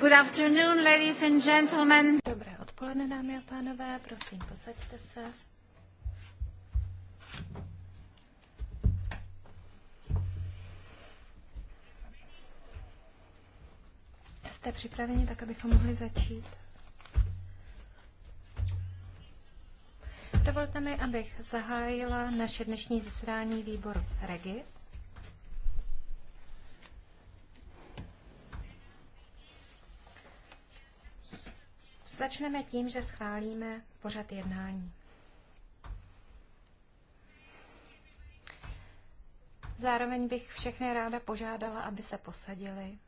Good afternoon, ladies and gentlemen. Dobré odpoledne, dámy a pánové, prosím, posaďte se. Jste připraveni tak, abychom mohli začít? Dovolte mi, abych zahájila naše dnešní zasedání výboru REGIT. Začneme tím, že schválíme pořad jednání. Zároveň bych všechny ráda požádala, aby se posadili.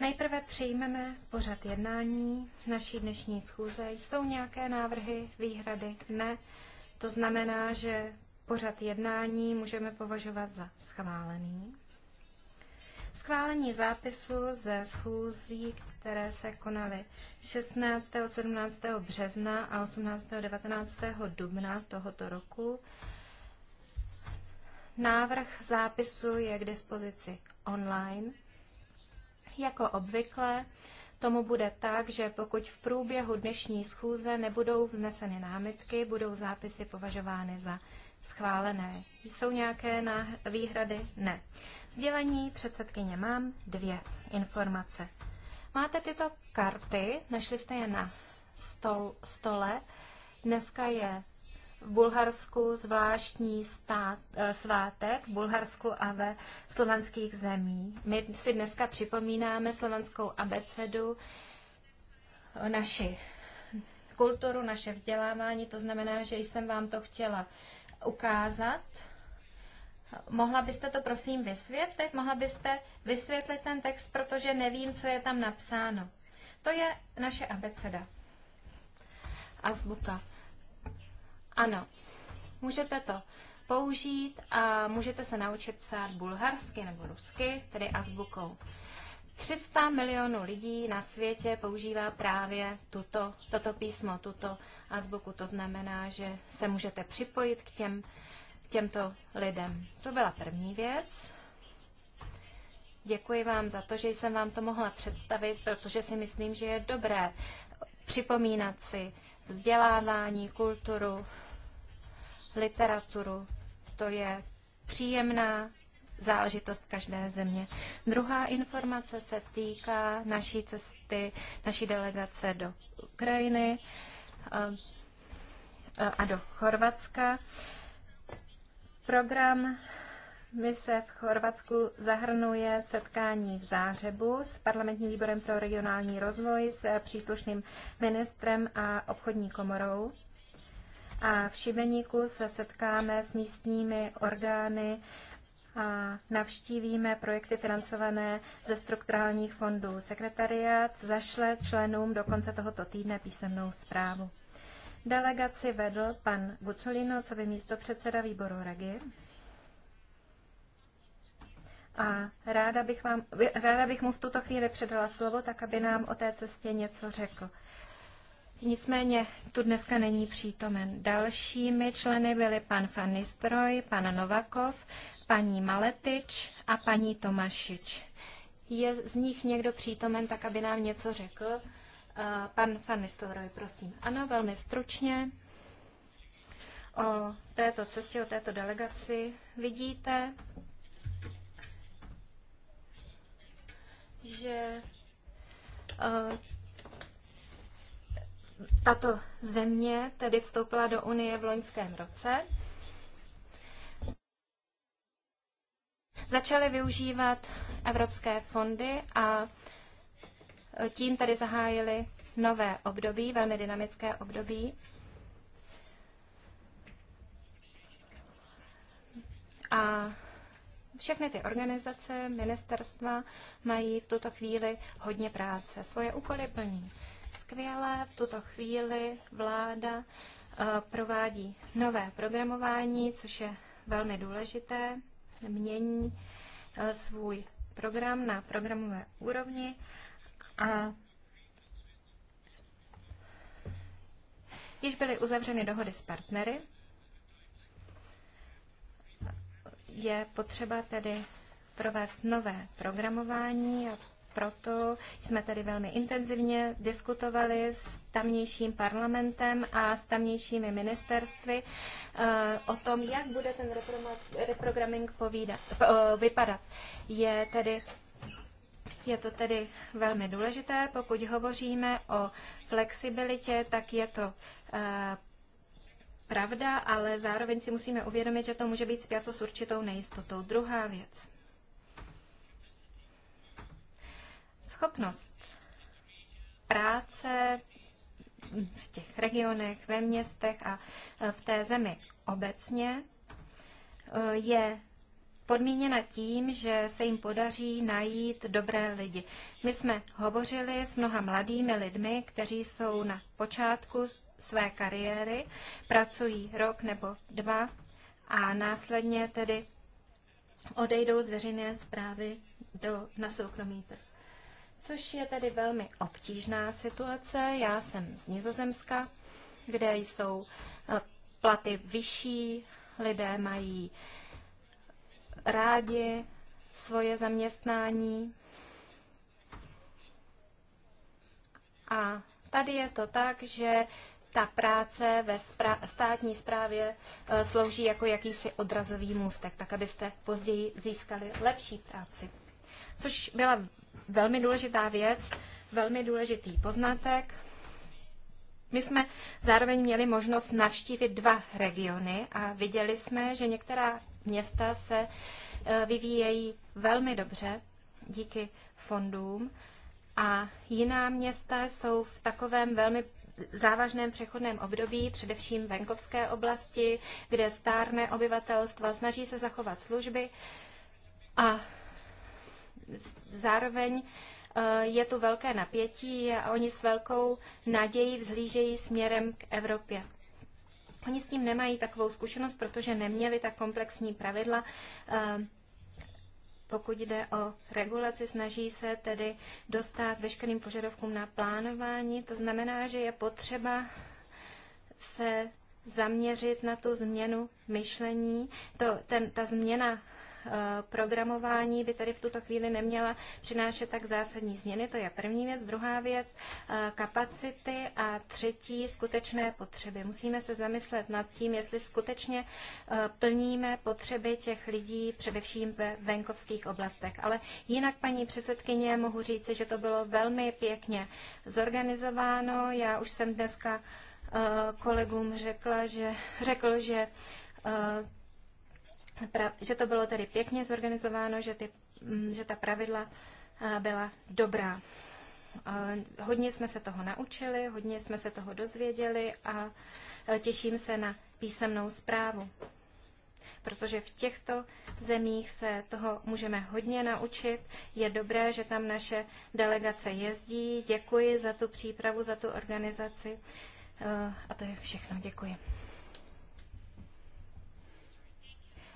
Nejprve přijmeme pořad jednání naší dnešní schůze. Jsou nějaké návrhy, výhrady? Ne. To znamená, že pořad jednání můžeme považovat za schválený. Schválení zápisu ze schůzí, které se konaly 16. 17. března a 18. 19. dubna tohoto roku. Návrh zápisu je k dispozici online. Jako obvykle tomu bude tak, že pokud v průběhu dnešní schůze nebudou vzneseny námitky, budou zápisy považovány za schválené. Jsou nějaké výhrady? Ne. Sdělení předsedkyně mám dvě informace. Máte tyto karty, našli jste je na stol, stole. Dneska je v Bulharsku zvláštní stát, eh, svátek, v Bulharsku a ve slovanských zemí. My si dneska připomínáme slovanskou abecedu, eh, naši kulturu, naše vzdělávání, to znamená, že jsem vám to chtěla ukázat. Mohla byste to prosím vysvětlit? Mohla byste vysvětlit ten text, protože nevím, co je tam napsáno. To je naše abeceda. Azbuka. Ano, můžete to použít a můžete se naučit psát bulharsky nebo rusky, tedy azbukou. 300 milionů lidí na světě používá právě tuto, toto písmo, tuto azbuku. To znamená, že se můžete připojit k těm, těmto lidem. To byla první věc. Děkuji vám za to, že jsem vám to mohla představit, protože si myslím, že je dobré připomínat si vzdělávání, kulturu, literaturu. To je příjemná záležitost každé země. Druhá informace se týká naší cesty, naší delegace do Ukrajiny eh, eh, a do Chorvatska. Program mise v Chorvatsku zahrnuje setkání v Zářebu s parlamentním výborem pro regionální rozvoj, s eh, příslušným ministrem a obchodní komorou. A v Šibeníku se setkáme s místními orgány a navštívíme projekty financované ze strukturálních fondů. Sekretariat zašle členům do konce tohoto týdne písemnou zprávu. Delegaci vedl pan Gucolino, co by místo předseda výboru Regi. A ráda bych, vám, ráda bych mu v tuto chvíli předala slovo, tak aby nám o té cestě něco řekl. Nicméně tu dneska není přítomen. Dalšími členy byli pan Fanistroj, pan Novakov, paní Maletič a paní Tomašič. Je z nich někdo přítomen, tak aby nám něco řekl? Eh, pan Van prosím. Ano, velmi stručně. O této cestě, o této delegaci vidíte, že eh, tato země tedy vstoupila do Unie v loňském roce začaly využívat evropské fondy a tím tady zahájili nové období, velmi dynamické období. A všechny ty organizace, ministerstva mají v tuto chvíli hodně práce. Svoje úkoly plní skvěle. V tuto chvíli vláda eh, provádí nové programování, což je velmi důležité mění eh, svůj program na programové úrovni a již byly uzavřeny dohody s partnery. Je potřeba tedy provést nové programování a proto jsme tedy velmi intenzivně diskutovali s tamnějším parlamentem a s tamnějšími ministerstvy eh, o tom, jak bude ten reprogramming povídat, eh, vypadat. Je tedy je to tedy velmi důležité, pokud hovoříme o flexibilitě, tak je to eh, pravda, ale zároveň si musíme uvědomit, že to může být zpěto s určitou nejistotou. Druhá věc. schopnost práce v těch regionech, ve městech a e, v té zemi obecně e, je podmíněna tím, že se jim podaří najít dobré lidi. My jsme hovořili s mnoha mladými lidmi, kteří jsou na počátku své kariéry, pracují rok nebo dva a následně tedy odejdou z veřejné zprávy do, na soukromý trh což je tedy velmi obtížná situace. Já jsem z Nizozemska, kde jsou eh, platy vyšší, lidé mají rádi svoje zaměstnání. A tady je to tak, že ta práce ve státní správě eh, slouží jako jakýsi odrazový můstek, tak abyste později získali lepší práci. Což byla velmi důležitá věc, velmi důležitý poznatek. My jsme zároveň měli možnost navštívit dva regiony a viděli jsme, že některá města se e, vyvíjejí velmi dobře díky fondům a jiná města jsou v takovém velmi závažném přechodném období, především venkovské oblasti, kde stárné obyvatelstvo snaží se zachovat služby a zároveň eh, je tu velké napětí a oni s velkou nadějí vzhlížejí směrem k Evropě. Oni s tím nemají takovou zkušenost, protože neměli tak komplexní pravidla. Eh, pokud jde o regulaci, snaží se tedy dostat veškerým požadavkům na plánování. To znamená, že je potřeba se zaměřit na tu změnu myšlení. To, ten, ta změna Eh, programování by tady v tuto chvíli neměla přinášet tak zásadní změny. To je první věc. Druhá věc, eh, kapacity a třetí, skutečné potřeby. Musíme se zamyslet nad tím, jestli skutečně eh, plníme potřeby těch lidí, především ve venkovských oblastech. Ale jinak, paní předsedkyně, mohu říci, že to bylo velmi pěkně zorganizováno. Já už jsem dneska kolegům řekla, že, řekl, že že to bylo tedy pěkně zorganizováno, že, ty, mm, že ta pravidla byla dobrá. Hodně jsme se toho naučili, hodně jsme se toho dozvěděli a e, těším se na písemnou zprávu, protože v těchto zemích se toho můžeme hodně naučit. Je dobré, že tam naše delegace jezdí. Děkuji za tu přípravu, za tu organizaci. E, a to je všechno. Děkuji.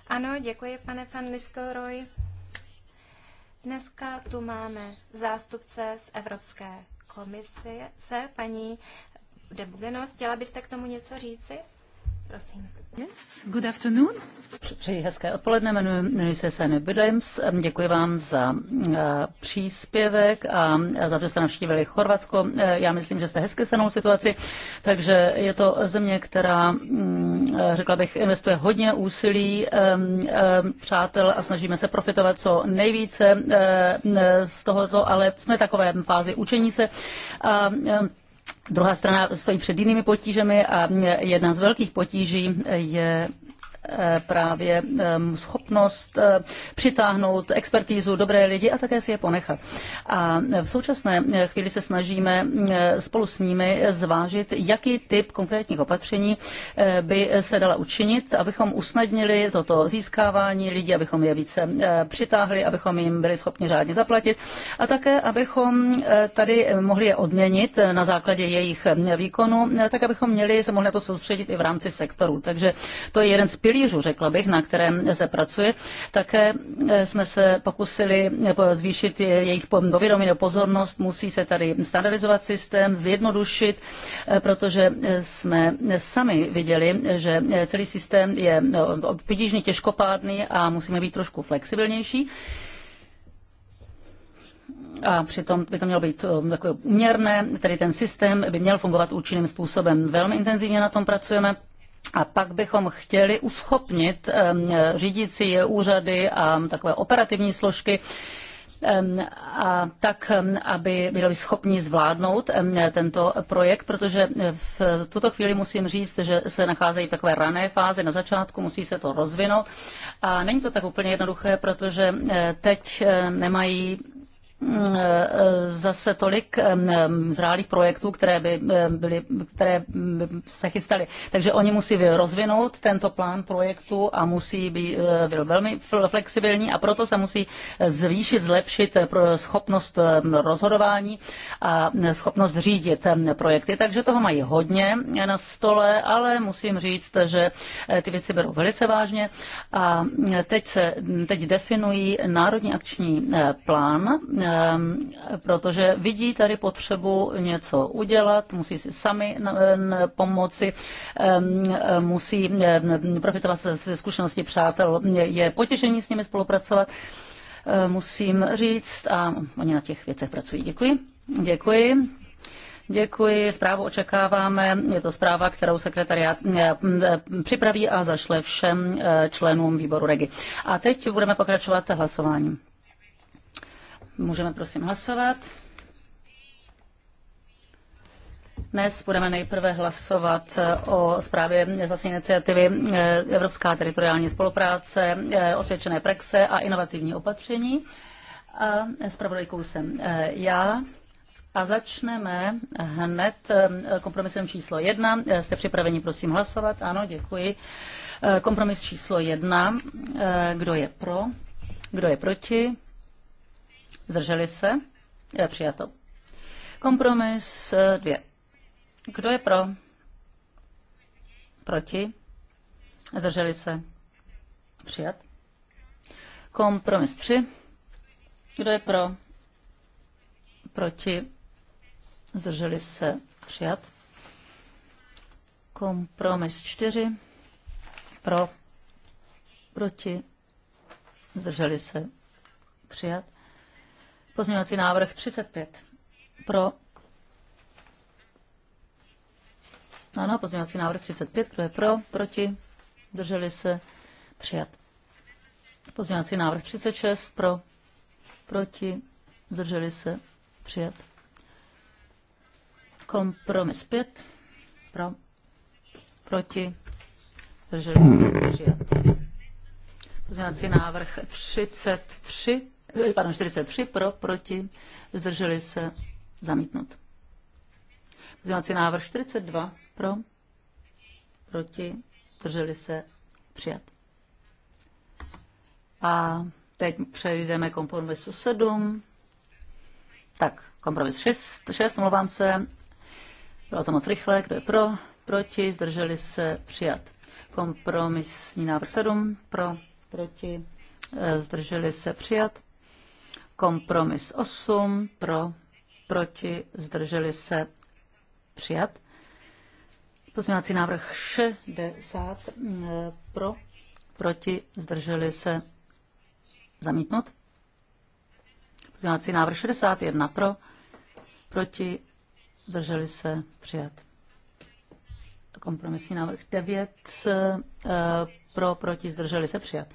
Ano, děkuji, pane van Nistelrooy. Dneska tu máme zástupce z Evropské komise, paní Debugenos. Chtěla byste k tomu něco říci? Prosím. Yes, good afternoon. Přeji hezké odpoledne, jmenuji se Sene Bidems. Děkuji vám za eh, příspěvek a za to, že jste navštívili Chorvatsko. Eh, já myslím, že jste hezky stanou situaci, takže je to země, která, mm, eh, řekla bych, investuje hodně úsilí přátel a snažíme se profitovat co nejvíce z tohoto, ale jsme v takové fázi učení se. A Druhá strana stojí před jinými potížemi a jedna z velkých potíží je právě schopnost eh, přitáhnout expertízu, dobré lidi a také si je ponechat. A v současné chvíli se snažíme eh, spolu s nimi zvážit, jaký typ konkrétních opatření eh, by se dala učinit, abychom usnadnili toto získávání lidí, abychom je více přitáhli, abychom jim byli schopni řádně zaplatit a také, abychom tady mohli je odměnit na základě jejich výkonu, tak abychom měli se mohli na to soustředit i v rámci sektoru. Takže to je jeden z pilí pilířů, řekla bych, na kterém se pracuje. Také eh, jsme se pokusili eh, zvýšit jejich povědomí nebo pozornost. Musí se tady standardizovat systém, zjednodušit, eh, protože jsme sami viděli, že celý systém je no, obtížný, těžkopádný a musíme být trošku flexibilnější a přitom by to mělo být takové uměrné, tedy ten systém by měl fungovat účinným způsobem. Velmi intenzivně na tom pracujeme. A pak bychom chtěli uschopnit řídící úřady a takové operativní složky, a tak, aby byli schopni zvládnout tento projekt, protože v tuto chvíli musím říct, že se nacházejí v takové rané fázi, na začátku musí se to rozvinout a není to tak úplně jednoduché, protože eh, teď eh, nemají Mm, e, e, zase tolik e, zrálých projektů, které by, byly, které by se chystaly. Takže oni musí rozvinout tento plán projektu a musí být byl velmi flexibilní a proto se musí zvýšit, zlepšit schopnost rozhodování a schopnost řídit projekty. Takže toho mají hodně na stole, ale musím říct, že ty věci berou velice vážně a teď se teď definují národní akční plán protože vidí tady potřebu něco udělat, musí si sami pomoci, musí profitovat ze zkušenosti přátel. Je potěšení s nimi spolupracovat, musím říct, a oni na těch věcech pracují. Děkuji. Děkuji. Děkuji, zprávu očekáváme. Je to zpráva, kterou sekretariát připraví a zašle všem eh, členům výboru REGI. A teď budeme pokračovat hlasováním. Můžeme prosím hlasovat. Dnes budeme nejprve hlasovat eh, o zprávě vlastní iniciativy eh, Evropská teritoriální spolupráce, eh, osvědčené praxe a inovativní opatření. A zpravodajkou jsem já. A začneme hned kompromisem číslo jedna. Jste připraveni, prosím, hlasovat? Ano, děkuji. Kompromis číslo jedna. Kdo je pro? Kdo je proti? Zdrželi se? Je přijato. Kompromis eh, dvě. Kdo je pro? Proti? Zdrželi se? Přijat. Kompromis tři. Kdo je pro? Proti? Zdrželi se? Přijat. Kompromis čtyři. Pro? Proti? Zdrželi se? Přijat. Pozměňovací návrh 35. Pro. Ano, pozměňovací návrh 35. Kdo je pro? Proti? Drželi se? Přijat. Pozměňovací návrh 36. Pro. Proti? Zdrželi se? Přijat. Kompromis 5. Pro. Proti? Zdrželi se? Přijat. Pozměňovací návrh 33 pardon, 43 pro, proti, zdrželi se, zamítnut. Pozměňovací návrh 42 pro, proti, zdrželi se, přijat. A teď přejdeme kompromisu 7. Tak, kompromis 6, 6 mluvám se. Bylo to moc rychle, kdo je pro, proti, zdrželi se, přijat. Kompromisní návrh 7, pro, proti, eh, zdrželi se, přijat. Kompromis 8 pro, proti, zdrželi se přijat. Pozměňovací návrh 60 mm, pro, proti, zdrželi se zamítnut. Pozměňovací návrh 61 pro, proti, zdrželi se přijat. Kompromisní návrh 9 eh, pro, proti, zdrželi se přijat.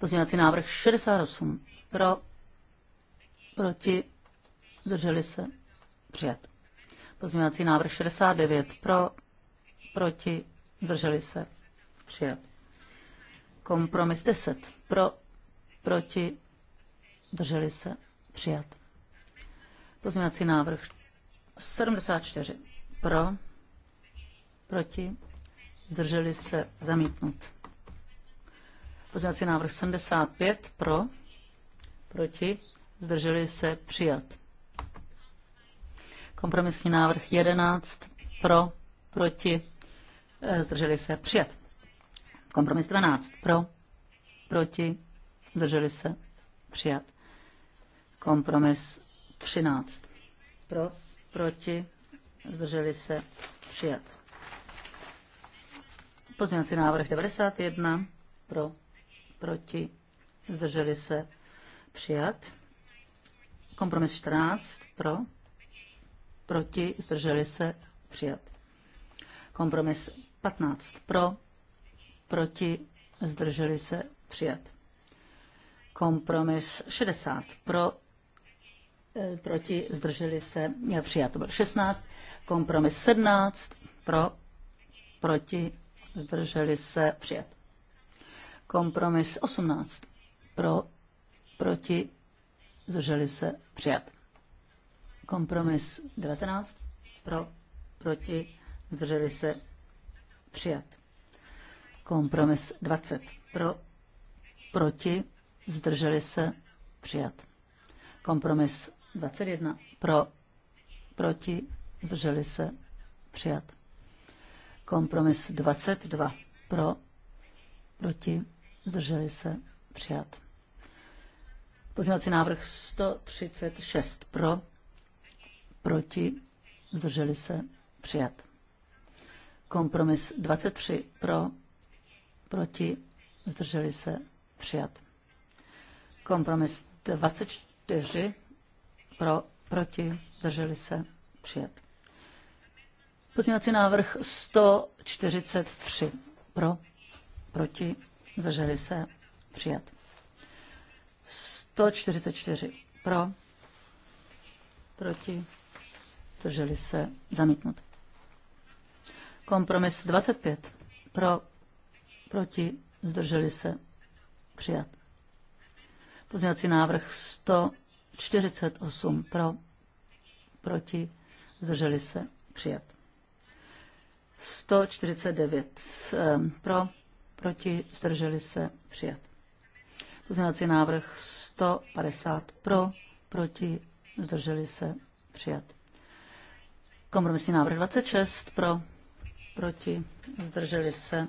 Pozměňovací návrh 68 pro, proti, zdrželi se, přijat. Pozměňovací návrh 69 pro, proti, zdrželi se, přijat. Kompromis 10 pro, proti, zdrželi se, přijat. Pozměňovací návrh 74 pro, proti, zdrželi se, zamítnut. Pozměňovací návrh 75 pro, proti, zdrželi se přijat. Kompromisní návrh 11 eh, pro, proti, zdrželi se přijat. Kompromis 12 pro, proti, zdrželi se přijat. Kompromis 13 pro, proti, zdrželi se přijat. Pozměňovací návrh 91 pro, proti, zdrželi se Přijat. Kompromis 14 pro. Proti. Zdrželi se. Přijat. Kompromis 15 pro. Proti. Zdrželi se. Přijat. Kompromis 60 pro. Eh, proti. Zdrželi se. Přijat. To byl 16. Kompromis 17 pro. Proti. Zdrželi se. Přijat. Kompromis 18 pro proti, zdrželi se, přijat. Kompromis 19, pro, proti, zdrželi se, přijat. Kompromis 20, pro, proti, zdrželi se, přijat. Kompromis 21, pro, proti, zdrželi se, přijat. Kompromis 22, pro, proti, zdrželi se, přijat. Pozměňovací návrh 136 pro, proti, zdrželi se, přijat. Kompromis 23 pro, proti, zdrželi se, přijat. Kompromis 24 pro, proti, zdrželi se, přijat. Pozměňovací návrh 143 pro, proti, zdrželi se, přijat. 144 pro, proti, zdrželi se zamítnout. Kompromis 25 pro, proti, zdrželi se přijat. Pozměňovací návrh 148 pro, proti, zdrželi se přijat. 149 eh, pro, proti, zdrželi se přijat. Pozměňovací návrh 150 pro, proti, zdrželi se, přijat. Kompromisní návrh 26 pro, proti, zdrželi se,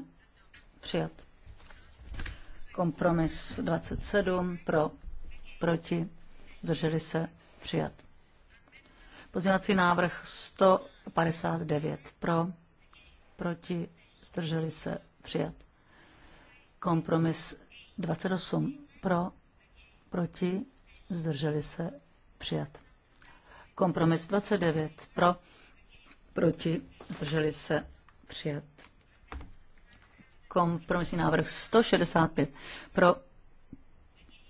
přijat. Kompromis 27 pro, proti, zdrželi se, přijat. Pozměňovací návrh 159 pro, proti, zdrželi se, přijat. Kompromis 28 pro, proti, zdrželi se, přijat. Kompromis 29. Pro, proti, zdrželi se, přijat. Kompromisní návrh 165. Pro,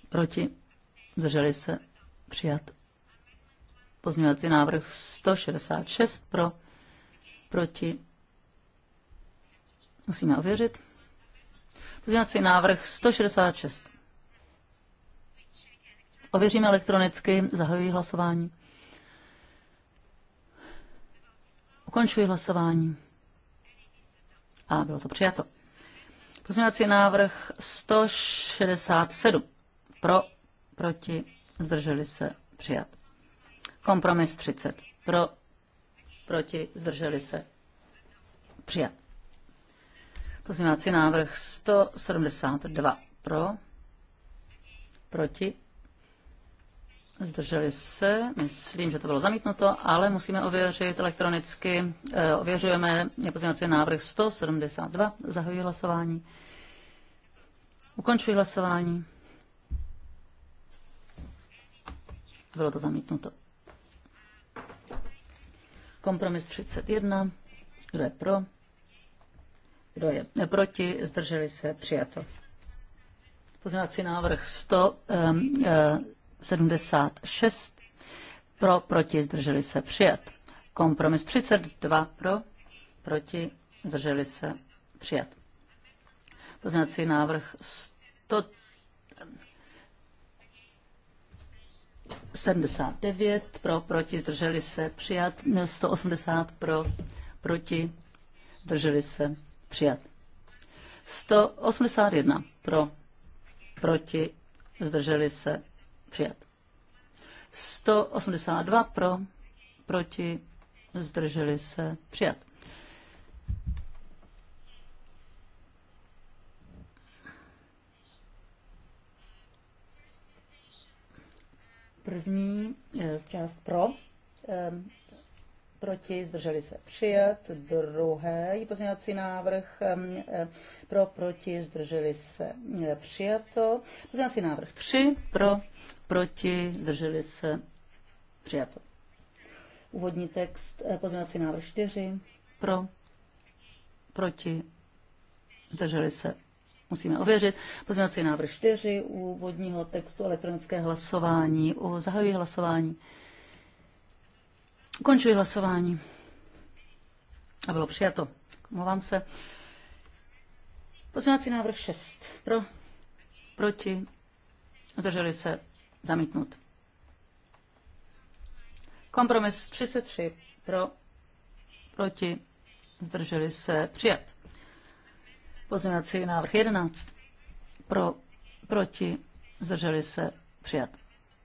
proti, zdrželi se, přijat. Pozměňovací návrh 166 pro, proti, musíme ověřit. Pozměňovací návrh 166. Ověříme elektronicky, zahajuji hlasování. Ukončuji hlasování. A bylo to přijato. Pozměňovací návrh 167. Pro, proti, zdrželi se, přijat. Kompromis 30. Pro, proti, zdrželi se, přijat. Pozměňovací návrh 172. Pro, proti, Zdrželi se, myslím, že to bylo zamítnuto, ale musíme ověřit elektronicky. Eh, ověřujeme pozměňovací návrh 172. Zahajuji hlasování. Ukončuji hlasování. Bylo to zamítnuto. Kompromis 31. Kdo je pro? Kdo je proti? Zdrželi se, přijato. Pozměňovací návrh 100. Um, uh, 76 pro, proti, zdrželi se přijat. Kompromis 32 pro, proti, zdrželi se přijat. Poznací návrh 100, 79 pro, proti, zdrželi se přijat. 180 pro, proti, zdrželi se přijat. 181 pro, proti, zdrželi se Přijat. 182 pro, proti, zdrželi se, přijat. První eh, část pro, eh, proti, zdrželi se přijat. Druhý pozměňovací návrh eh, pro, proti, zdrželi se přijato. Pozměňovací návrh 3 pro, proti, zdrželi se, přijato. Úvodní text, eh, pozměňovací návrh 4, pro, proti, zdrželi se, musíme ověřit. Pozměňovací návrh 4 úvodního textu elektronické hlasování. U zahajuji hlasování. Ukončuji hlasování. A bylo přijato. Mluvám se. Pozměňovací návrh 6. Pro. Proti. Zdrželi se. Zamítnut. Kompromis 33 pro, proti, zdrželi se, přijat. Pozměňovací návrh 11 pro, proti, zdrželi se, přijat.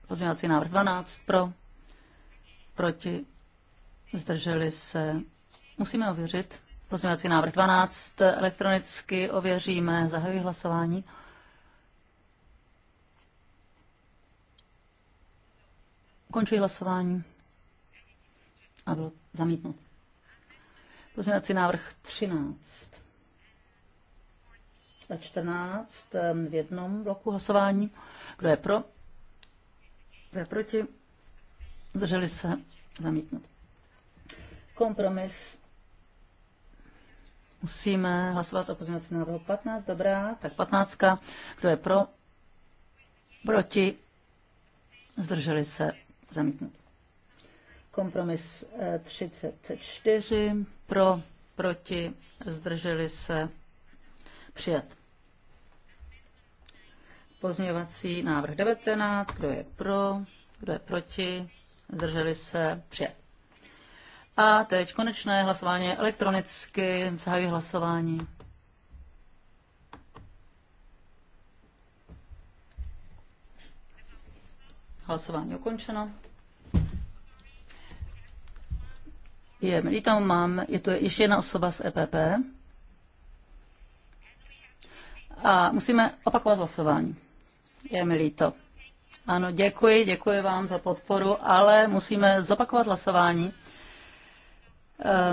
Pozměňovací návrh 12 pro, proti, zdrželi se. Musíme ověřit. Pozměňovací návrh 12 elektronicky ověříme. Zahajuji hlasování. Končuji hlasování. A bylo zamítnut. Pozměňovací návrh 13 a 14 v jednom bloku hlasování. Kdo je pro? Kdo je proti? Zdrželi se zamítnout. Kompromis. Musíme hlasovat o pozměňovacím návrhu 15. Dobrá, tak 15. Kdo je pro? Proti? Zdrželi se Zamítnut. Kompromis 34 eh, pro, proti, zdrželi se, přijat. Pozměňovací návrh 19, kdo je pro, kdo je proti, zdrželi se, přijat. A teď konečné hlasování elektronicky, zahajuji hlasování. Hlasování ukončeno. Je, milí tam mám, je to ještě jedna osoba z EPP. A musíme opakovat hlasování. Je mi líto. Ano, děkuji, děkuji vám za podporu, ale musíme zopakovat hlasování.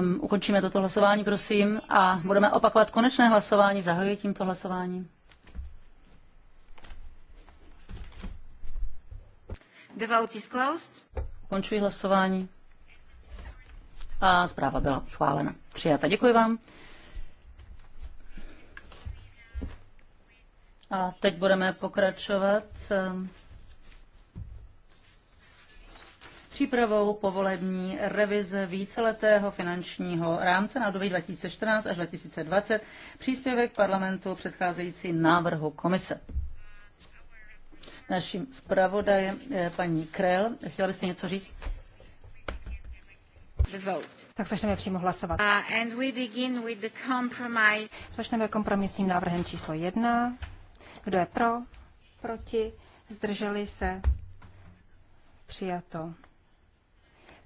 Um, ukončíme toto hlasování, prosím, a budeme opakovat konečné hlasování. Zahajuji tímto hlasování. The vote is closed. Končuji hlasování. A zpráva byla schválena. Přijata. Děkuji vám. A teď budeme pokračovat ehm, přípravou povolební revize víceletého finančního rámce na období 2014 až 2020, příspěvek parlamentu předcházející návrhu komise naším zpravodajem paní Krell. Chtěla byste něco říct? Tak začneme přímo hlasovat. Uh, and we begin with the compromise. Začneme kompromisním návrhem číslo jedna. Kdo je pro? Proti? Zdrželi se? Přijato.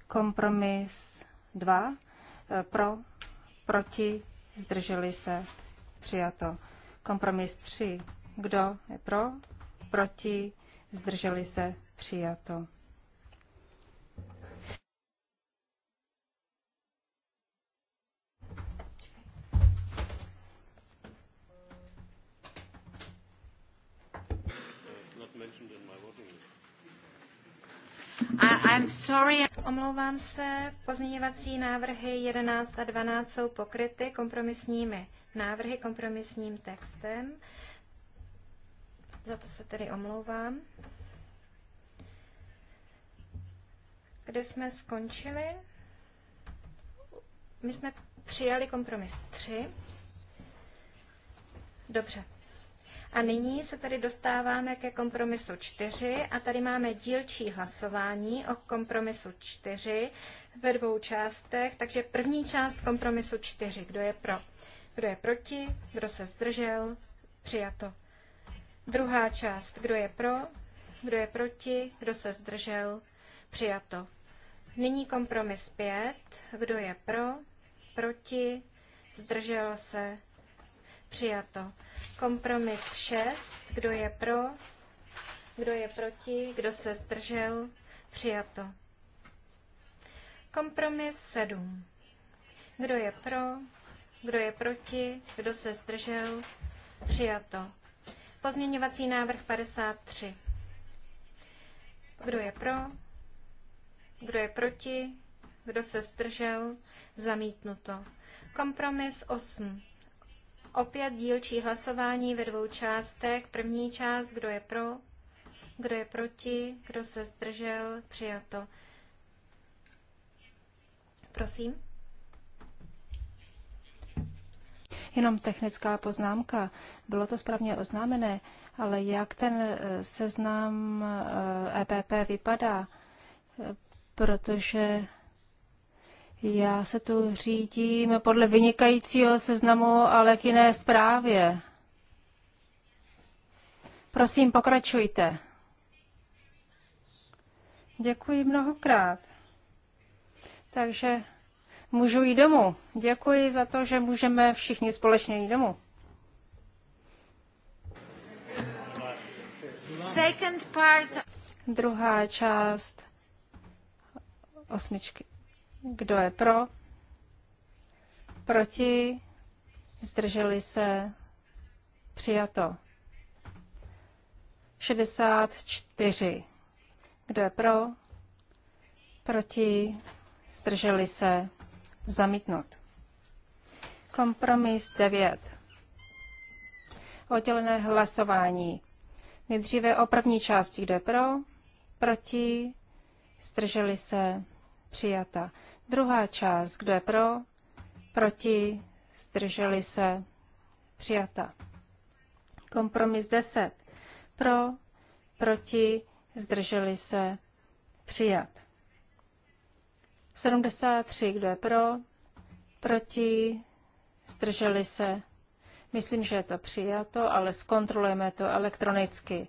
Kompromis 2. Eh, pro? Proti? Zdrželi se? Přijato. Kompromis 3. Kdo je pro? proti, zdrželi se, přijato. I'm sorry. Omlouvám se, pozměňovací návrhy 11 a 12 jsou pokryty kompromisními návrhy, kompromisním textem. Za to se tedy omlouvám. Kde jsme skončili? My jsme přijali kompromis 3. Dobře. A nyní se tady dostáváme ke kompromisu 4 a tady máme dílčí hlasování o kompromisu 4 ve dvou částech. Takže první část kompromisu 4. Kdo je pro? Kdo je proti? Kdo se zdržel? Přijato. Druhá část, kdo je pro, kdo je proti, kdo se zdržel, přijato. Nyní kompromis 5, kdo je pro, proti, zdržel se, přijato. Kompromis 6, kdo je pro, kdo je proti, kdo se zdržel, přijato. Kompromis 7. Kdo je pro, kdo je proti, kdo se zdržel, přijato. Pozměňovací návrh 53. Kdo je pro? Kdo je proti? Kdo se zdržel? Zamítnuto. Kompromis 8. Opět dílčí hlasování ve dvou částech. První část, kdo je pro, kdo je proti, kdo se zdržel, přijato. Prosím. Jenom technická poznámka. Bylo to správně oznámené, ale jak ten eh, seznam EPP eh, e vypadá? Protože já se tu řídím podle vynikajícího seznamu, ale k jiné zprávě. Prosím, pokračujte. Děkuji mnohokrát. Takže můžu jít domů. Děkuji za to, že můžeme všichni společně jít domů. Second part. Druhá část osmičky. Kdo je pro? Proti? Zdrželi se? Přijato. 64. Kdo je pro? Proti? Zdrželi se? zamítnut. Kompromis 9. Oddělené hlasování. Nejdříve o první části, kdo je pro, proti, strželi se, přijata. Druhá část, kdo je pro, proti, strželi se, přijata. Kompromis 10. Pro, proti, zdrželi se, přijat. 73, kdo je pro, proti, zdrželi se. Myslím, že je to přijato, ale zkontrolujeme to elektronicky.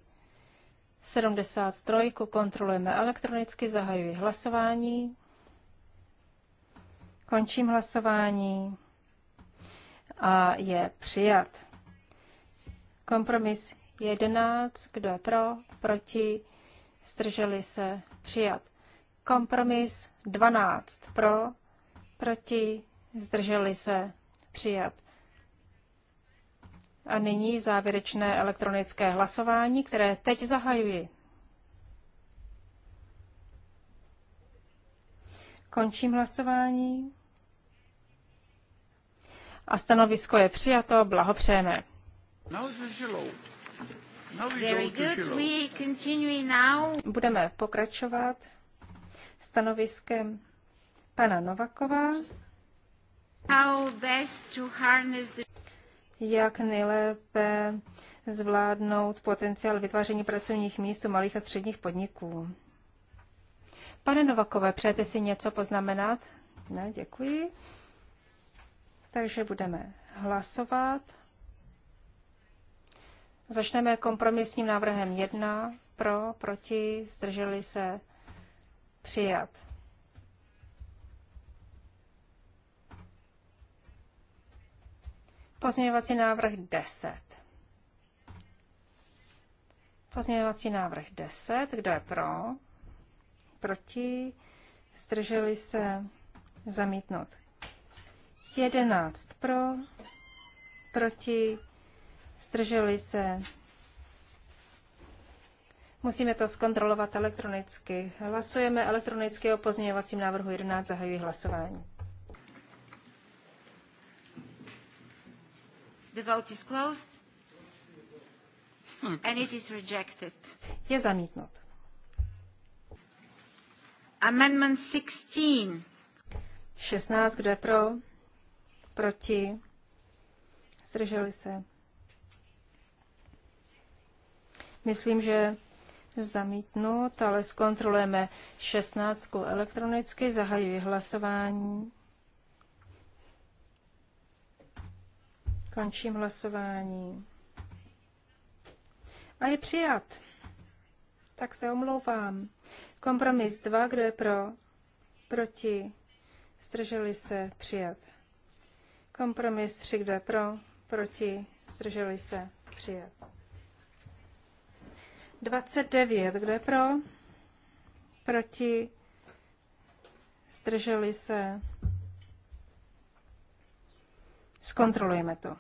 73 kontrolujeme elektronicky, zahajuji hlasování. Končím hlasování a je přijat. Kompromis 11, kdo je pro, proti, zdrželi se, přijat. Kompromis 12 pro, proti, zdrželi se, přijat. A nyní závěrečné elektronické hlasování, které teď zahajuji. Končím hlasování. A stanovisko je přijato, blahopřejeme. Budeme pokračovat stanoviskem pana Novakova. Jak nejlépe zvládnout potenciál vytváření pracovních míst u malých a středních podniků. Pane Novakové, přejete si něco poznamenat? Ne, děkuji. Takže budeme hlasovat. Začneme kompromisním návrhem 1. Pro, proti, zdrželi se Přijat. Pozměňovací návrh 10. Pozměňovací návrh 10. Kdo je pro? Proti? Zdrželi se? Zamítnout. 11 pro, proti, zdrželi se, Musíme to zkontrolovat elektronicky. Hlasujeme elektronicky o pozměňovacím návrhu 11. Zahajuji hlasování. The vote is closed. Hmm. And it is rejected. Je zamítnut. Amendment 16. 16, kdo je pro? Proti? Zdrželi se? Myslím, že zamítnout, ale zkontrolujeme 16 elektronicky, zahajuji hlasování. Končím hlasování. A je přijat. Tak se omlouvám. Kompromis 2, kdo je pro? Proti? Zdrželi se? Přijat. Kompromis 3, kdo je pro? Proti? Zdrželi se? Přijat. 29. Kdo je pro? Proti? Strželi se? Zkontrolujeme to.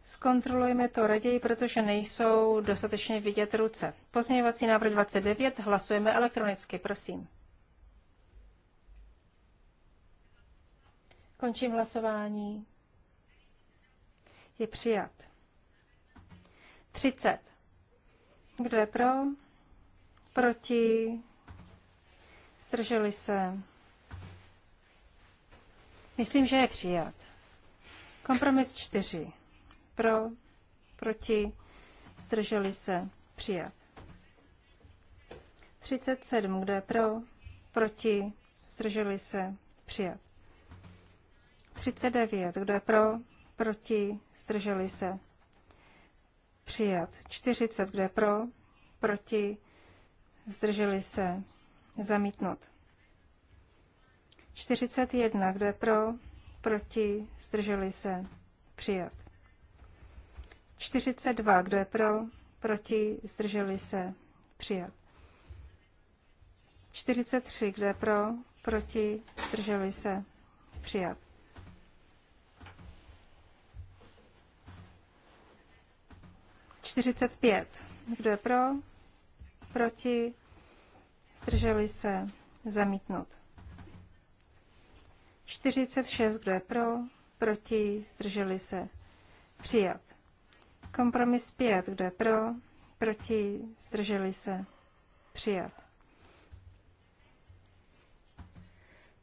Zkontrolujeme to raději, protože nejsou dostatečně vidět ruce. Pozměňovací návrh 29. Hlasujeme elektronicky, prosím. Končím hlasování. Je přijat. 30. Kdo je pro? Proti? Zdrželi se? Myslím, že je přijat. Kompromis čtyři. Pro, proti, zdrželi se, přijat. 37. Kdo je pro, proti, zdrželi se, přijat. 39. Kdo je pro, proti, zdrželi se, Přijat. 40, kde pro? Proti? Zdrželi se? Zamítnut. 41, kde pro? Proti? Zdrželi se? Přijat. 42, kde pro? Proti? Zdrželi se? Přijat. 43, kde pro? Proti? Zdrželi se? Přijat. 45. Kdo je pro? Proti? Zdrželi se? Zamítnut. 46. Kdo je pro? Proti? Zdrželi se? Přijat. Kompromis 5. Kdo je pro? Proti? Zdrželi se? Přijat.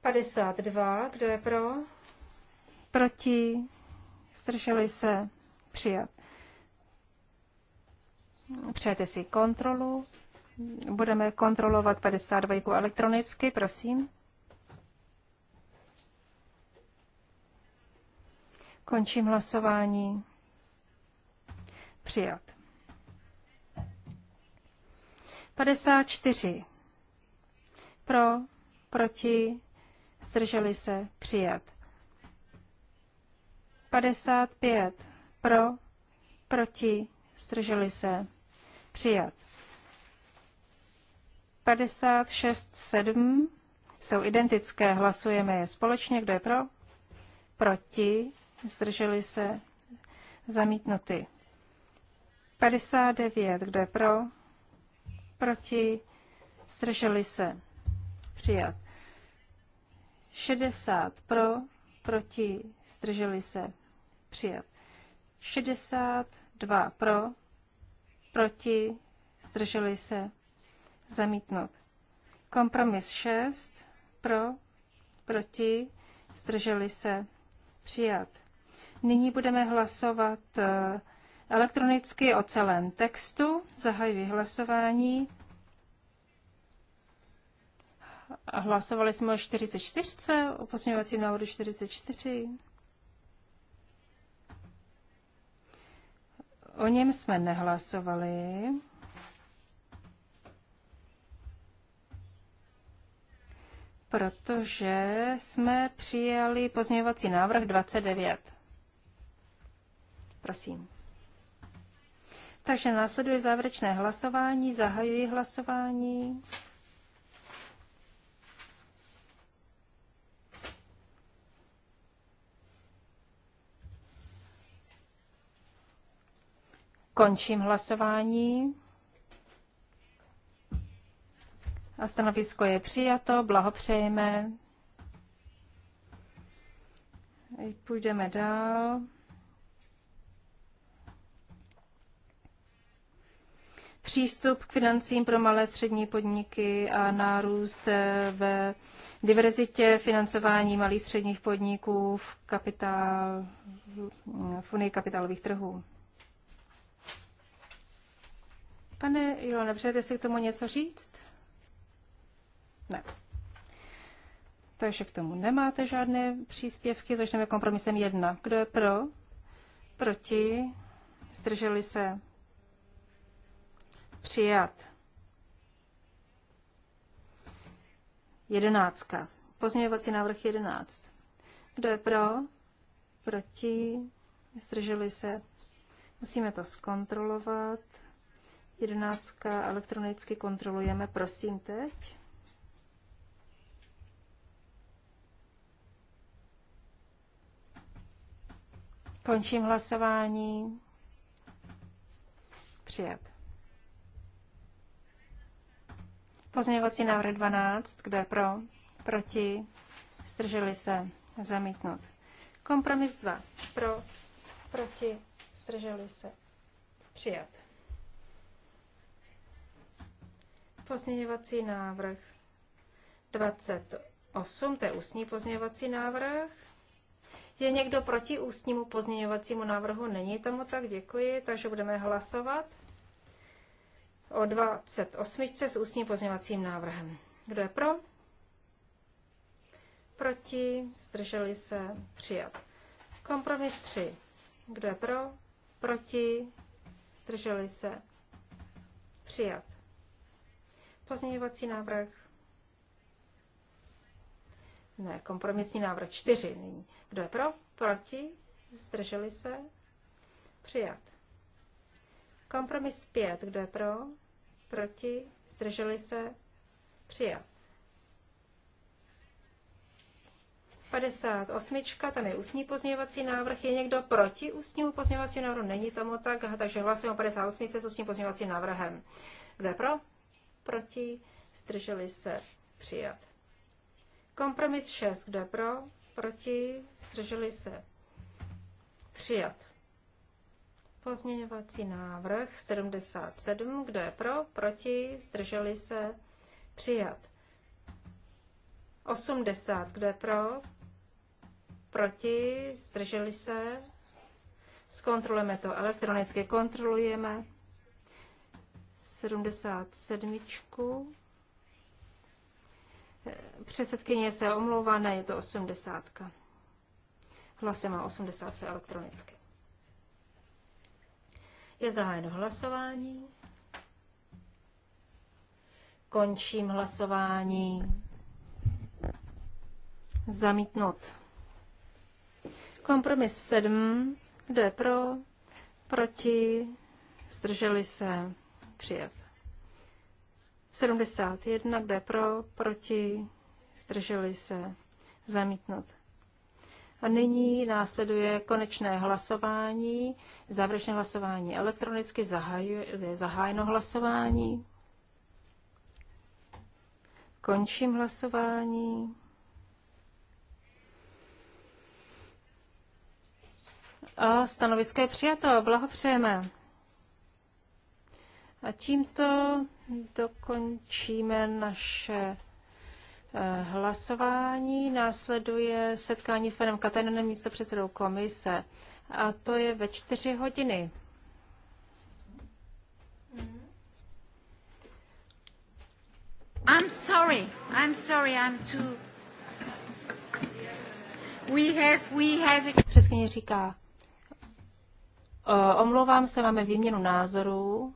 52. Kdo je pro? Proti? Zdrželi se? Přijat. Přejete si kontrolu. Budeme kontrolovat 52 elektronicky, prosím. Končím hlasování. Přijat. 54. Pro, proti, zdrželi se, přijat. 55. Pro, proti, zdrželi se, Přijat. 56, 7 jsou identické, hlasujeme je společně. Kdo je pro? Proti? Zdrželi se? Zamítnuty. 59, kdo je pro? Proti? Zdrželi se? Přijat. 60 pro, proti, zdrželi se, přijat. 62 pro, proti, zdrželi se, zamítnout. Kompromis 6, pro, proti, zdrželi se, přijat. Nyní budeme hlasovat eh, elektronicky o celém textu. Zahajuji hlasování. Hlasovali jsme o 44, o pozměňovacím návodu 44. O něm jsme nehlasovali. protože jsme přijali pozměňovací návrh 29. Prosím. Takže následuje závěrečné hlasování. Zahajuji hlasování. Končím hlasování. A stanovisko je přijato, blahopřejeme. Půjdeme dál. Přístup k financím pro malé střední podniky a nárůst ve diverzitě financování malých středních podniků v, kapitál, v Unii kapitálových trhů. Pane Jolone, nepřejete si k tomu něco říct? Ne. Takže k tomu nemáte žádné příspěvky. Začneme kompromisem jedna. Kdo je pro? Proti? Zdrželi se? Přijat. Jedenáctka. Pozměňovací návrh jedenáct. Kdo je pro? Proti? Zdrželi se? Musíme to zkontrolovat. Jedenáctka elektronicky kontrolujeme, prosím teď. Končím hlasování. Přijat. Pozměňovací návrh 12. kde pro? Proti? strželi se? Zamítnut. Kompromis 2. Pro? Proti? strželi se? Přijat. Pozměňovací návrh 28, to je ústní pozměňovací návrh. Je někdo proti ústnímu pozměňovacímu návrhu? Není tomu tak, děkuji, takže budeme hlasovat o 28 s ústním pozměňovacím návrhem. Kdo je pro? Proti? Zdrželi se? Přijat. Kompromis 3. Kdo je pro? Proti? Zdrželi se? Přijat. Pozměňovací návrh. Ne, kompromisní návrh čtyři, nyní. Kdo je pro? Proti? Zdrželi se? Přijat. Kompromis pět, Kdo je pro? Proti? Zdrželi se? Přijat. 58. Tam je ústní pozměňovací návrh. Je někdo proti ústnímu pozměňovacímu návrhu? Není tomu tak, takže hlasujeme o 58. se s ústním pozměňovacím návrhem. Kdo je pro? proti, zdrželi se, přijat. Kompromis 6, kdo je pro, proti, zdrželi se, přijat. Pozměňovací návrh 77, kdo je pro, proti, zdrželi se, přijat. 80, kdo je pro, proti, zdrželi se, zkontrolujeme to elektronicky, kontrolujeme 77. Předsedkyně se omlouvá, ne, je to 80. Hlasy má 80 elektronicky. Je zahájeno hlasování. Končím hlasování. Zamítnut. Kompromis 7. Kdo je pro? Proti? Zdrželi se? přijat. 71, kdo pro, proti, zdrželi se, zamítnut. A nyní následuje konečné hlasování, závěrečné hlasování elektronicky, zahajuje, je zahájeno hlasování. Končím hlasování. A stanovisko je přijato, blahopřejeme. A tímto dokončíme naše eh, hlasování. Následuje setkání s panem Katajnenem, místopředsedou komise. A to je ve čtyři hodiny. I'm sorry. I'm sorry. I'm too... We have, we have... Přeskyně říká, omlouvám se, máme výměnu názorů.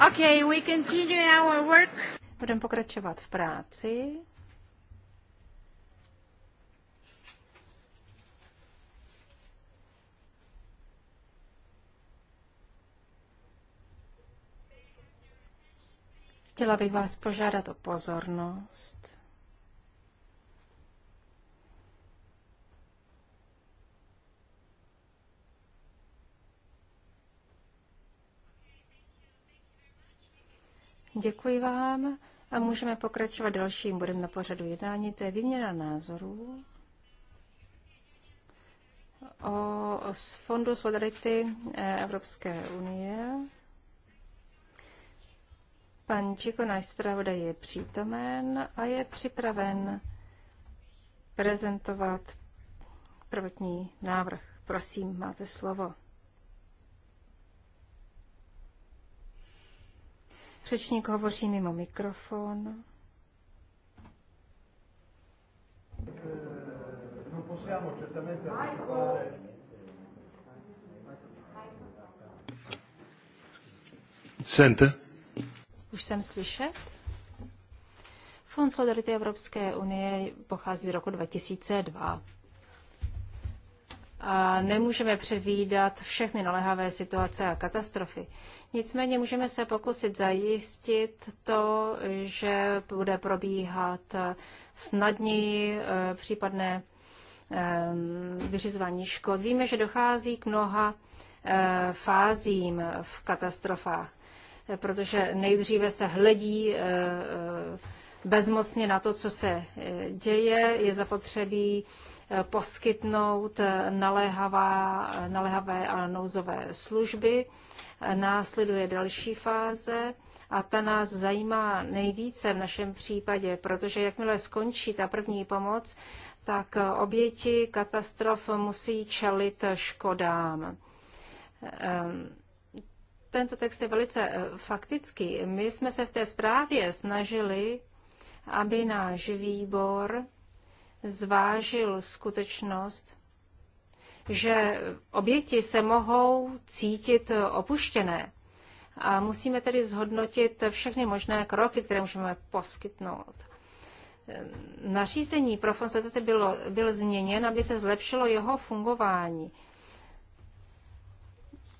Okay, we continue our work. Budeme pokračovat v práci. Chtěla bych vás požádat o pozornost. Děkuji vám a můžeme pokračovat dalším bodem na pořadu jednání, to je výměna názorů o, z Fondu solidarity eh, Evropské unie. Pan Čiko, náš zpravodaj, je přítomen a je připraven prezentovat prvotní návrh. Prosím, máte slovo. Řečník hovoří mimo mikrofon. Sente. Už jsem slyšet. Fond Solidarity Evropské unie pochází z roku 2002 a nemůžeme předvídat všechny naléhavé situace a katastrofy. Nicméně můžeme se pokusit zajistit to, že bude probíhat snadněji eh, případné eh, vyřizování škod. Víme, že dochází k mnoha eh, fázím v katastrofách, protože nejdříve se hledí bezmocně na to, co se děje, je zapotřebí poskytnout naléhavá, naléhavé a nouzové služby. Následuje další fáze a ta nás zajímá nejvíce v našem případě, protože jakmile skončí ta první pomoc, tak oběti katastrof musí čelit škodám. Ehm, tento text je velice eh, faktický. My jsme se v té zprávě snažili, aby náš výbor zvážil skutečnost, že oběti se mohou cítit opuštěné. A musíme tedy zhodnotit všechny možné kroky, které můžeme poskytnout. Nařízení pro fond bylo, byl změněn, aby se zlepšilo jeho fungování.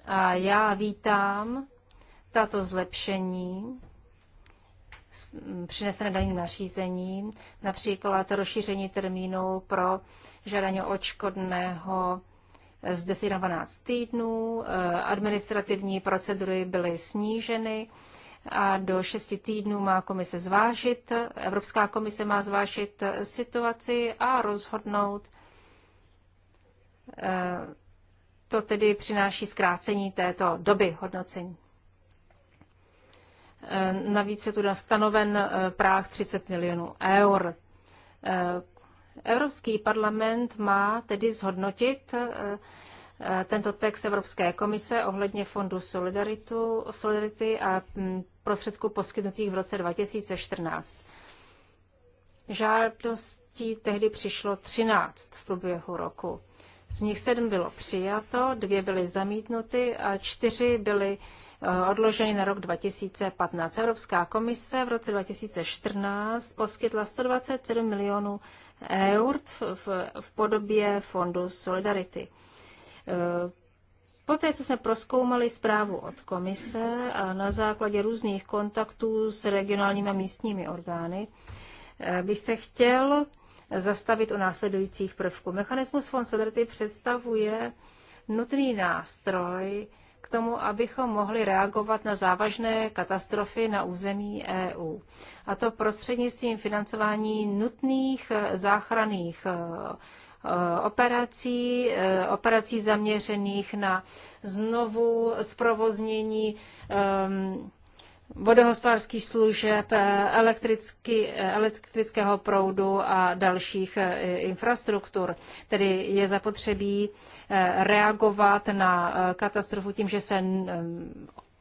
A já vítám tato zlepšení přinesené daným nařízením, například rozšíření termínu pro žádání očkodného z 10 na 12 týdnů, eh, administrativní procedury byly sníženy a do 6 týdnů má komise zvážit, Evropská komise má zvážit eh, situaci a rozhodnout. Eh, to tedy přináší zkrácení této doby hodnocení. Eh, navíc je tu stanoven eh, práh 30 milionů eur. Eh, Evropský parlament má tedy zhodnotit tento text Evropské komise ohledně fondu Solidaritu, Solidarity a hm, prostředků poskytnutých v roce 2014. Žádostí tehdy přišlo 13 v průběhu roku. Z nich sedm bylo přijato, dvě byly zamítnuty a čtyři byly Eh, odloženy na rok 2015. Evropská komise v roce 2014 poskytla 127 milionů eur v, v podobě fondu Solidarity. Eh, poté, co jsme proskoumali zprávu od komise a na základě různých kontaktů s regionálními a místními orgány, eh, bych se chtěl zastavit o následujících prvků. Mechanismus Fond Solidarity představuje nutný nástroj tomu, abychom mohli reagovat na závažné katastrofy na území EU. A to prostřednictvím financování nutných eh, záchranných eh, eh, operací, operací zaměřených na znovu zprovoznění um, vodohospodářských služeb, eh, elektrický, eh, elektrického proudu a dalších eh, infrastruktur. Tedy je zapotřebí reagovat na katastrofu tím, že se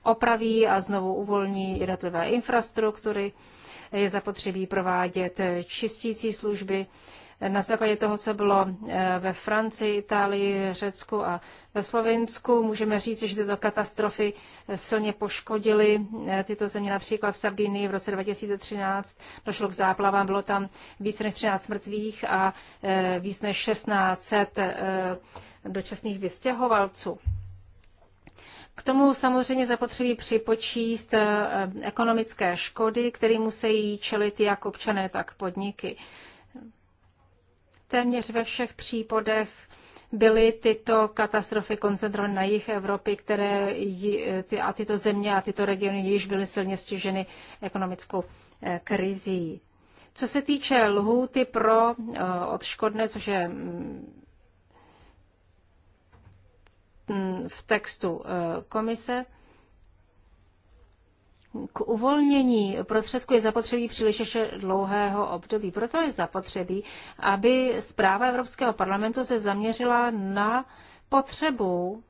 opraví a znovu uvolní jednotlivé infrastruktury. Je zapotřebí provádět čistící služby na základě toho, co bylo eh, ve Francii, Itálii, Řecku a ve Slovensku. Můžeme říct, že tyto katastrofy eh, silně poškodily eh, tyto země. Například v Sardinii v roce 2013 došlo k záplavám, bylo tam více než 13 mrtvých a více než 1600 dočasných vystěhovalců. K tomu samozřejmě zapotřebí připočíst ekonomické škody, které musí čelit jak občané, tak podniky. Téměř ve všech případech byly tyto katastrofy koncentrovány na jich Evropy, které ty, a tyto země a tyto regiony již byly silně stiženy ekonomickou eh, krizí. Co se týče lhůty pro eh, odškodné, což je mm, mm, v textu eh, komise, k uvolnění prostředku je zapotřebí příliš ještě dlouhého období. Proto je zapotřebí, aby zpráva Evropského parlamentu se zaměřila na potřebu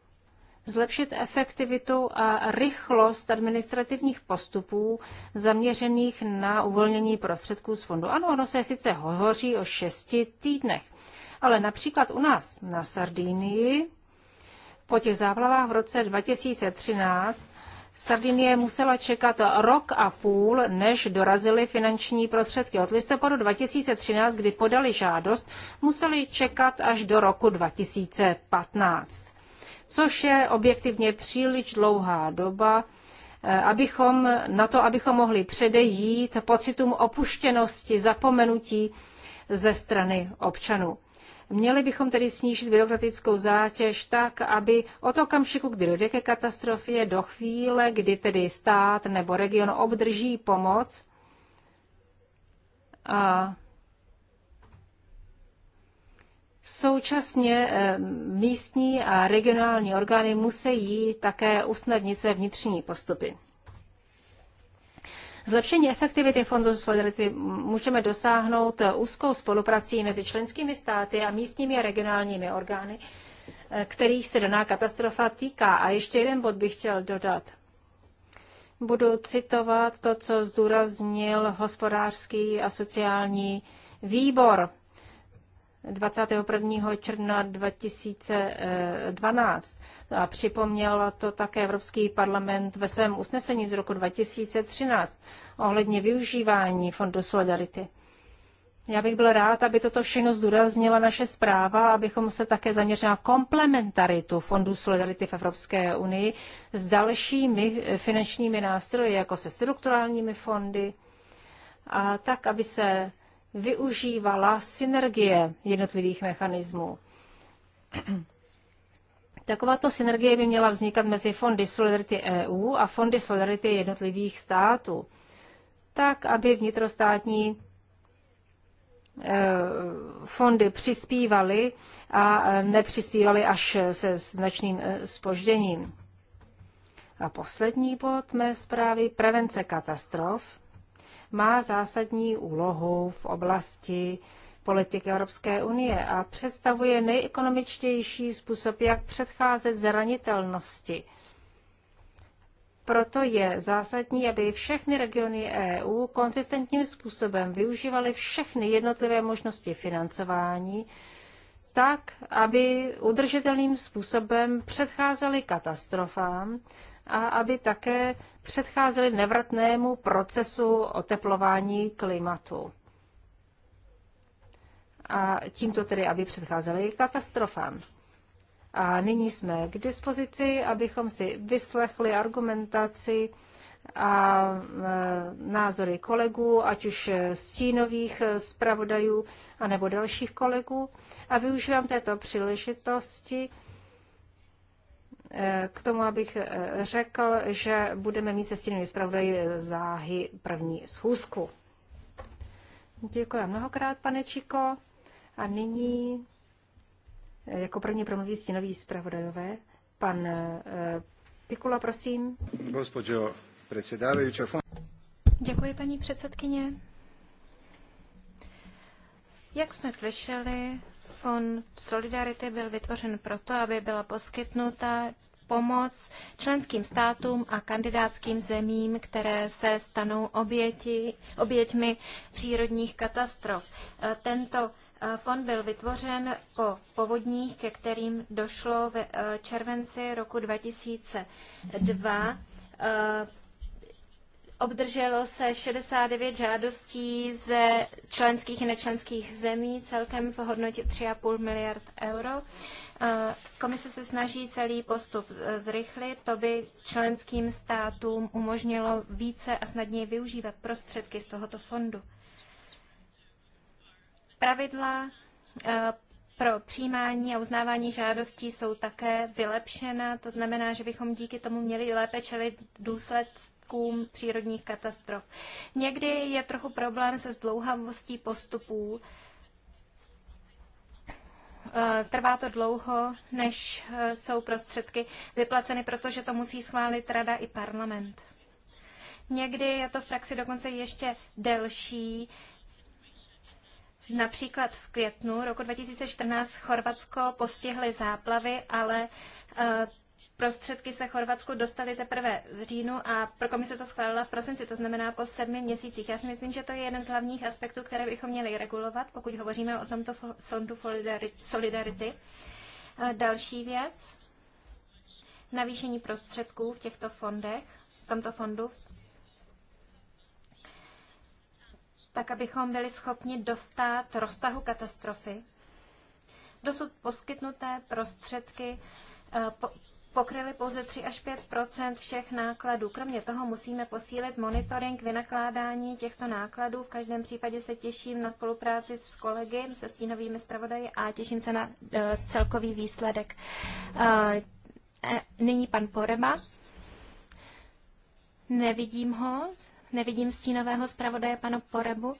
zlepšit efektivitu a rychlost administrativních postupů zaměřených na uvolnění prostředků z fondu. Ano, ono se sice hovoří o šesti týdnech, ale například u nás na Sardínii po těch záplavách v roce 2013 Sardinie musela čekat rok a půl, než dorazily finanční prostředky. Od listopadu 2013, kdy podali žádost, museli čekat až do roku 2015, což je objektivně příliš dlouhá doba, eh, abychom, na to, abychom mohli předejít pocitům opuštěnosti, zapomenutí ze strany občanů. Měli bychom tedy snížit byrokratickou zátěž tak, aby od okamžiku, kdy dojde ke katastrofě, do chvíle, kdy tedy stát nebo region obdrží pomoc, a Současně eh, místní a regionální orgány musí také usnadnit své vnitřní postupy. Zlepšení efektivity Fondu Solidarity můžeme dosáhnout úzkou spoluprací mezi členskými státy a místními a regionálními orgány, eh, kterých se daná katastrofa týká. A ještě jeden bod bych chtěl dodat. Budu citovat to, co zdůraznil hospodářský a sociální výbor 21. června 2012. A připomněl to také Evropský parlament ve svém usnesení z roku 2013 ohledně využívání Fondu Solidarity. Já bych byl rád, aby toto všechno zdůraznila naše zpráva, abychom se také zaměřili na komplementaritu Fondu Solidarity v Evropské unii s dalšími finančními nástroji, jako se strukturálními fondy, a tak, aby se využívala synergie jednotlivých mechanismů. Takováto synergie by měla vznikat mezi fondy Solidarity EU a fondy Solidarity jednotlivých států, tak aby vnitrostátní e, fondy přispívaly a e, nepřispívaly až se značným spožděním. E, a poslední bod mé zprávy, prevence katastrof má zásadní úlohu v oblasti politiky Evropské unie a představuje nejekonomičtější způsob, jak předcházet zranitelnosti. Proto je zásadní, aby všechny regiony EU konzistentním způsobem využívaly všechny jednotlivé možnosti financování, tak, aby udržitelným způsobem předcházely katastrofám a aby také předcházely nevratnému procesu oteplování klimatu. A tímto tedy, aby předcházely katastrofám. A nyní jsme k dispozici, abychom si vyslechli argumentaci a e, názory kolegů, ať už stínových zpravodajů, anebo dalších kolegů. A využívám této příležitosti, Eh, k tomu, abych eh, řekl, že budeme mít se stínovými zpravodaji záhy první schůzku. Děkuji mnohokrát, pane Čiko. A nyní eh, jako první promluví stínový zpravodajové. Pan Pikula, prosím. Děkuji, paní předsedkyně. Jak jsme slyšeli, Fond Solidarity byl vytvořen proto, aby byla poskytnuta pomoc členským státům a kandidátským zemím, které se stanou oběti, oběťmi přírodních katastrof. Eh, tento eh, fond byl vytvořen po povodních, ke kterým došlo v eh, červenci roku 2002. Obdrželo se 69 žádostí ze členských i nečlenských zemí, celkem v hodnotě 3,5 miliard euro. Eh, komise se snaží celý postup eh, zrychlit, to by členským státům umožnilo více a snadněji využívat prostředky z tohoto fondu. Pravidla eh, pro přijímání a uznávání žádostí jsou také vylepšena, to znamená, že bychom díky tomu měli lépe čelit důsled, následkům přírodních katastrof. Někdy je trochu problém se zdlouhavostí postupů. Eh, trvá to dlouho, než eh, jsou prostředky vyplaceny, protože to musí schválit rada i parlament. Někdy je to v praxi dokonce ještě delší. Například v květnu roku 2014 Chorvatsko postihly záplavy, ale eh, Prostředky se Chorvatsku dostaly teprve v říjnu a pro komise to schválila v prosinci, to znamená po sedmi měsících. Já si myslím, že to je jeden z hlavních aspektů, které bychom měli regulovat, pokud hovoříme o tomto sondu solidarity. Další věc, navýšení prostředků v těchto fondech, v tomto fondu, tak abychom byli schopni dostat roztahu katastrofy. Dosud poskytnuté prostředky eh, pokryly pouze 3 až 5 všech nákladů. Kromě toho musíme posílit monitoring vynakládání těchto nákladů. V každém případě se těším na spolupráci s kolegy, se stínovými zpravodaji a těším se na e, celkový výsledek. E, e, nyní pan Poreba. Nevidím ho, nevidím stínového zpravodaje panu Porebu.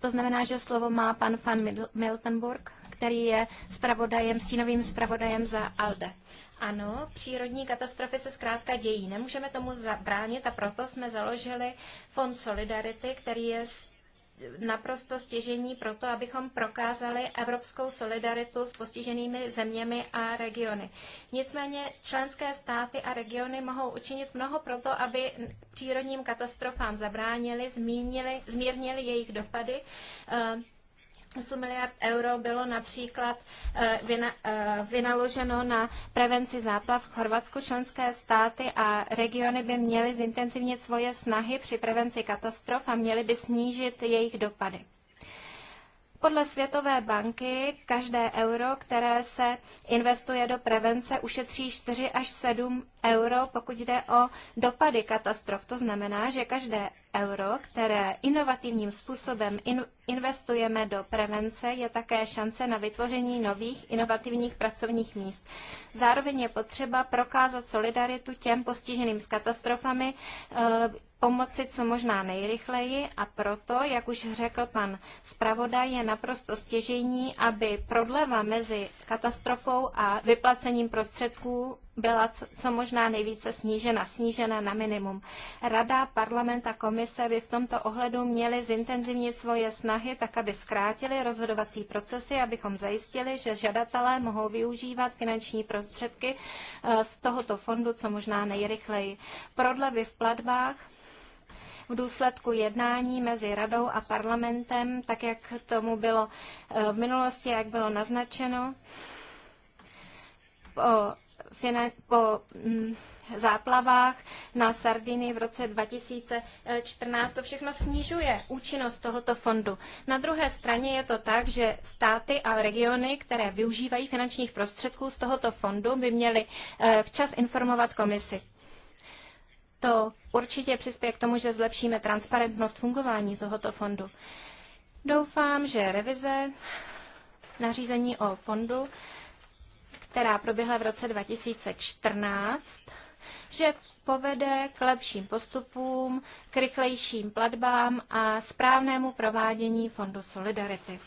To znamená, že slovo má pan pan Miltenburg který je spravodajem, stínovým spravodajem za ALDE. Ano, přírodní katastrofy se zkrátka dějí. Nemůžeme tomu zabránit a proto jsme založili Fond Solidarity, který je naprosto stěžení pro to, abychom prokázali evropskou solidaritu s postiženými zeměmi a regiony. Nicméně členské státy a regiony mohou učinit mnoho pro to, aby přírodním katastrofám zabránili, zmínili, zmírnili jejich dopady. Eh, 8 miliard euro bylo například eh, eh, vynaloženo na prevenci záplav v Chorvatsku. Členské státy a regiony by měly zintenzivnit svoje snahy při prevenci katastrof a měly by snížit jejich dopady. Podle Světové banky každé euro, které se investuje do prevence, ušetří 4 až 7 euro, pokud jde o dopady katastrof. To znamená, že každé euro, které inovativním způsobem in, investujeme do prevence, je také šance na vytvoření nových inovativních pracovních míst. Zároveň je potřeba prokázat solidaritu těm postiženým s katastrofami, eh, pomoci co možná nejrychleji a proto, jak už řekl pan zpravodaj, je naprosto stěžení, aby prodleva mezi katastrofou a vyplacením prostředků byla co, co možná nejvíce snížena, snížena na minimum. Rada, parlament a komise by v tomto ohledu měly zintenzivnit svoje snahy tak, aby zkrátili rozhodovací procesy, abychom zajistili, že žadatelé mohou využívat finanční prostředky eh, z tohoto fondu co možná nejrychleji. Prodlevy v platbách v důsledku jednání mezi radou a parlamentem, tak jak tomu bylo eh, v minulosti, jak bylo naznačeno, finan, po mm, záplavách na Sardiny v roce 2014. To všechno snižuje účinnost tohoto fondu. Na druhé straně je to tak, že státy a regiony, které využívají finančních prostředků z tohoto fondu, by měly eh, včas informovat komisi. To určitě přispěje k tomu, že zlepšíme transparentnost fungování tohoto fondu. Doufám, že revize nařízení o fondu která proběhla v roce 2014, že povede k lepším postupům, k rychlejším platbám a správnému provádění Fondu Solidarity.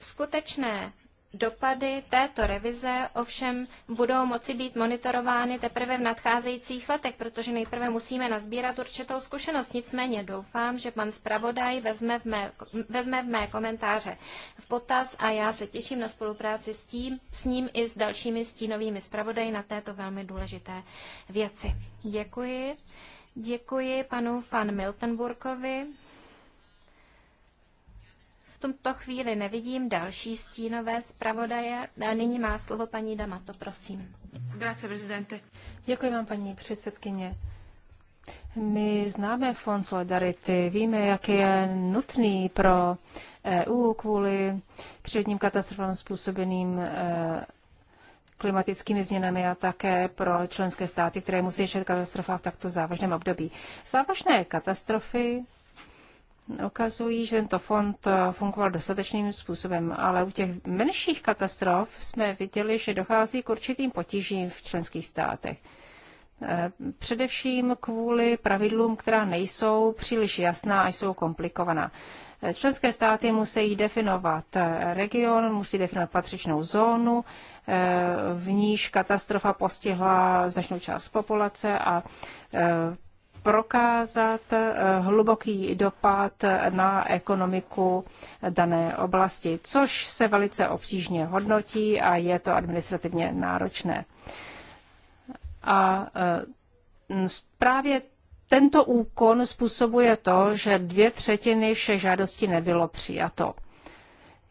Skutečné Dopady této revize ovšem budou moci být monitorovány teprve v nadcházejících letech, protože nejprve musíme nazbírat určitou zkušenost. Nicméně doufám, že pan zpravodaj vezme v mé, vezme v mé komentáře v potaz a já se těším na spolupráci s, tím, s ním i s dalšími stínovými zpravodaji na této velmi důležité věci. Děkuji. Děkuji panu van Miltenburkovi tuto chvíli nevidím další stínové zpravodaje. A nyní má slovo paní to prosím. Grazie, prezidente. Děkuji vám, paní předsedkyně. My známe Fond Solidarity, víme, jak je nutný pro EU kvůli přírodním katastrofám způsobeným e, klimatickými změnami a také pro členské státy, které musí šet katastrofa v takto závažném období. Závažné katastrofy ukazují, že tento fond eh, fungoval dostatečným způsobem, ale u těch menších katastrof jsme viděli, že dochází k určitým potížím v členských státech. Eh, především kvůli pravidlům, která nejsou příliš jasná a jsou komplikovaná. Eh, členské státy musí definovat region, musí definovat patřičnou zónu, v níž katastrofa postihla značnou část populace a prokázat eh, hluboký dopad na ekonomiku dané oblasti, což se velice obtížně hodnotí a je to administrativně náročné. A eh, právě tento úkon způsobuje to, že dvě třetiny všech žádostí nebylo přijato.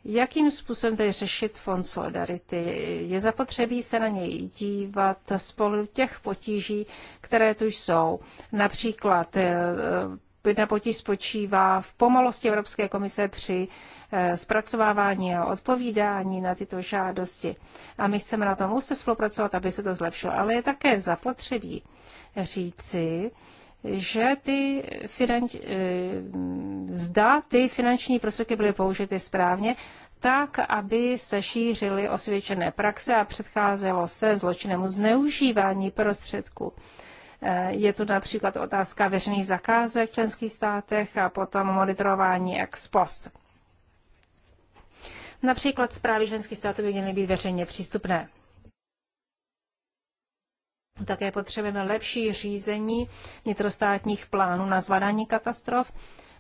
Jakým způsobem tedy řešit fond Solidarity? Je zapotřebí se na něj dívat spolu těch potíží, které tu jsou. Například eh, jedna potíž spočívá v pomalosti Evropské komise při eh, zpracovávání a odpovídání na tyto žádosti. A my chceme na tom úzce spolupracovat, aby se to zlepšilo. Ale je také zapotřebí říci, že ty finanč, eh, zda ty finanční prostředky byly použity správně, tak, aby se šířily osvědčené praxe a předcházelo se zločinnému zneužívání prostředků. Eh, je tu například otázka veřejných zakázek v členských státech a potom monitorování ex post. Například zprávy členských států by měly být veřejně přístupné. Také potřebujeme lepší řízení vnitrostátních plánů na zvládání katastrof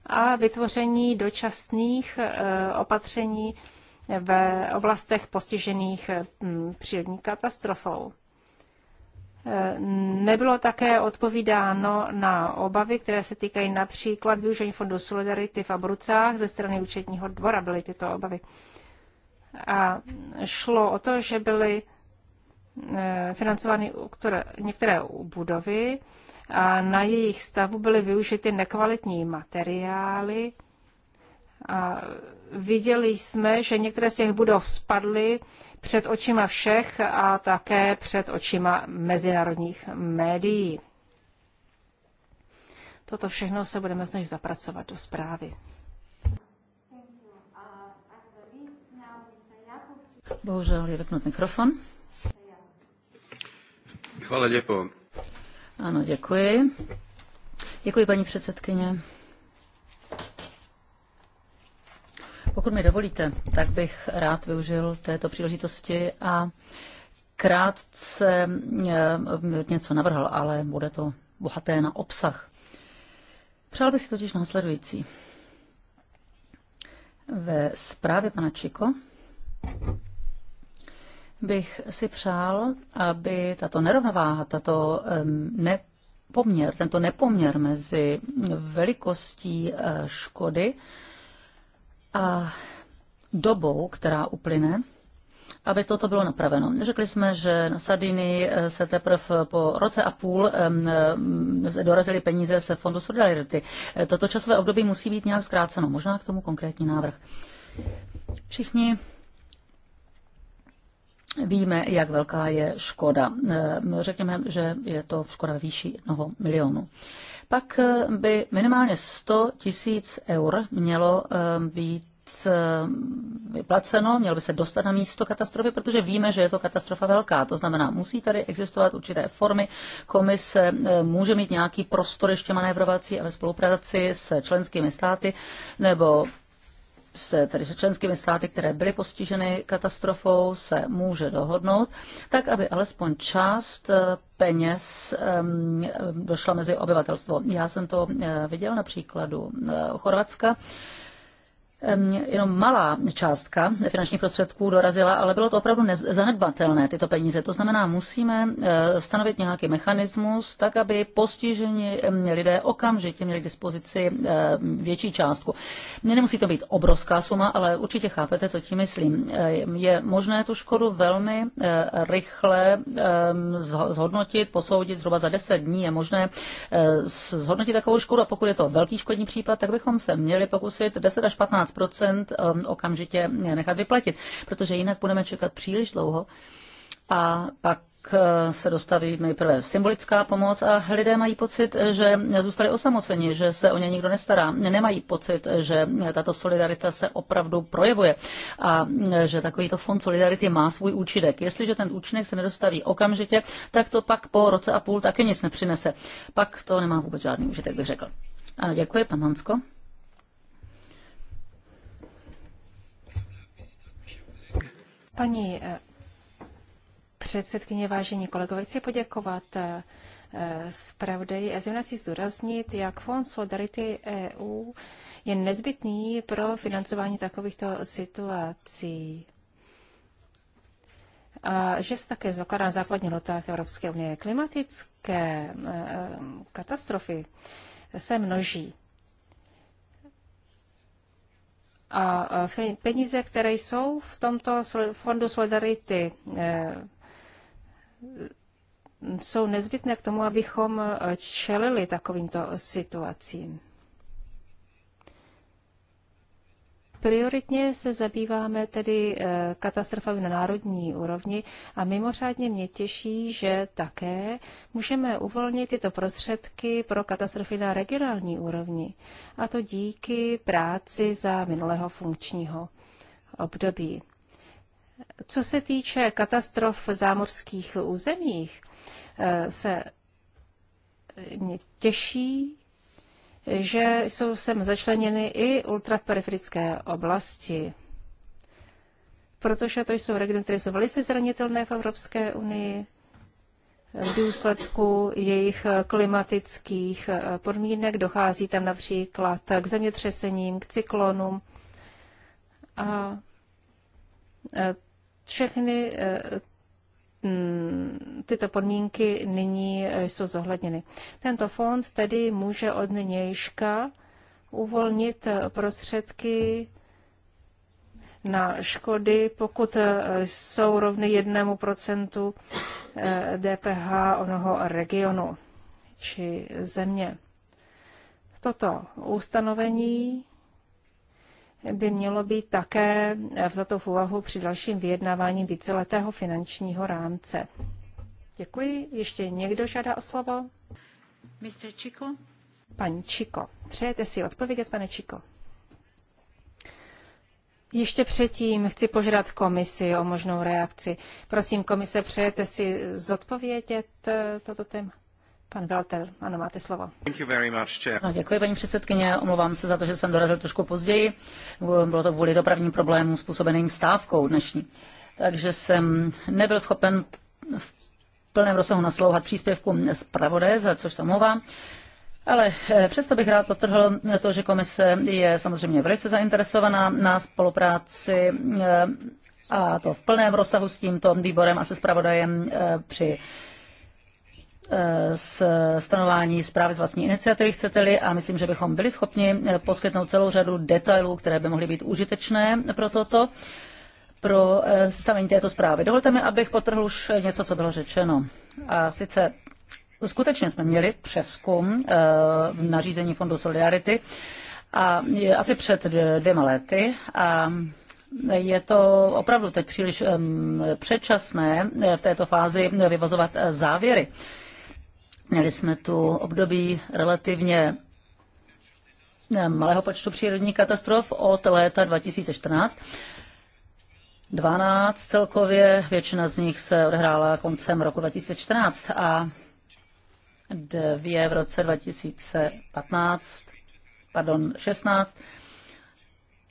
a vytvoření dočasných eh, opatření ve oblastech postižených eh, přírodní katastrofou. Eh, nebylo také odpovídáno na obavy, které se týkají například využení fondu Solidarity v Abrucách ze strany účetního dvora, byly tyto obavy. A šlo o to, že byly Eh, financovány některé budovy a na jejich stavu byly využity nekvalitní materiály. A viděli jsme, že některé z těch budov spadly před očima všech a také před očima mezinárodních médií. Toto všechno se budeme snažit zapracovat do zprávy. Bohužel je vypnut mikrofon. Hvala lepo. Ano, děkuji. Děkuji, paní předsedkyně. Pokud mi dovolíte, tak bych rád využil této příležitosti a krátce eh, něco navrhl, ale bude to bohaté na obsah. Přál bych si totiž následující. Ve zprávě pana Čiko bych si přál, aby tato nerovnováha, tato ne poměr, tento nepoměr mezi velikostí e, škody a dobou, která uplyne, aby toto bylo napraveno. Řekli jsme, že na Sardiny e, se teprve po roce a půl e, dorazily peníze se Fondu Solidarity. Toto časové období musí být nějak zkráceno. Možná k tomu konkrétní návrh. Všichni víme, jak velká je škoda. Eh, řekněme, že je to škoda výši jednoho milionu. Pak eh, by minimálně 100 tisíc eur mělo eh, být vyplaceno, mělo by se dostat na místo katastrofy, protože víme, že je to katastrofa velká. To znamená, musí tady existovat určité formy. Komise může mít nějaký prostor ještě manévrovací a ve spolupráci s členskými státy nebo se, tedy se členskými státy, které byly postiženy katastrofou, se může dohodnout, tak aby alespoň část eh, peněz došla mezi obyvatelstvo. Já jsem to eh, viděl na příkladu eh, Chorvatska, Ehm, jenom malá částka finančních prostředků dorazila, ale bylo to opravdu zanedbatelné, tyto peníze. To znamená, musíme eh, stanovit nějaký mechanismus, tak aby postižení ehm, lidé okamžitě měli k dispozici ehm, větší částku. Nemusí to být obrovská suma, ale určitě chápete, co tím myslím. Je možné tu škodu velmi eh, rychle zhodnotit, posoudit zhruba za 10 dní. Je možné eh, zhodnotit takovou škodu a pokud je to velký škodní případ, tak bychom se měli pokusit 10 až 15 15 um, okamžitě nechat vyplatit, protože jinak budeme čekat příliš dlouho a pak uh, se dostaví nejprve symbolická pomoc a lidé mají pocit, že zůstali osamoceni, že se o ně nikdo nestará. Nemají pocit, že tato solidarita se opravdu projevuje a uh, že takovýto fond solidarity má svůj účinek. Jestliže ten účinek se nedostaví okamžitě, tak to pak po roce a půl taky nic nepřinese. Pak to nemá vůbec žádný užitek, bych řekl. Ano, děkuji, pan Hansko. Paní eh, předsedkyně, vážení kolegové, chci poděkovat eh, eh, zpravodaji a zemnací zdůraznit, jak Fond Solidarity EU je nezbytný pro financování takovýchto situací. A že se také zakládá na základních lotách Evropské unie. Klimatické katastrofy se množí. A peníze, které jsou v tomto fondu Solidarity, eh, jsou nezbytné k tomu, abychom eh, čelili takovýmto situacím. Prioritně se zabýváme tedy eh, katastrofami na národní úrovni a mimořádně mě těší, že také můžeme uvolnit tyto prostředky pro katastrofy na regionální úrovni. A to díky práci za minulého funkčního období. Co se týče katastrof v zámořských územích, eh, se mě těší, že jsou sem začleněny i ultraperiferické oblasti, protože to jsou regiony, které jsou velice zranitelné v Evropské unii v důsledku jejich klimatických podmínek. Dochází tam například k zemětřesením, k cyklonům. A všechny eh, Mm, tyto podmínky nyní eh, jsou zohledněny. Tento fond tedy může od nynějška uvolnit eh, prostředky na škody, pokud eh, jsou rovny jednému procentu DPH onoho regionu či země. Toto ustanovení by mělo být také vzato v úvahu při dalším vyjednávání víceletého finančního rámce. Děkuji. Ještě někdo žádá o slovo? Mr. Chico? Paní Čiko. Přejete si odpovědět, pane Čiko? Ještě předtím chci požádat komisi o možnou reakci. Prosím, komise, přejete si zodpovědět eh, toto téma? Pan ano, máte slovo. no, děkuji, paní předsedkyně. Omlouvám se za to, že jsem dorazil trošku později. Bylo to kvůli dopravním problémům způsobeným stávkou dnešní. Takže jsem nebyl schopen v plném rozsahu naslouchat příspěvku zpravodaje, za což se omlouvám. Ale eh, přesto bych rád potrhl to, že komise je samozřejmě velice zainteresovaná na spolupráci eh, a to v plném rozsahu s tímto výborem a se zpravodajem eh, při Eh, s stanování zprávy z vlastní iniciativy, chcete-li, a myslím, že bychom byli schopni eh, poskytnout celou řadu detailů, které by mohly být užitečné pro toto, pro eh, sestavení této zprávy. Dovolte mi, abych potrhl už něco, co bylo řečeno. A sice skutečně jsme měli přeskum v nařízení Fondu Solidarity a asi před dvěma lety a je to opravdu teď příliš předčasné v této fázi vyvozovat závěry. Měli jsme tu období relativně eh, malého počtu přírodních katastrof od léta 2014. 12 celkově, většina z nich se odehrála koncem roku 2014 a dvě v roce 2015, pardon, 16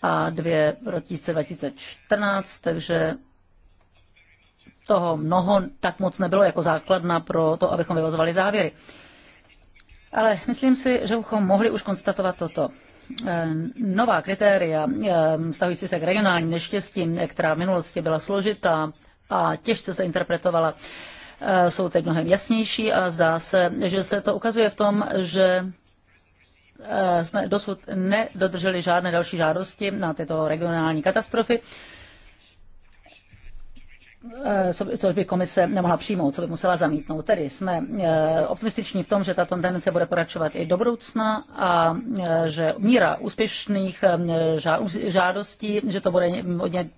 a dvě v roce 2014, takže toho mnoho tak moc nebylo jako základna pro to, abychom vyvozovali závěry. Ale myslím si, že bychom mohli už konstatovat toto eh, nová kritéria stavující eh, se k regionální neštěstí, která v minulosti byla složitá a těžce se interpretovala, eh, jsou teď mnohem jasnější a zdá se, že se to ukazuje v tom, že jsme dosud nedodrželi žádné další žádosti na tyto regionální katastrofy. Eh, co by komise nemohla přijmout, co by musela zamítnout. Tedy jsme eh, optimističní v tom, že tato tendence bude pokračovat i do budoucna a eh, že míra úspěšných žádostí, že to bude hodně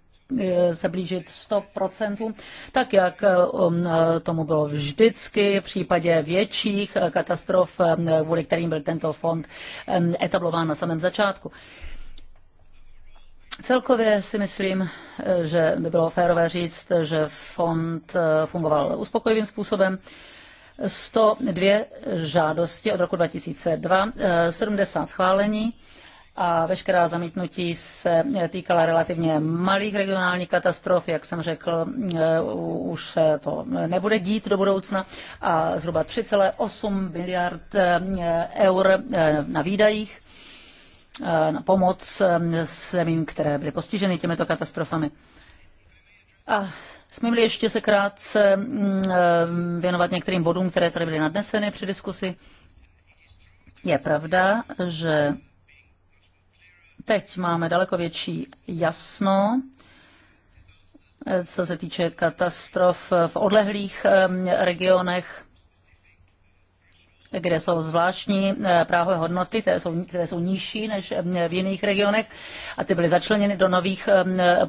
se blížit 100%, tak jak um, tomu bylo vždycky v případě větších katastrof, kvůli kterým byl tento fond etablován na samém začátku. Celkově si myslím, eh, že by bylo férové říct, že fond eh, fungoval uspokojivým způsobem. 102 žádosti od roku 2002, 70 eh, schválení a veškerá zamítnutí se týkala relativně malých regionálních katastrof, jak jsem řekl, už to nebude dít do budoucna a zhruba 3,8 miliard eur na výdajích Eh, na pomoc eh, zemím, které byly postiženy těmito katastrofami. A smím-li ještě se krátce mm, eh, věnovat některým bodům, které tady byly nadneseny při diskusi. Je pravda, že teď máme daleko větší jasno, co se týče katastrof v odlehlých regionech kde jsou zvláštní eh, práhové hodnoty, které jsou, které jsou nižší než eh, v jiných regionech a ty byly začleněny do nových eh,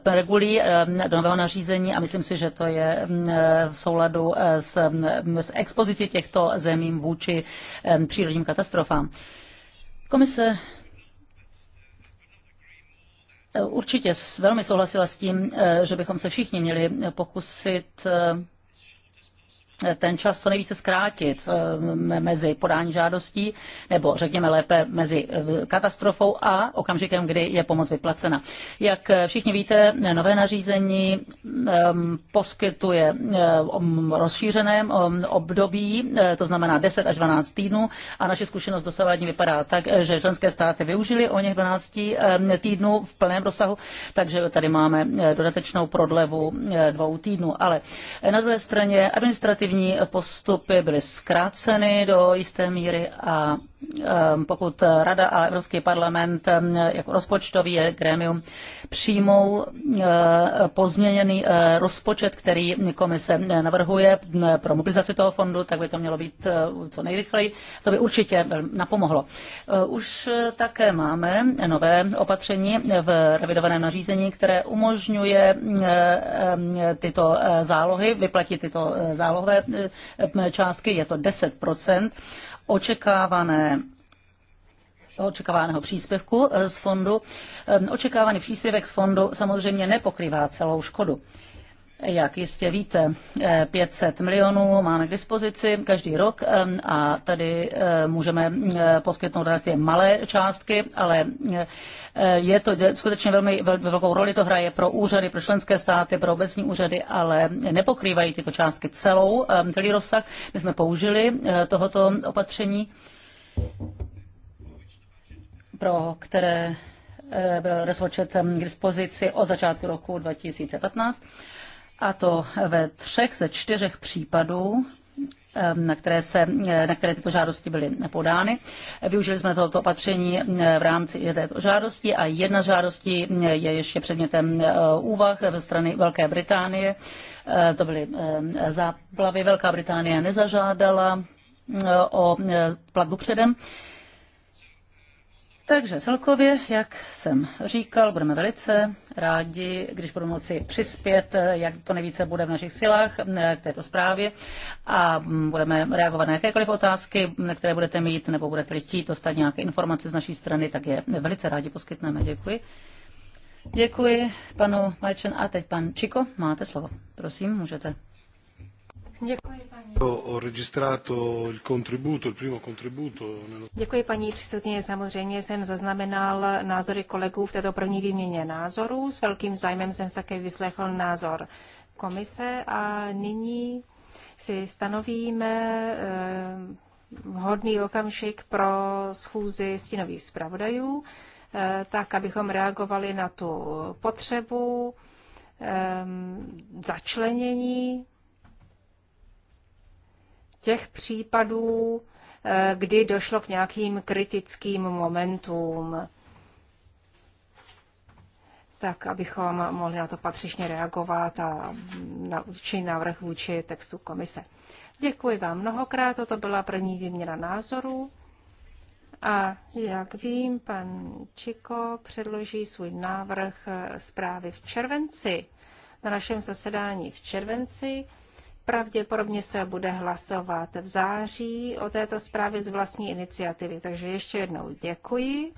regulí, do nového nařízení a myslím si, že to je v souladu s, s expozití těchto zemím vůči přírodním katastrofám. Komise určitě velmi souhlasila s tím, že bychom se všichni měli pokusit ten čas co nejvíce zkrátit eh, mezi podání žádostí, nebo řekněme lépe mezi eh, katastrofou a okamžikem, kdy je pomoc vyplacena. Jak eh, všichni víte, nové nařízení ehm, poskytuje rozšířené období, to znamená 10 až 12 týdnů a naše zkušenost dosavadní vypadá tak, že členské státy využili o něch 12 ehm, týdnů v plném rozsahu, takže tady máme dodatečnou prodlevu dvou týdnů. Ale na druhé straně administrativní administrativní postupy byly zkráceny do jisté míry a Ehm, pokud Rada a Evropský parlament ehm, jako rozpočtový grémium přijmou eh, pozměněný eh, rozpočet, který komise navrhuje pro mobilizaci toho fondu, tak by to mělo být eh, co nejrychleji. To by určitě napomohlo. Už také máme nové opatření v revidovaném nařízení, které umožňuje tyto zálohy, vyplatit tyto zálohové částky, je to 10 očekávané očekávaného příspěvku eh, z fondu. Ehm, očekávaný příspěvek z fondu samozřejmě nepokrývá celou škodu. Jak jistě víte, 500 eh, milionů máme k dispozici každý rok a tady eh, můžeme eh, poskytnout ty malé částky, ale je to skutečně velmi velkou roli to hraje pro úřady, pro členské státy, pro obecní úřady, ale nepokrývají tyto částky celou, celý rozsah. My jsme použili tohoto opatření, pro které byl rozpočet k dispozici od začátku roku 2015 a to ve třech ze čtyřech případů na které, se, na které tyto žádosti byly podány. Využili jsme toto opatření v rámci této žádosti a jedna z žádostí je ještě předmětem úvah ze strany Velké Británie. E, to byly záplavy. Velká Británie nezažádala o e, platbu předem. Takže celkově, jak jsem říkal, budeme velice rádi, když budeme moci přispět, jak to nejvíce bude v našich silách eh, k této zprávě a mm, budeme reagovat na jakékoliv otázky, mm, které budete mít nebo budete chtít dostat nějaké informace z naší strany, tak je velice rádi poskytneme. Děkuji. Děkuji panu Majčen a teď pan Čiko, máte slovo. Prosím, můžete Děkuji paní. paní předsedkyně. Samozřejmě jsem zaznamenal názory kolegů v této první výměně názorů. S velkým zájmem jsem také vyslechl názor komise a nyní si stanovíme eh, vhodný okamžik pro schůzi stínových zpravodajů, eh, tak abychom reagovali na tu potřebu eh, začlenění těch případů, eh, kdy došlo k nějakým kritickým momentům, tak abychom mohli na to patřičně reagovat a na určitý návrh vůči textu komise. Děkuji vám mnohokrát, toto byla první výměna názorů. A jak vím, pan Čiko předloží svůj návrh eh, zprávy v červenci, na našem zasedání v červenci. Pravděpodobně se bude hlasovat v září o této zprávě z vlastní iniciativy. Takže ještě jednou děkuji.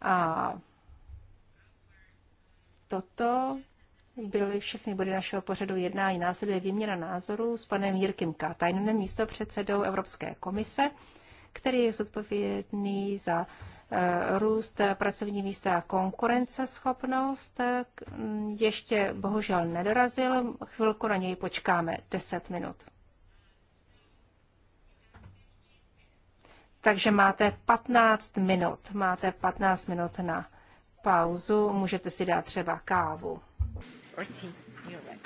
A toto byly všechny body našeho pořadu jednání. Následuje výměna názorů s panem Jirkem Katajnem, místo předsedou Evropské komise, který je zodpovědný za Eh, růst pracovní místa a konkurenceschopnost eh, ještě bohužel nedorazil. Chvilku na něj počkáme 10 minut. Takže máte 15 minut. Máte 15 minut na pauzu. Můžete si dát třeba kávu. 14,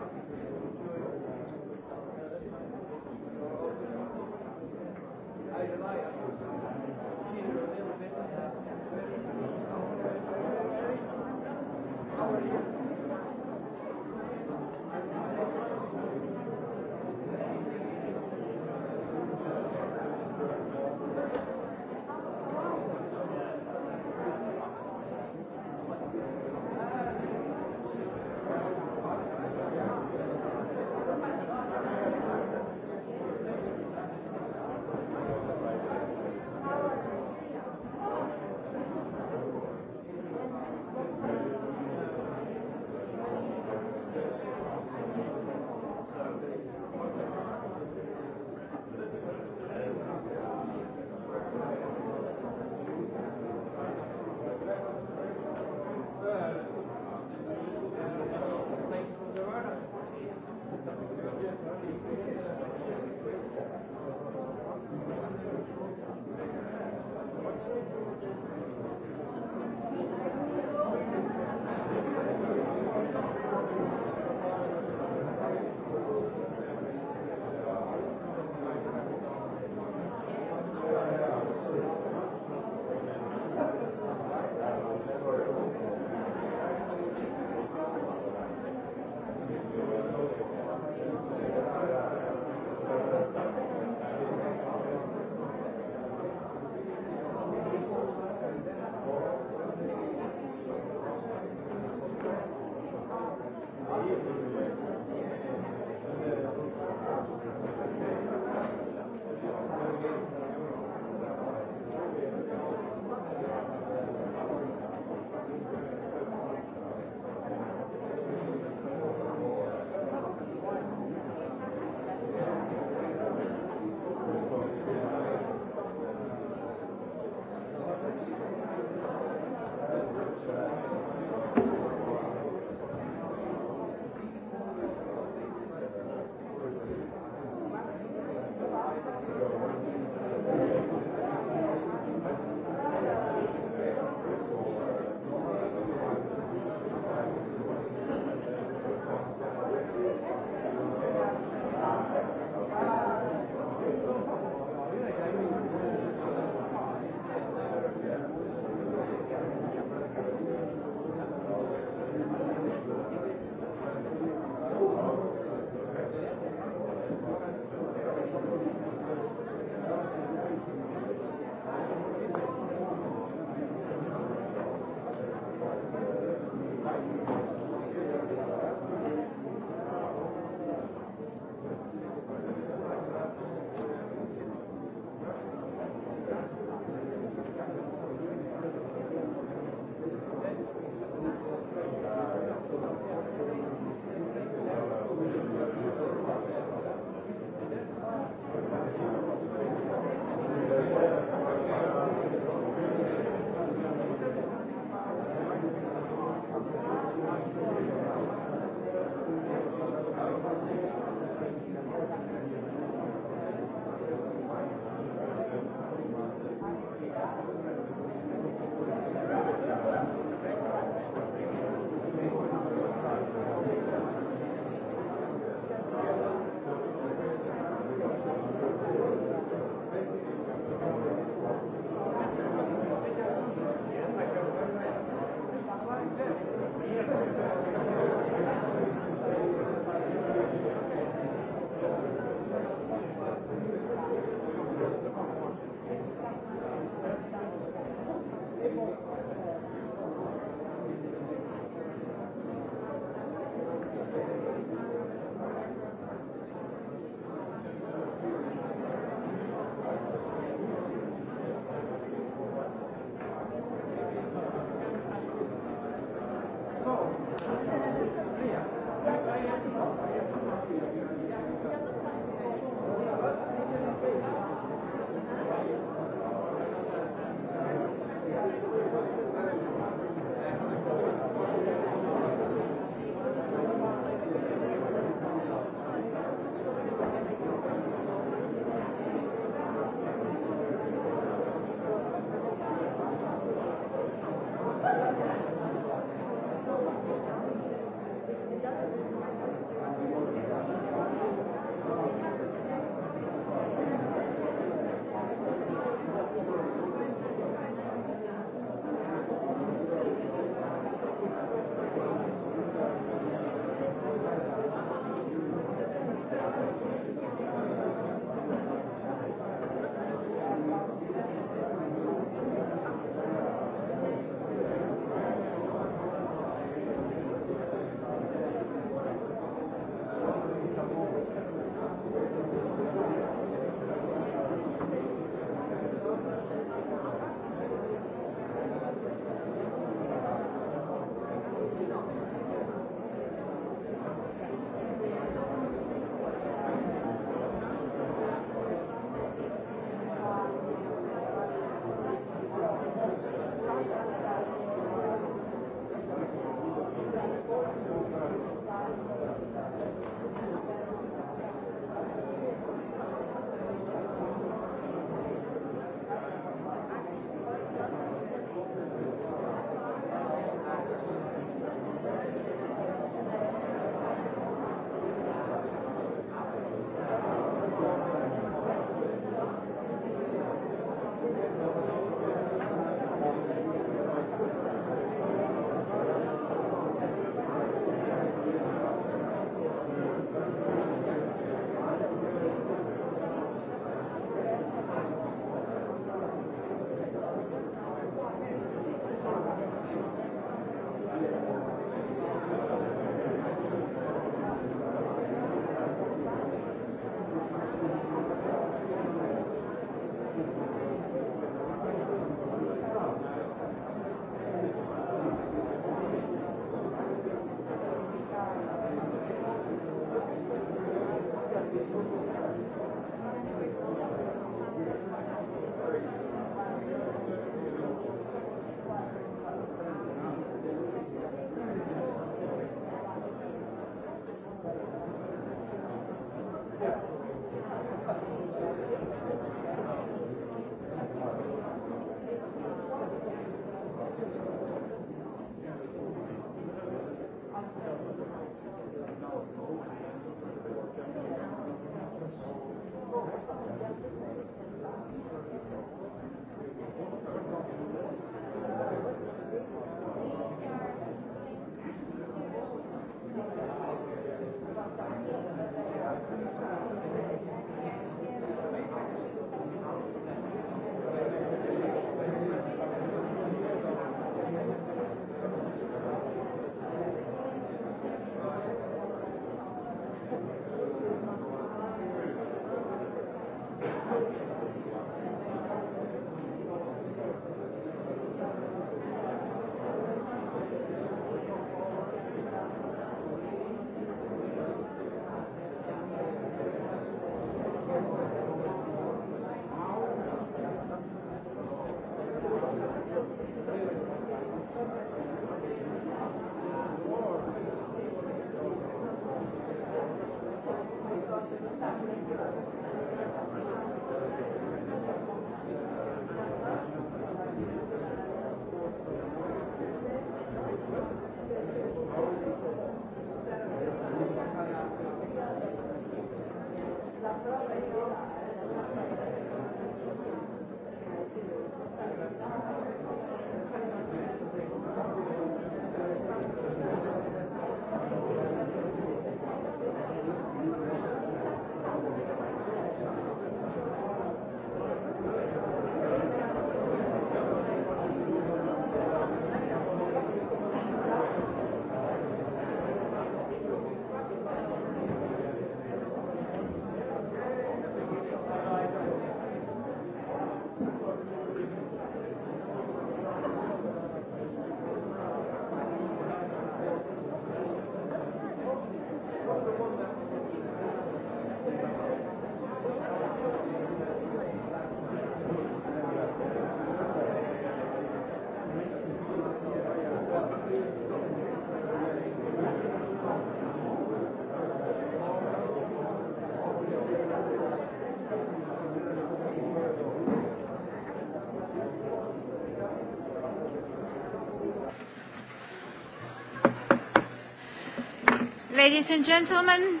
Ladies and gentlemen,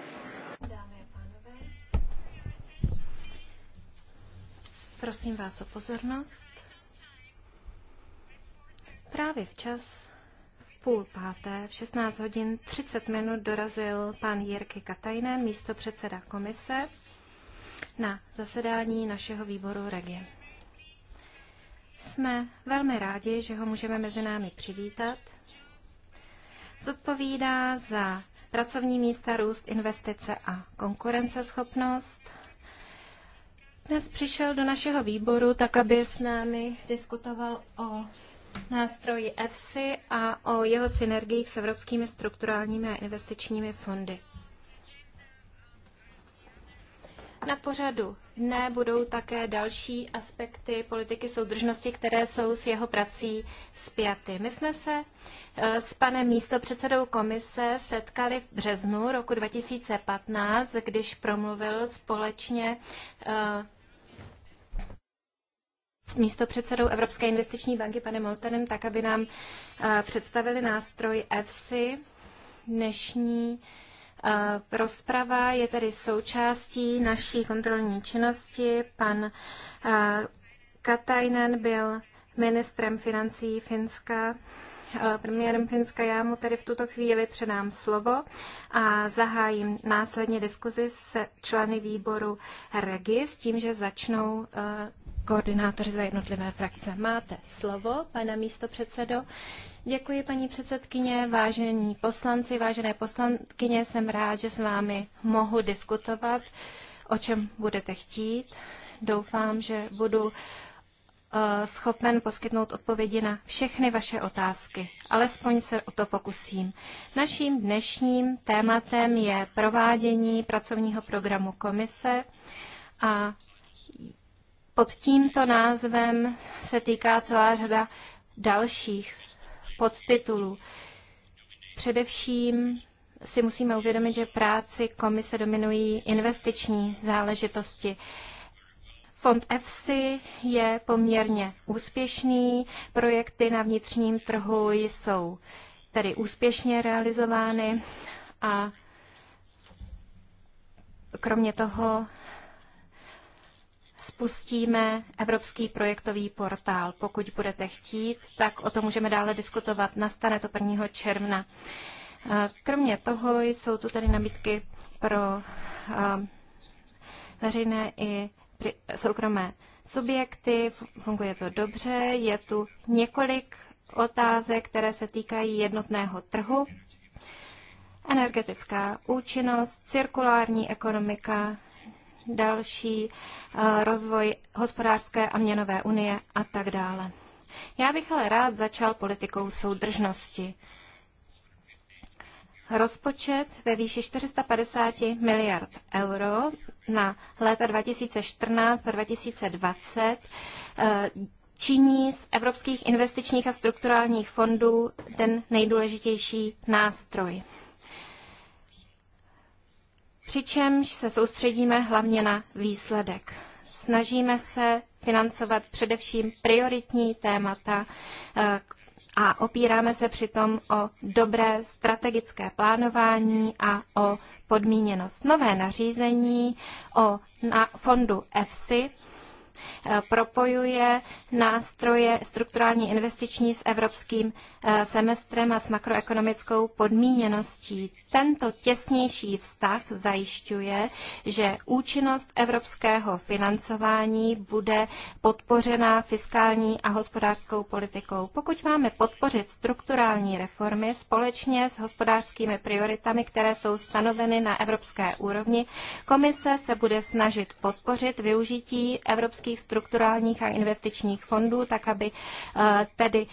Prosím vás o pozornost. Právě včas, v půl páté, v 16 hodin 30 minut dorazil pan Jirky Katajnen, místo předseda komise, na zasedání našeho výboru Regie. Jsme velmi rádi, že ho můžeme mezi námi přivítat. Zodpovídá za pracovní místa, růst, investice a konkurenceschopnost. Dnes přišel do našeho výboru tak, aby s námi diskutoval o nástroji EFSI a o jeho synergiích s evropskými strukturálními a investičními fondy. Na pořadu dne budou také další aspekty politiky soudržnosti, které jsou s jeho prací spjaty. My jsme se Eh, s panem místopředsedou komise setkali v březnu roku 2015, když promluvil společně eh, s místopředsedou Evropské investiční banky panem Moltenem, tak aby nám eh, představili nástroj EFSI. Dnešní rozprava je tedy součástí naší kontrolní činnosti. Pan Katainen byl ministrem financí Finska Eh, premiérem Finska. Já mu tedy v tuto chvíli předám slovo a zahájím následně diskuzi s členy výboru REGI s tím, že začnou eh, koordinátoři za jednotlivé frakce. Máte slovo, pane místo předsedo. Děkuji, paní předsedkyně, vážení poslanci, vážené poslankyně. Jsem rád, že s vámi mohu diskutovat, o čem budete chtít. Doufám, že budu Eh, schopen poskytnout odpovědi na všechny vaše otázky. Alespoň se o to pokusím. Naším dnešním tématem je provádění pracovního programu komise a pod tímto názvem se týká celá řada dalších podtitulů. Především si musíme uvědomit, že práci komise dominují investiční záležitosti. Fond EFSI je poměrně úspěšný, projekty na vnitřním trhu jsou tedy úspěšně realizovány a kromě toho spustíme Evropský projektový portál. Pokud budete chtít, tak o tom můžeme dále diskutovat. Nastane to 1. června. Kromě toho jsou tu tady nabídky pro veřejné i soukromé subjekty, funguje to dobře, je tu několik otázek, které se týkají jednotného trhu, energetická účinnost, cirkulární ekonomika, další eh, rozvoj hospodářské a měnové unie a tak dále. Já bych ale rád začal politikou soudržnosti rozpočet ve výši 450 miliard euro na léta 2014 a 2020 eh, činí z evropských investičních a strukturálních fondů ten nejdůležitější nástroj. Přičemž se soustředíme hlavně na výsledek. Snažíme se financovat především prioritní témata, eh, a opíráme se přitom o dobré strategické plánování a o podmíněnost. Nové nařízení o na fondu EFSI eh, propojuje nástroje strukturální investiční s evropským eh, semestrem a s makroekonomickou podmíněností tento těsnější vztah zajišťuje, že účinnost evropského financování bude podpořena fiskální a hospodářskou politikou. Pokud máme podpořit strukturální reformy společně s hospodářskými prioritami, které jsou stanoveny na evropské úrovni, komise se bude snažit podpořit využití evropských strukturálních a investičních fondů, tak aby eh, tedy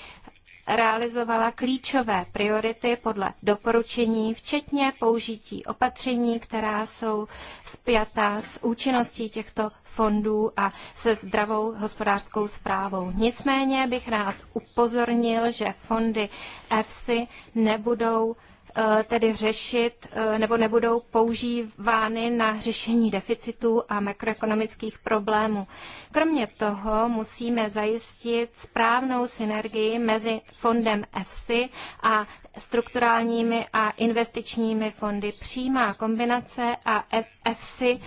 realizovala klíčové priority podle doporučení, včetně použití opatření, která jsou spjata s účinností těchto fondů a se zdravou hospodářskou zprávou. Nicméně bych rád upozornil, že fondy EFSI nebudou Eh, tedy řešit eh, nebo nebudou používány na řešení deficitů a makroekonomických problémů. Kromě toho musíme zajistit správnou synergii mezi fondem EFSI a strukturálními a investičními fondy. Přímá kombinace a EFSI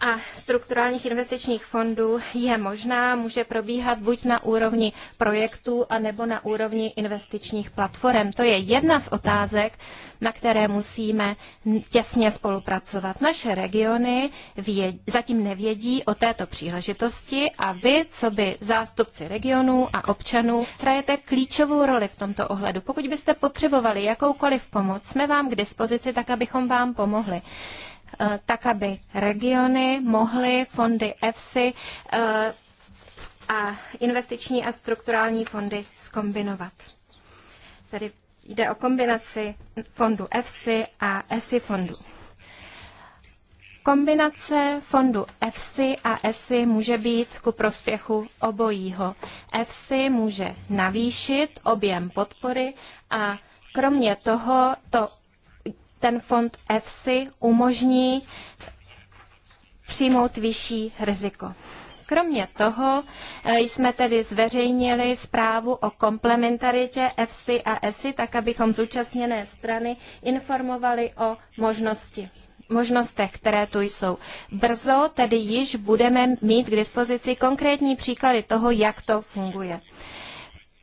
a strukturálních investičních fondů je možná, může probíhat buď na úrovni projektů, anebo na úrovni investičních platform. To je jedna z otázek, na které musíme těsně spolupracovat. Naše regiony věd, zatím nevědí o této příležitosti a vy, co by zástupci regionů a občanů, hrajete klíčovou roli v tomto ohledu. Pokud byste potřebovali jakoukoliv pomoc, jsme vám k dispozici tak, abychom vám pomohli. Eh, tak aby regiony mohly fondy EFSI eh, a investiční a strukturální fondy skombinovat. Tady jde o kombinaci fondu EFSI a ESI fondu. Kombinace fondu EFSI a ESI může být ku prospěchu obojího. EFSI může navýšit objem podpory a kromě toho to ten fond EFSI umožní přijmout vyšší riziko. Kromě toho eh, jsme tedy zveřejnili zprávu o komplementaritě EFSI a ESI, tak abychom zúčastněné strany informovali o možnosti možnostech, které tu jsou. Brzo tedy již budeme mít k dispozici konkrétní příklady toho, jak to funguje.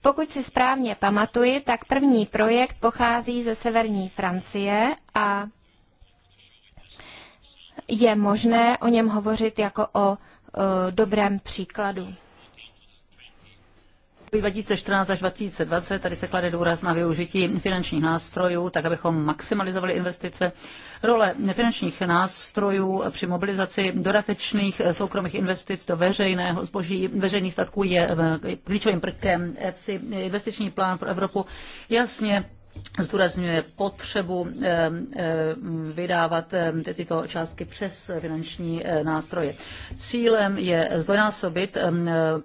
Pokud si správně pamatuji, tak první projekt pochází ze severní Francie a je možné o něm hovořit jako o dobrém příkladu období 2014 až 2020 tady se klade důraz na využití finančních nástrojů, tak abychom maximalizovali investice. Role finančních nástrojů při mobilizaci dodatečných soukromých investic do veřejného zboží, veřejných statků je klíčovým prvkem EFSI. Investiční plán pro Evropu jasně zdůrazňuje potřebu eh, eh, vydávat eh, tyto částky přes finanční nástroje. Cílem je zdvojnásobit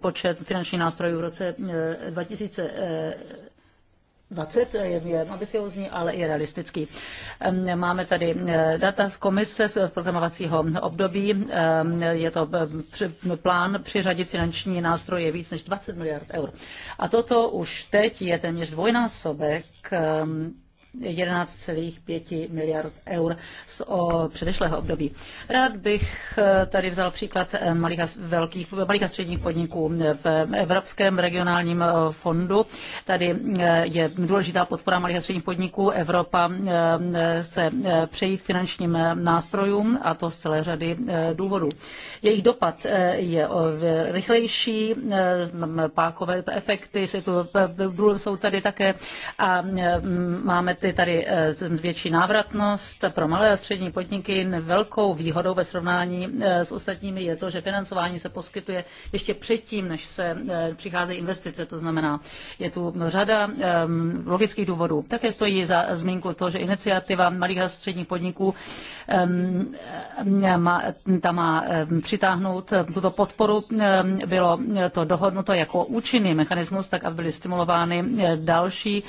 počet finančních nástrojů v roce 2000 20 eh, je, je ambiciozní, ale i realistický. Máme tady eh, data z komise z programovacího období. Je to eh, plán přiřadit finanční nástroje víc než 20 miliard eur. A toto už teď je téměř dvojnásobek 11,5 miliard eur z předešlého období. Rád bych eh, tady vzal příklad eh, malých a, velkých, malých a středních podniků v Evropském regionálním eh, fondu. Tady je důležitá podpora malých a středních podniků. Evropa chce přejít finančním nástrojům a to z celé řady důvodů. Jejich dopad je rychlejší, pákové efekty jsou tady také a máme je tady eh, větší návratnost pro malé a střední podniky. Velkou výhodou ve srovnání eh, s ostatními je to, že financování se poskytuje ještě předtím, než se eh, přicházejí investice. To znamená, je tu řada ehm, logických důvodů. Také stojí za zmínku to, že iniciativa malých a středních podniků ehm, ta má ehm, přitáhnout tuto podporu. Bylo to dohodnuto jako účinný mechanismus, tak aby byly stimulovány další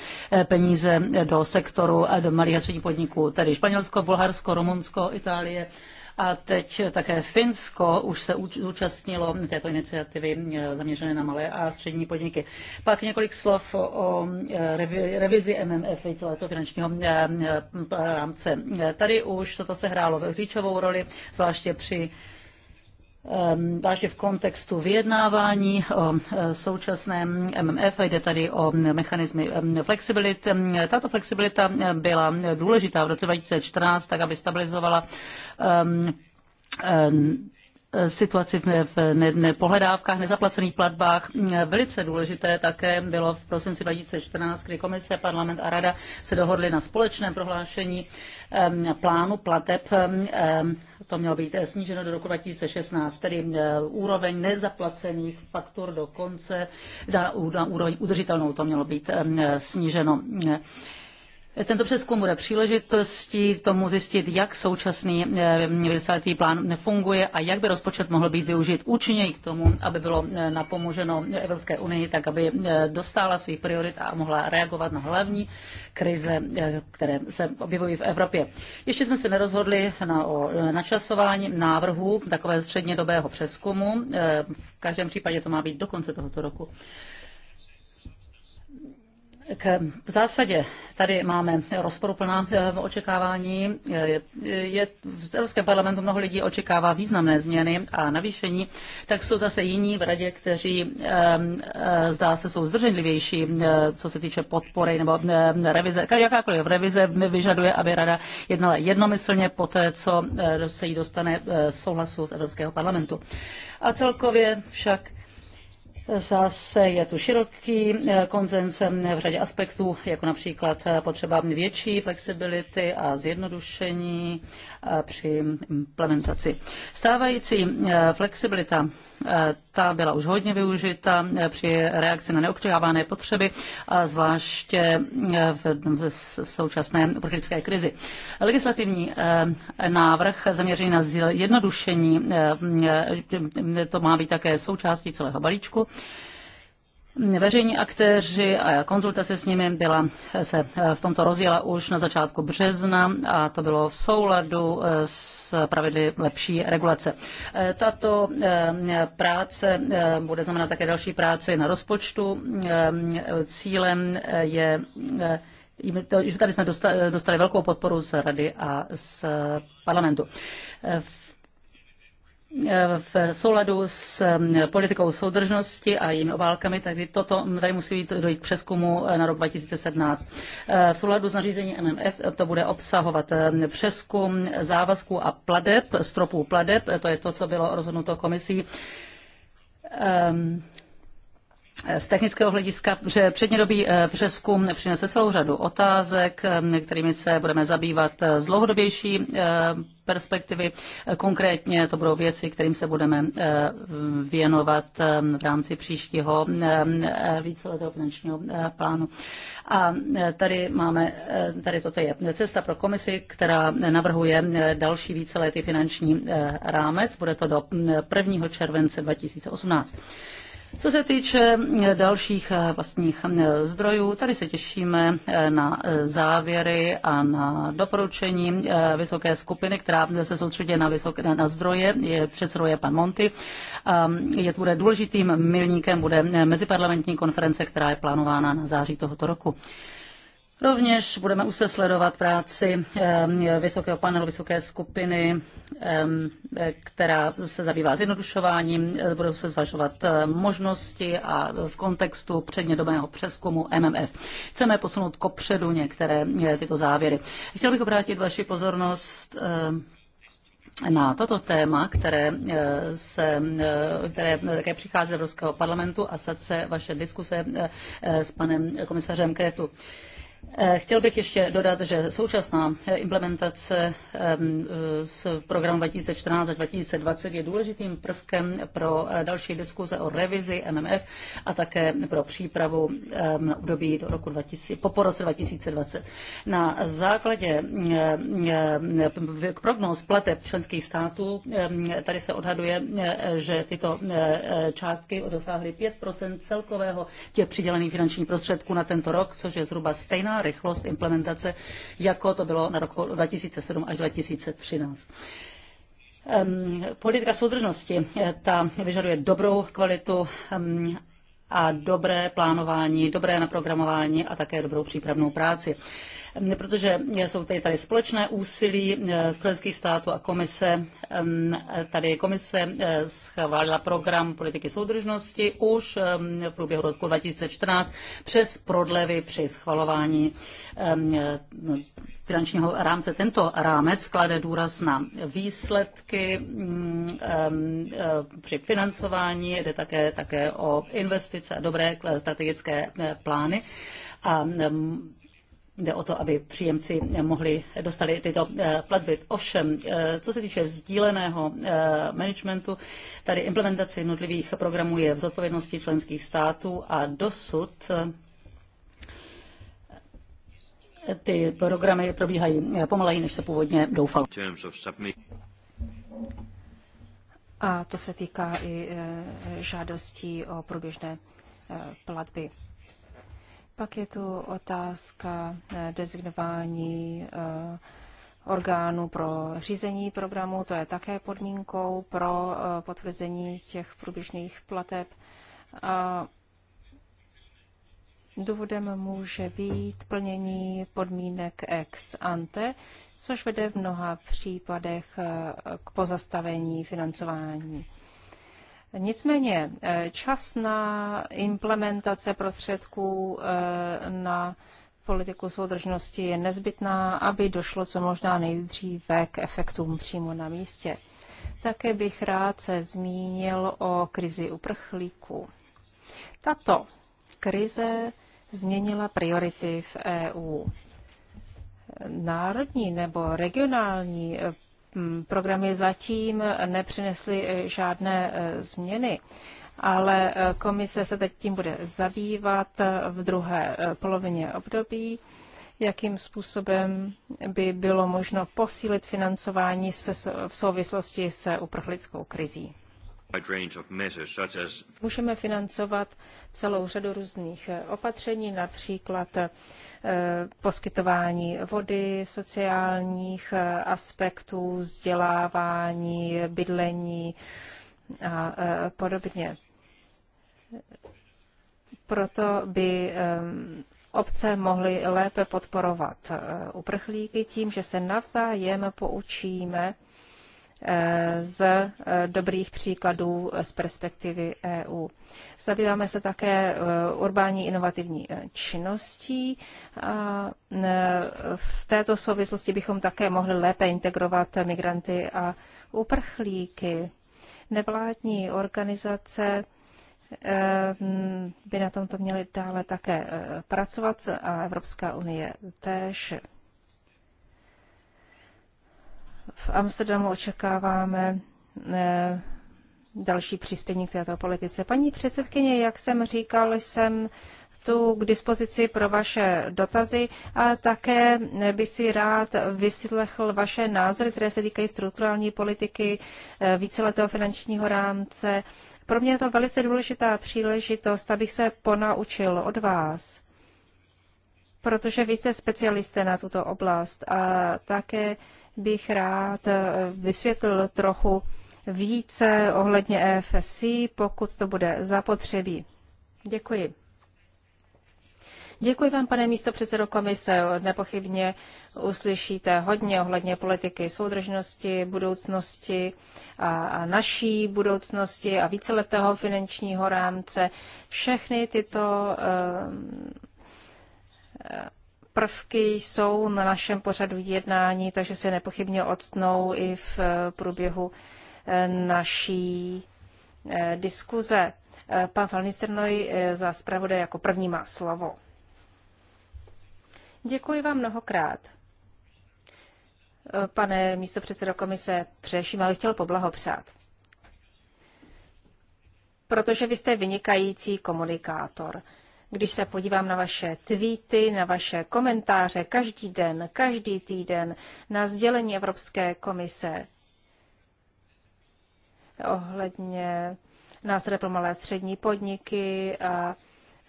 peníze do sektoru sektoru a eh, do malých a středních podniků, tedy Španělsko, Bulharsko, Rumunsko, Itálie a teď také Finsko už se zúčastnilo této iniciativy eh, zaměřené na malé a střední podniky. Pak několik slov o eh, revizi MMF, celého finančního rámce. Tady už toto se hrálo klíčovou roli, zvláště při takže ehm, v kontextu vyjednávání o e, současném MMF, jde tady o mechanizmy ehm, flexibility. Ehm, tato flexibilita e, byla důležitá v roce 2014, tak aby stabilizovala situaci v pohledávkách, nezaplacených platbách. Velice důležité také bylo v prosinci 2014, kdy komise, parlament a rada se dohodli na společném prohlášení plánu plateb. To mělo být eh, sníženo do roku 2016, tedy eh, úroveň nezaplacených faktur do konce na úroveň udržitelnou to mělo být sníženo. Tento přeskum bude příležitostí tomu zjistit, jak současný eh, vysvětlý plán nefunguje a jak by rozpočet mohl být využit účinněji k tomu, aby bylo eh, napomoženo Evropské unii, tak aby eh, dostála svých priorit a mohla reagovat na hlavní krize, které se objevují v Evropě. Ještě jsme se nerozhodli na, o načasování návrhu takové střednědobého přeskumu. V každém případě to má být do konce tohoto roku. K, v zásadě tady máme rozporuplná eh, očekávání. Je, v Evropském parlamentu mnoho lidí očekává významné změny a navýšení, tak jsou zase jiní v radě, kteří eh, eh, zdá se jsou zdrženlivější, co se týče podpory nebo revize. Jakákoliv revize vyžaduje, aby rada jednala jednomyslně po té, co se jí dostane souhlasu z Evropského parlamentu. A celkově však Zase je tu široký eh, konzens eh, v řadě aspektů, jako například eh, potřeba větší flexibility a zjednodušení při implementaci. Stávající flexibilita Eh, ta byla už hodně využita eh, při reakci na neočekávané potřeby, a zvláště eh, v současné uprchlické krizi. Legislativní návrh zaměřený na zjednodušení, to má být také součástí celého balíčku. Veřejní aktéři a konzultace s nimi byla, se eh, v tomto rozjela už na začátku března a to bylo v souladu eh, s pravidly lepší regulace. Eh, tato práce bude znamenat také další práci na rozpočtu. Cílem je Tady jsme dostali velkou podporu z Rady a z parlamentu. V v souladu s um, politikou soudržnosti a jejími obálkami, tak toto tady musí být dojít k přeskumu eh, na rok 2017. Eh, v souladu s nařízením MMF to bude obsahovat eh, přeskum závazků a pladeb, stropů pladeb, to je to, co bylo rozhodnuto komisí ehm, z technického hlediska, že přednědobý eh, přeskum přinese celou řadu otázek, eh, kterými se budeme zabývat eh, z dlouhodobější perspektivy. Konkrétně to budou věci, kterým se budeme věnovat v rámci příštího víceletého finančního plánu. A tady máme, tady toto je cesta pro komisi, která navrhuje další víceletý finanční rámec. Bude to do 1. července 2018. Co se týče eh, dalších eh, vlastních eh, zdrojů, tady se těšíme na závěry a na doporučení vysoké skupiny, která se soustředí na, na zdroje, je předsedou je pan Monty. Ehm, je bude důležitým milníkem bude meziparlamentní konference, která je plánována na září tohoto roku. Rovněž budeme už se sledovat práci ehm, vysokého panelu, vysoké skupiny, ehm, která se zabývá zjednodušováním. Eh, budou se zvažovat eh, možnosti a v kontextu přednědobého přeskumu MMF. Chceme posunout kopředu některé eh, tyto závěry. Chtěl bych obrátit vaši pozornost ehm, na toto téma, které, se, které také přichází z Evropského parlamentu a sice vaše diskuse s panem komisařem Kretu. Eh, chtěl bych ještě dodat, že současná eh, implementace eh, z programu 2014 a 2020 je důležitým prvkem pro další diskuze o revizi MMF a také pro přípravu na období do roku 2000, po roce 2020. Na základě prognóz plateb členských států tady se odhaduje, že tyto částky dosáhly 5 celkového těch přidělených finančních prostředků na tento rok, což je zhruba stejná rychlost implementace, jako to bylo na roku 2007 až 2013. Politika soudržnosti, eh, ta vyžaduje dobrou kvalitu a dobré plánování, dobré naprogramování a také dobrou přípravnou práci. Ehm, protože jsou tady, tady společné úsilí eh, členských států a komise. Ehm, tady komise eh, schválila program politiky soudržnosti už ehm, v průběhu roku 2014 přes prodlevy při schvalování eh, finančního rámce. Tento rámec klade důraz na výsledky při financování, jde také, také o investice a dobré strategické plány. A Jde o to, aby příjemci mohli dostali tyto eh, platby. Ovšem, eh, co se týče sdíleného eh, managementu, tady implementace jednotlivých programů je v zodpovědnosti členských států a dosud ty programy probíhají pomaleji, než se původně doufalo. A to se týká i žádostí o průběžné platby. Pak je tu otázka eh, dezignování eh, orgánu pro řízení programu, to je také podmínkou pro eh, potvrzení těch průběžných plateb. A důvodem může být plnění podmínek ex ante, což vede v mnoha případech k pozastavení financování. Nicméně eh, čas na implementace prostředků eh, na politiku soudržnosti je nezbytná, aby došlo co možná nejdříve k efektům přímo na místě. Také bych rád se zmínil o krizi uprchlíků. Tato krize změnila priority v EU. Národní nebo regionální Mm, programy zatím nepřinesly eh, žádné eh, změny, ale eh, komise se teď tím bude zabývat v druhé polovině období, jakým způsobem by bylo možno posílit financování v souvislosti se uprchlickou krizí. Můžeme financovat celou řadu různých eh, opatření, například eh, poskytování vody, sociálních eh, aspektů, vzdělávání, bydlení a podobně. Proto by obce mohly lépe podporovat uprchlíky tím, že se navzájem poučíme Eh, z eh, dobrých příkladů z perspektivy EU. Zabýváme se také eh, urbání inovativní činností. V této souvislosti bychom také mohli lépe integrovat migranty a uprchlíky. Nevládní organizace by na tomto měly dále také pracovat a Evropská unie též. V Amsterdamu očekáváme eh, další přispění k této politice. Paní předsedkyně, jak jsem říkal, jsem tu k dispozici pro vaše dotazy a také by si rád vyslechl vaše názory, které se týkají strukturální politiky, eh, víceletého finančního rámce. Pro mě je to velice důležitá příležitost, abych se ponaučil od vás protože vy jste specialisté na tuto oblast a také bych rád eh, vysvětlil trochu více ohledně EFSI, pokud to bude zapotřebí. Děkuji. Děkuji vám, pane místo předsedo komise. Nepochybně uslyšíte hodně ohledně politiky soudržnosti, budoucnosti a, a naší budoucnosti a víceletého finančního rámce. Všechny tyto eh, prvky jsou na našem pořadu jednání, takže se nepochybně odstnou i v eh, průběhu eh, naší eh, diskuze. Pan Falnisternoj za zpravodaj jako první má slovo. Děkuji vám mnohokrát. Pane místopředsedo komise, především bych chtěl poblahopřát. Protože vy jste vynikající komunikátor. Když se podívám na vaše tweety, na vaše komentáře každý den, každý týden, na sdělení Evropské komise ohledně nástroje pro malé střední podniky a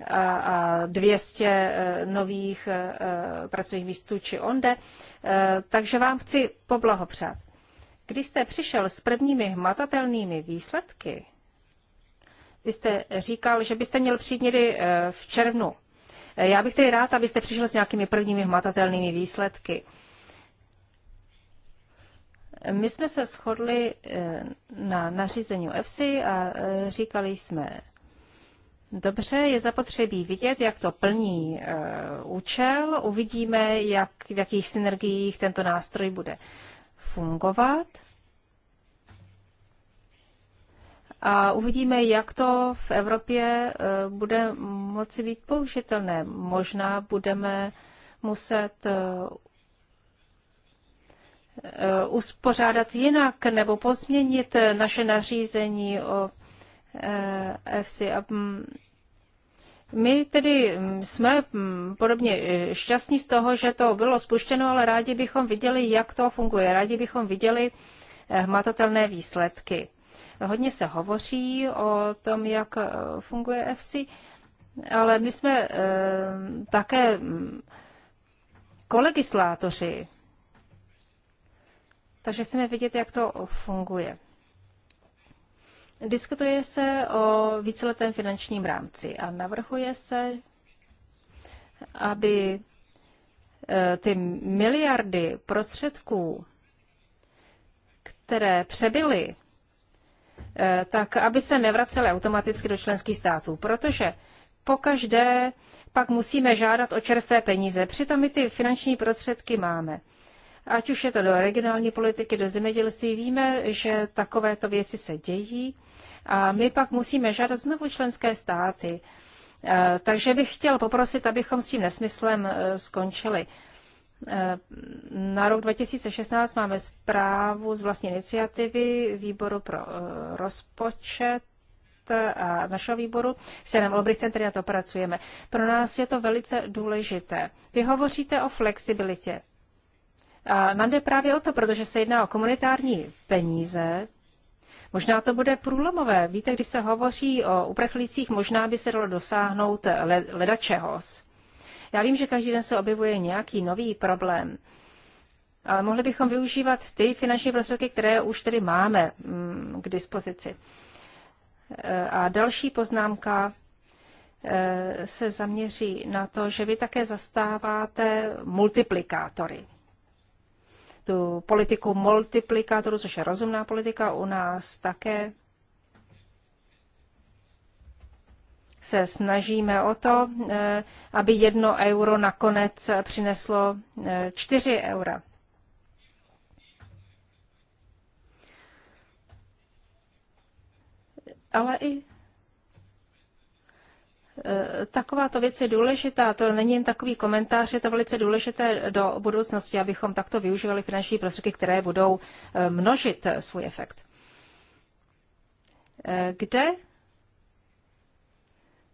a, a 200 eh, nových eh, pracovních výstů či onde. Eh, takže vám chci poblahopřát. Když jste přišel s prvními hmatatelnými výsledky, vy jste říkal, že byste měl přijít někdy eh, v červnu. Eh, já bych tedy rád, abyste přišel s nějakými prvními hmatatelnými výsledky. My jsme se shodli eh, na nařízení EFSI a říkali jsme, dobře, je zapotřebí vidět, jak to plní účel, uvidíme, jak, v jakých synergiích tento nástroj bude fungovat. a uvidíme, jak to v Evropě eh, bude moci být použitelné. Možná budeme muset eh, eh, uspořádat jinak nebo pozměnit naše nařízení o EFSI. Mm, my tedy mm, jsme mm, podobně šťastní z toho, že to bylo spuštěno, ale rádi bychom viděli, jak to funguje. Rádi bychom viděli hmatatelné výsledky. Hodně se hovoří o tom, jak eh, funguje FC, ale my jsme eh, také mm, kolegislátoři, takže chceme vidět, jak to funguje. Diskutuje se o víceletém finančním rámci a navrhuje se, aby eh, ty miliardy prostředků, které přebyly Eh, tak aby se nevracely automaticky do členských států, protože pokaždé pak musíme žádat o čerstvé peníze. Přitom my ty finanční prostředky máme. Ať už je to do regionální politiky, do zemědělství, víme, že takovéto věci se dějí a my pak musíme žádat znovu členské státy. Eh, takže bych chtěl poprosit, abychom s tím nesmyslem eh, skončili. Eh, na rok 2016 máme zprávu z vlastní iniciativy výboru pro eh, rozpočet eh, a našeho výboru s Janem Olbrichtem, který na to pracujeme. Pro nás je to velice důležité. Vy hovoříte o flexibilitě. A nám jde právě o to, protože se jedná o komunitární peníze, Možná to bude průlomové. Víte, když se hovoří o uprchlících, možná by se dalo dosáhnout ledačehos. Le já vím, že každý den se objevuje nějaký nový problém, ale mohli bychom využívat ty finanční prostředky, které už tedy máme mm, k dispozici. Eh, a další poznámka eh, se zaměří na to, že vy také zastáváte multiplikátory. Tu politiku multiplikátoru, což je rozumná politika, u nás také se snažíme o to, eh, aby jedno euro nakonec přineslo eh, čtyři eura. Ale i eh, takováto věc je důležitá. To není jen takový komentář, je to velice důležité do budoucnosti, abychom takto využívali finanční prostředky, které budou množit svůj efekt. Kde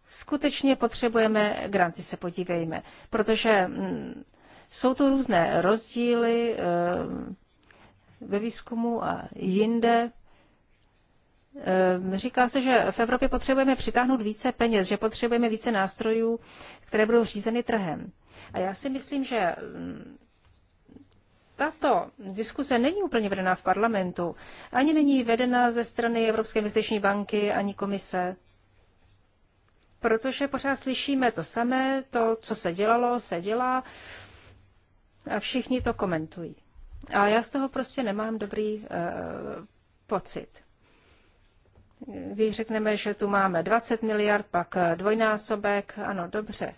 skutečně potřebujeme granty, se podívejme, protože mm, jsou tu různé rozdíly eh, ve výzkumu a jinde. Eh, říká se, že v Evropě potřebujeme přitáhnout více peněz, že potřebujeme více nástrojů, které budou řízeny trhem. A já si myslím, že mm, tato diskuse není úplně vedená v parlamentu, ani není vedená ze strany Evropské investiční banky, ani komise protože pořád slyšíme to samé, to, co se dělalo, se dělá a všichni to komentují. A já z toho prostě nemám dobrý uh, pocit. Když řekneme, že tu máme 20 miliard, pak eh, dvojnásobek, ano, dobře.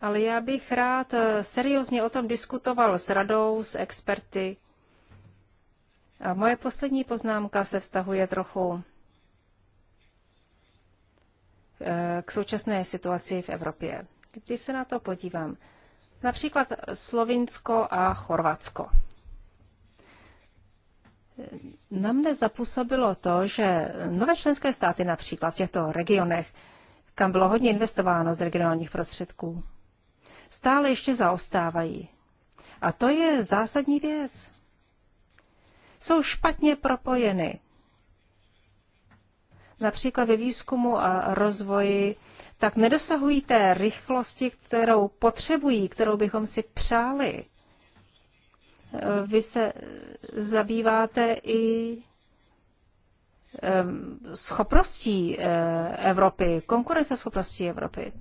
Ale já bych rád eh, seriózně o tom diskutoval s radou, s experty. A moje poslední poznámka se vztahuje trochu k současné situaci v Evropě. Když se na to podívám, například Slovinsko a Chorvatsko. Na mne zapůsobilo to, že nové členské státy například v těchto regionech, kam bylo hodně investováno z regionálních prostředků, stále ještě zaostávají. A to je zásadní věc. Jsou špatně propojeny například ve výzkumu a rozvoji, tak nedosahují té rychlosti, kterou potřebují, kterou bychom si přáli. Vy se zabýváte i schopností eh, Evropy, konkurenceschopností Evropy.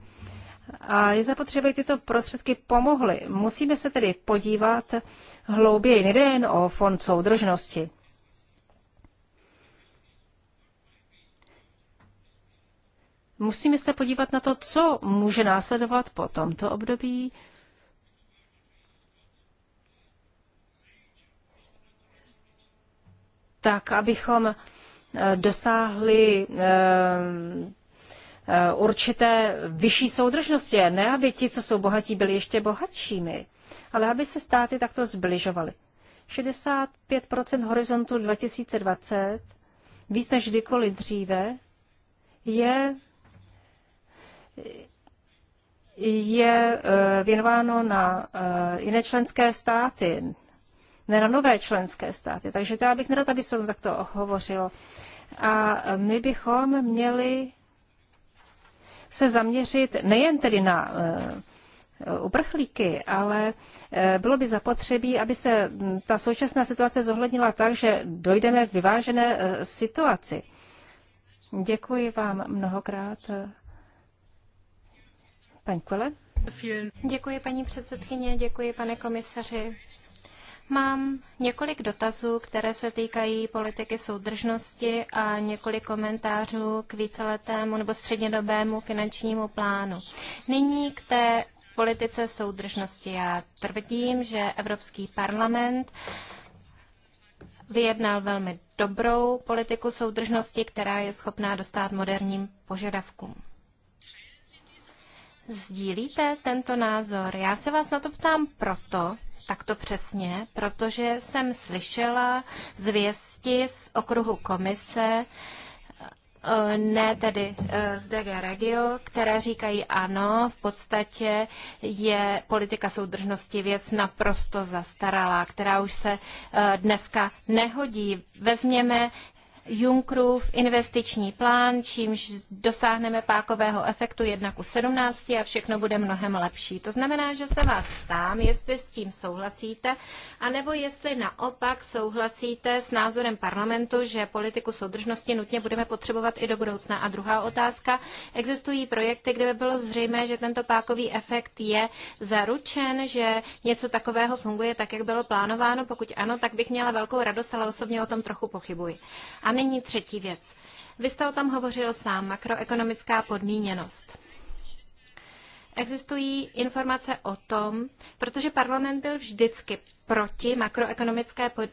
A je zapotřebí tyto prostředky pomohly. Musíme se tedy podívat hlouběji, nejen o fond soudržnosti. musíme se podívat na to, co může následovat po tomto období. Tak, abychom eh, dosáhli eh, eh, určité vyšší soudržnosti. Ne, aby ti, co jsou bohatí, byli ještě bohatšími, ale aby se státy takto zbližovaly. 65 horizontu 2020, víc než kdykoliv dříve, je je eh, věnováno na eh, jiné členské státy, ne na nové členské státy. Takže to já bych nerad, aby se to tom takto hovořilo. A my bychom měli se zaměřit nejen tedy na eh, uprchlíky, ale bylo by zapotřebí, aby se hm, ta současná situace zohlednila tak, že dojdeme k vyvážené situaci. Děkuji vám mnohokrát Paní Kole. Děkuji, paní předsedkyně, děkuji, pane komisaři. Mám několik dotazů, které se týkají politiky soudržnosti a několik komentářů k víceletému nebo střednědobému finančnímu plánu. Nyní k té politice soudržnosti. Já tvrdím, že Evropský parlament vyjednal velmi dobrou politiku soudržnosti, která je schopná dostat moderním požadavkům. Sdílíte tento názor? Já se vás na to ptám proto, takto přesně, protože jsem slyšela zvěsti z okruhu komise, eh, ne tedy eh, z DG Regio, které říkají ano, v podstatě je politika soudržnosti věc naprosto zastaralá, která už se eh, dneska nehodí. Vezměme Junckerův investiční plán, čímž dosáhneme pákového efektu 1 ku 17 a všechno bude mnohem lepší. To znamená, že se vás ptám, jestli s tím souhlasíte, anebo jestli naopak souhlasíte s názorem parlamentu, že politiku soudržnosti nutně budeme potřebovat i do budoucna. A druhá otázka, existují projekty, kde by bylo zřejmé, že tento pákový efekt je zaručen, že něco takového funguje tak, jak bylo plánováno. Pokud ano, tak bych měla velkou radost, ale osobně o tom trochu pochybuji. A nyní třetí věc. Vy jste o tom hovořil sám, makroekonomická podmíněnost. Existují informace o tom, protože parlament byl vždycky proti makroekonomické eh,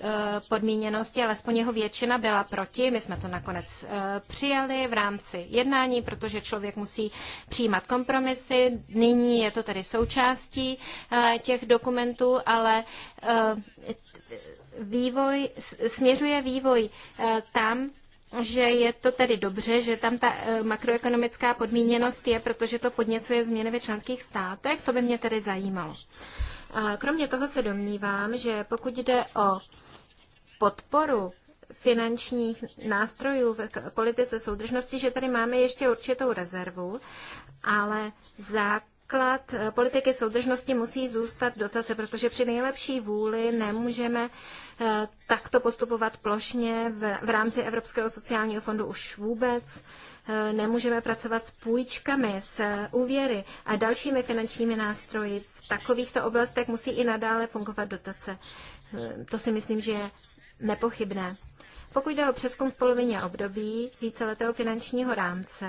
podmíněnosti, alespoň jeho většina byla proti. My jsme to nakonec eh, přijali v rámci jednání, protože člověk musí přijímat kompromisy. Nyní je to tedy součástí eh, těch dokumentů, ale vývoj, směřuje vývoj eh, tam, že je to tedy dobře, že tam ta eh, makroekonomická podmíněnost je, protože to podněcuje změny ve členských státech, to by mě tedy zajímalo. Kromě toho se domnívám, že pokud jde o podporu finančních nástrojů v politice soudržnosti, že tady máme ještě určitou rezervu, ale za základ eh, politiky soudržnosti musí zůstat dotace, protože při nejlepší vůli nemůžeme eh, takto postupovat plošně v rámci Evropského sociálního fondu už vůbec. Eh, nemůžeme pracovat s půjčkami, s úvěry a dalšími finančními nástroji. V takovýchto oblastech musí i nadále fungovat dotace. To si myslím, že je nepochybné. Pokud jde o přeskum v polovině období víceletého finančního rámce,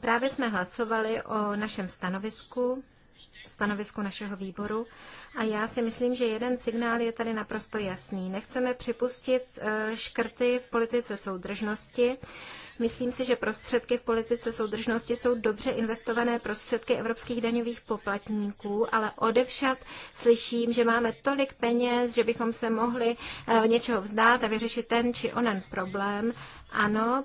Právě jsme hlasovali o našem stanovisku, stanovisku našeho výboru a já si myslím, že jeden signál je tady naprosto jasný. Nechceme připustit eh, škrty v politice soudržnosti. Myslím si, že prostředky v politice soudržnosti jsou dobře investované prostředky evropských daňových poplatníků, ale odevšad slyším, že máme tolik peněz, že bychom se mohli eh, něčeho vzdát a vyřešit ten či onen problém. Ano,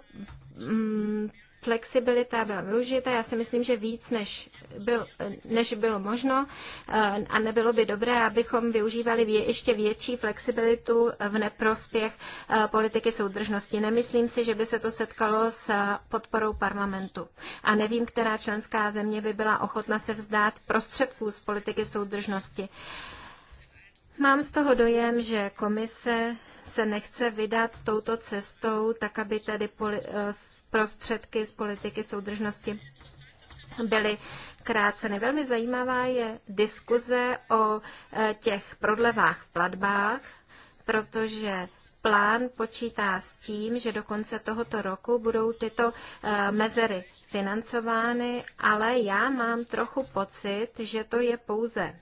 mm, flexibilita byla využita. Já si myslím, že víc, než, byl, než bylo možno eh, a nebylo by dobré, abychom využívali vě, ještě větší flexibilitu v neprospěch eh, politiky soudržnosti. Nemyslím si, že by se to setkalo s eh, podporou parlamentu. A nevím, která členská země by byla ochotna se vzdát prostředků z politiky soudržnosti. Mám z toho dojem, že komise se nechce vydat touto cestou, tak aby tedy poli- prostředky z politiky soudržnosti byly kráceny. Velmi zajímavá je diskuze o e, těch prodlevách v platbách, protože plán počítá s tím, že do konce tohoto roku budou tyto e, mezery financovány, ale já mám trochu pocit, že to je pouze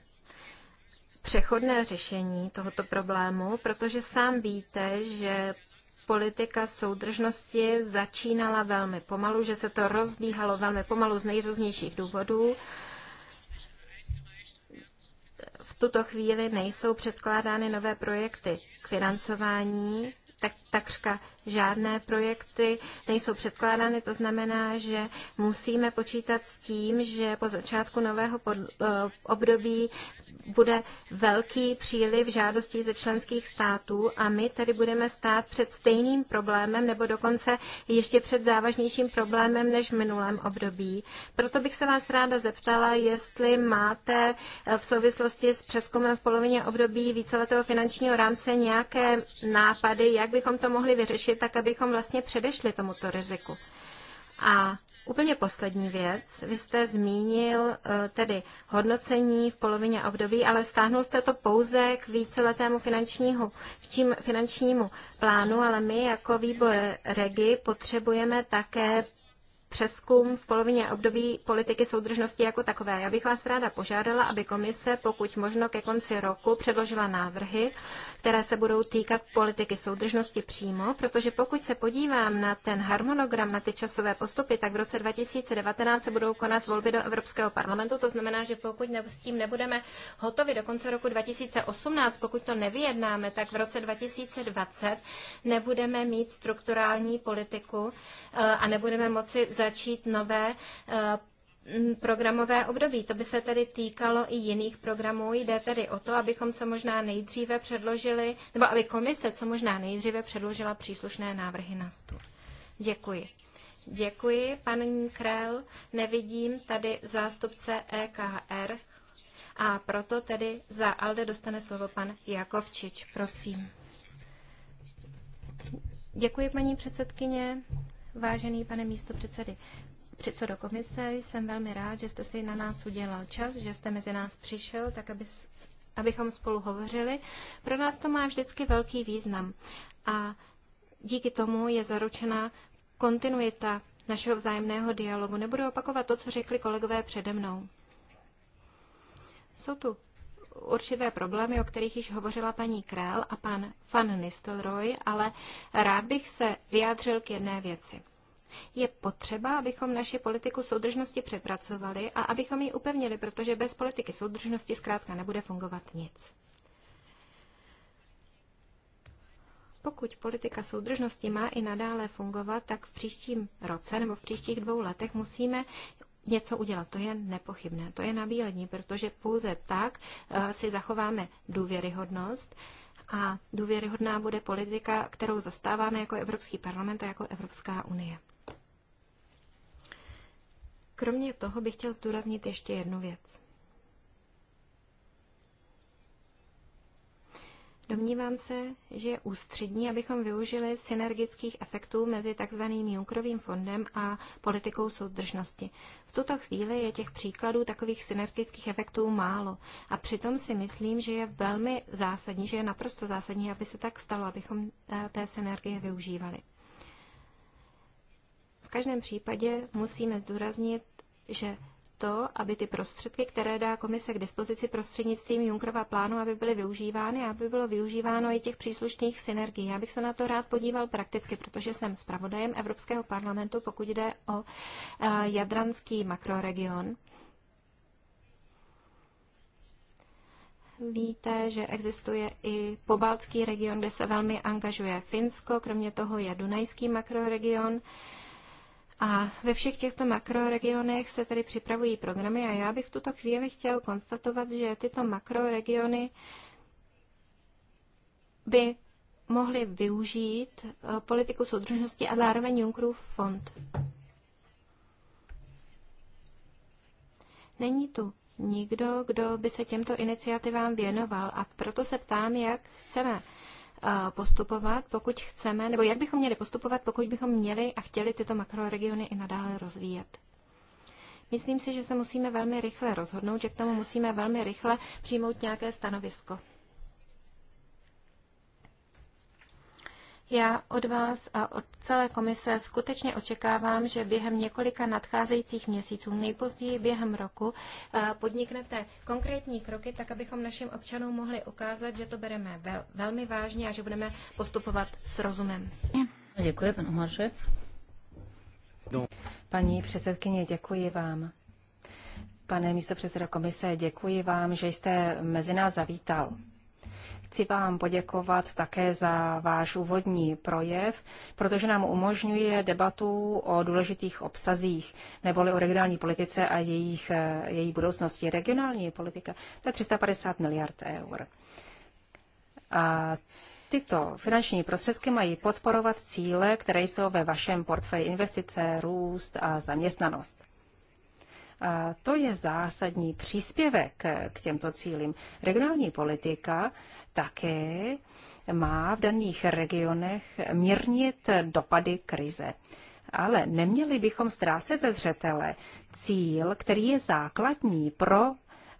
přechodné řešení tohoto problému, protože sám víte, že politika soudržnosti začínala velmi pomalu, že se to rozbíhalo velmi pomalu z nejrůznějších důvodů. V tuto chvíli nejsou předkládány nové projekty k financování, tak, takřka žádné projekty nejsou předkládány. To znamená, že musíme počítat s tím, že po začátku nového pod, eh, období bude velký příliv žádostí ze členských států a my tady budeme stát před stejným problémem nebo dokonce ještě před závažnějším problémem než v minulém období. Proto bych se vás ráda zeptala, jestli máte eh, v souvislosti s přeskumem v polovině období víceletého finančního rámce nějaké nápady, jak bychom to mohli vyřešit, tak abychom vlastně předešli tomuto riziku. A úplně poslední věc. Vy jste zmínil eh, tedy hodnocení v polovině období, ale stáhnul jste to pouze k víceletému finančního, čím finančnímu plánu, ale my jako výbor REGI potřebujeme také přeskum v polovině období politiky soudržnosti jako takové. Já bych vás ráda požádala, aby komise pokud možno ke konci roku předložila návrhy, které se budou týkat politiky soudržnosti přímo, protože pokud se podívám na ten harmonogram, na ty časové postupy, tak v roce 2019 se budou konat volby do Evropského parlamentu. To znamená, že pokud s tím nebudeme hotovi do konce roku 2018, pokud to nevyjednáme, tak v roce 2020 nebudeme mít strukturální politiku eh, a nebudeme moci začít nové eh, programové období. To by se tedy týkalo i jiných programů. Jde tedy o to, abychom co možná nejdříve předložili, nebo aby komise co možná nejdříve předložila příslušné návrhy na stůl. Děkuji. Děkuji, pan Krell. Nevidím tady zástupce EKR a proto tedy za ALDE dostane slovo pan Jakovčič. Prosím. Děkuji, paní předsedkyně. Vážený pane místo předsedy, předsedo komise, jsem velmi rád, že jste si na nás udělal čas, že jste mezi nás přišel, tak aby, abychom spolu hovořili. Pro nás to má vždycky velký význam a díky tomu je zaručena kontinuita našeho vzájemného dialogu. Nebudu opakovat to, co řekli kolegové přede mnou. Jsou tu určité problémy, o kterých již hovořila paní Král a pan Van Nistelrooy, ale rád bych se vyjádřil k jedné věci. Je potřeba, abychom naši politiku soudržnosti přepracovali a abychom ji upevnili, protože bez politiky soudržnosti zkrátka nebude fungovat nic. Pokud politika soudržnosti má i nadále fungovat, tak v příštím roce nebo v příštích dvou letech musíme něco udělat. To je nepochybné, to je nabílení, protože pouze tak eh, si zachováme důvěryhodnost a důvěryhodná bude politika, kterou zastáváme jako Evropský parlament a jako Evropská unie. Kromě toho bych chtěl zdůraznit ještě jednu věc. Domnívám se, že je ústřední, abychom využili synergických efektů mezi tzv. Junckerovým fondem a politikou soudržnosti. V tuto chvíli je těch příkladů takových synergických efektů málo a přitom si myslím, že je velmi zásadní, že je naprosto zásadní, aby se tak stalo, abychom eh, té synergie využívali. V každém případě musíme zdůraznit, že to, aby ty prostředky, které dá komise k dispozici prostřednictvím Junkrova plánu, aby byly využívány, a aby bylo využíváno i těch příslušných synergií. Já bych se na to rád podíval prakticky, protože jsem zpravodajem Evropského parlamentu, pokud jde o eh, jadranský makroregion. víte, že existuje i pobaltský region, kde se velmi angažuje Finsko, kromě toho je Dunajský makroregion. A ve všech těchto makroregionech se tedy připravují programy a já bych v tuto chvíli chtěl konstatovat, že tyto makroregiony by mohly využít eh, politiku soudržnosti a zároveň Junckerův fond. Není tu nikdo, kdo by se těmto iniciativám věnoval a proto se ptám, jak chceme postupovat, pokud chceme, nebo jak bychom měli postupovat, pokud bychom měli a chtěli tyto makroregiony i nadále rozvíjet. Myslím si, že se musíme velmi rychle rozhodnout, že k tomu musíme velmi rychle přijmout nějaké stanovisko. Já od vás a od celé komise skutečně očekávám, že během několika nadcházejících měsíců, nejpozději během roku, eh, podniknete konkrétní kroky, tak abychom našim občanům mohli ukázat, že to bereme vel, velmi vážně a že budeme postupovat s rozumem. Děkuji, pan Umarže. Paní předsedkyně, děkuji vám. Pane místopředsedo komise, děkuji vám, že jste mezi nás zavítal. Chci vám poděkovat také za váš úvodní projev, protože nám umožňuje debatu o důležitých obsazích, neboli o regionální politice a jejich, eh, její budoucnosti. Regionální politika, to je 350 miliard eur. A tyto finanční prostředky mají podporovat cíle, které jsou ve vašem portfeji investice, růst a zaměstnanost to je zásadní příspěvek k těmto cílům. Regionální politika také má v daných regionech mírnit dopady krize. Ale neměli bychom ztrácet ze zřetele cíl, který je základní pro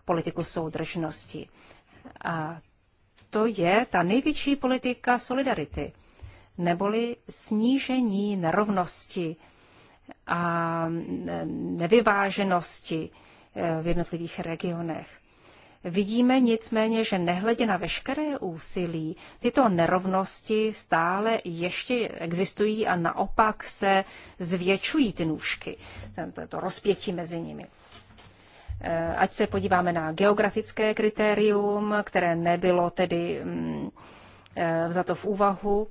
politiku soudržnosti. A to je ta největší politika solidarity, neboli snížení nerovnosti a nevyváženosti eh, v jednotlivých regionech. Vidíme nicméně, že nehledě na veškeré úsilí, tyto nerovnosti stále ještě existují a naopak se zvětšují ty nůžky, tento, to rozpětí mezi nimi. Eh, ať se podíváme na geografické kritérium, které nebylo tedy mm, eh, vzato v úvahu,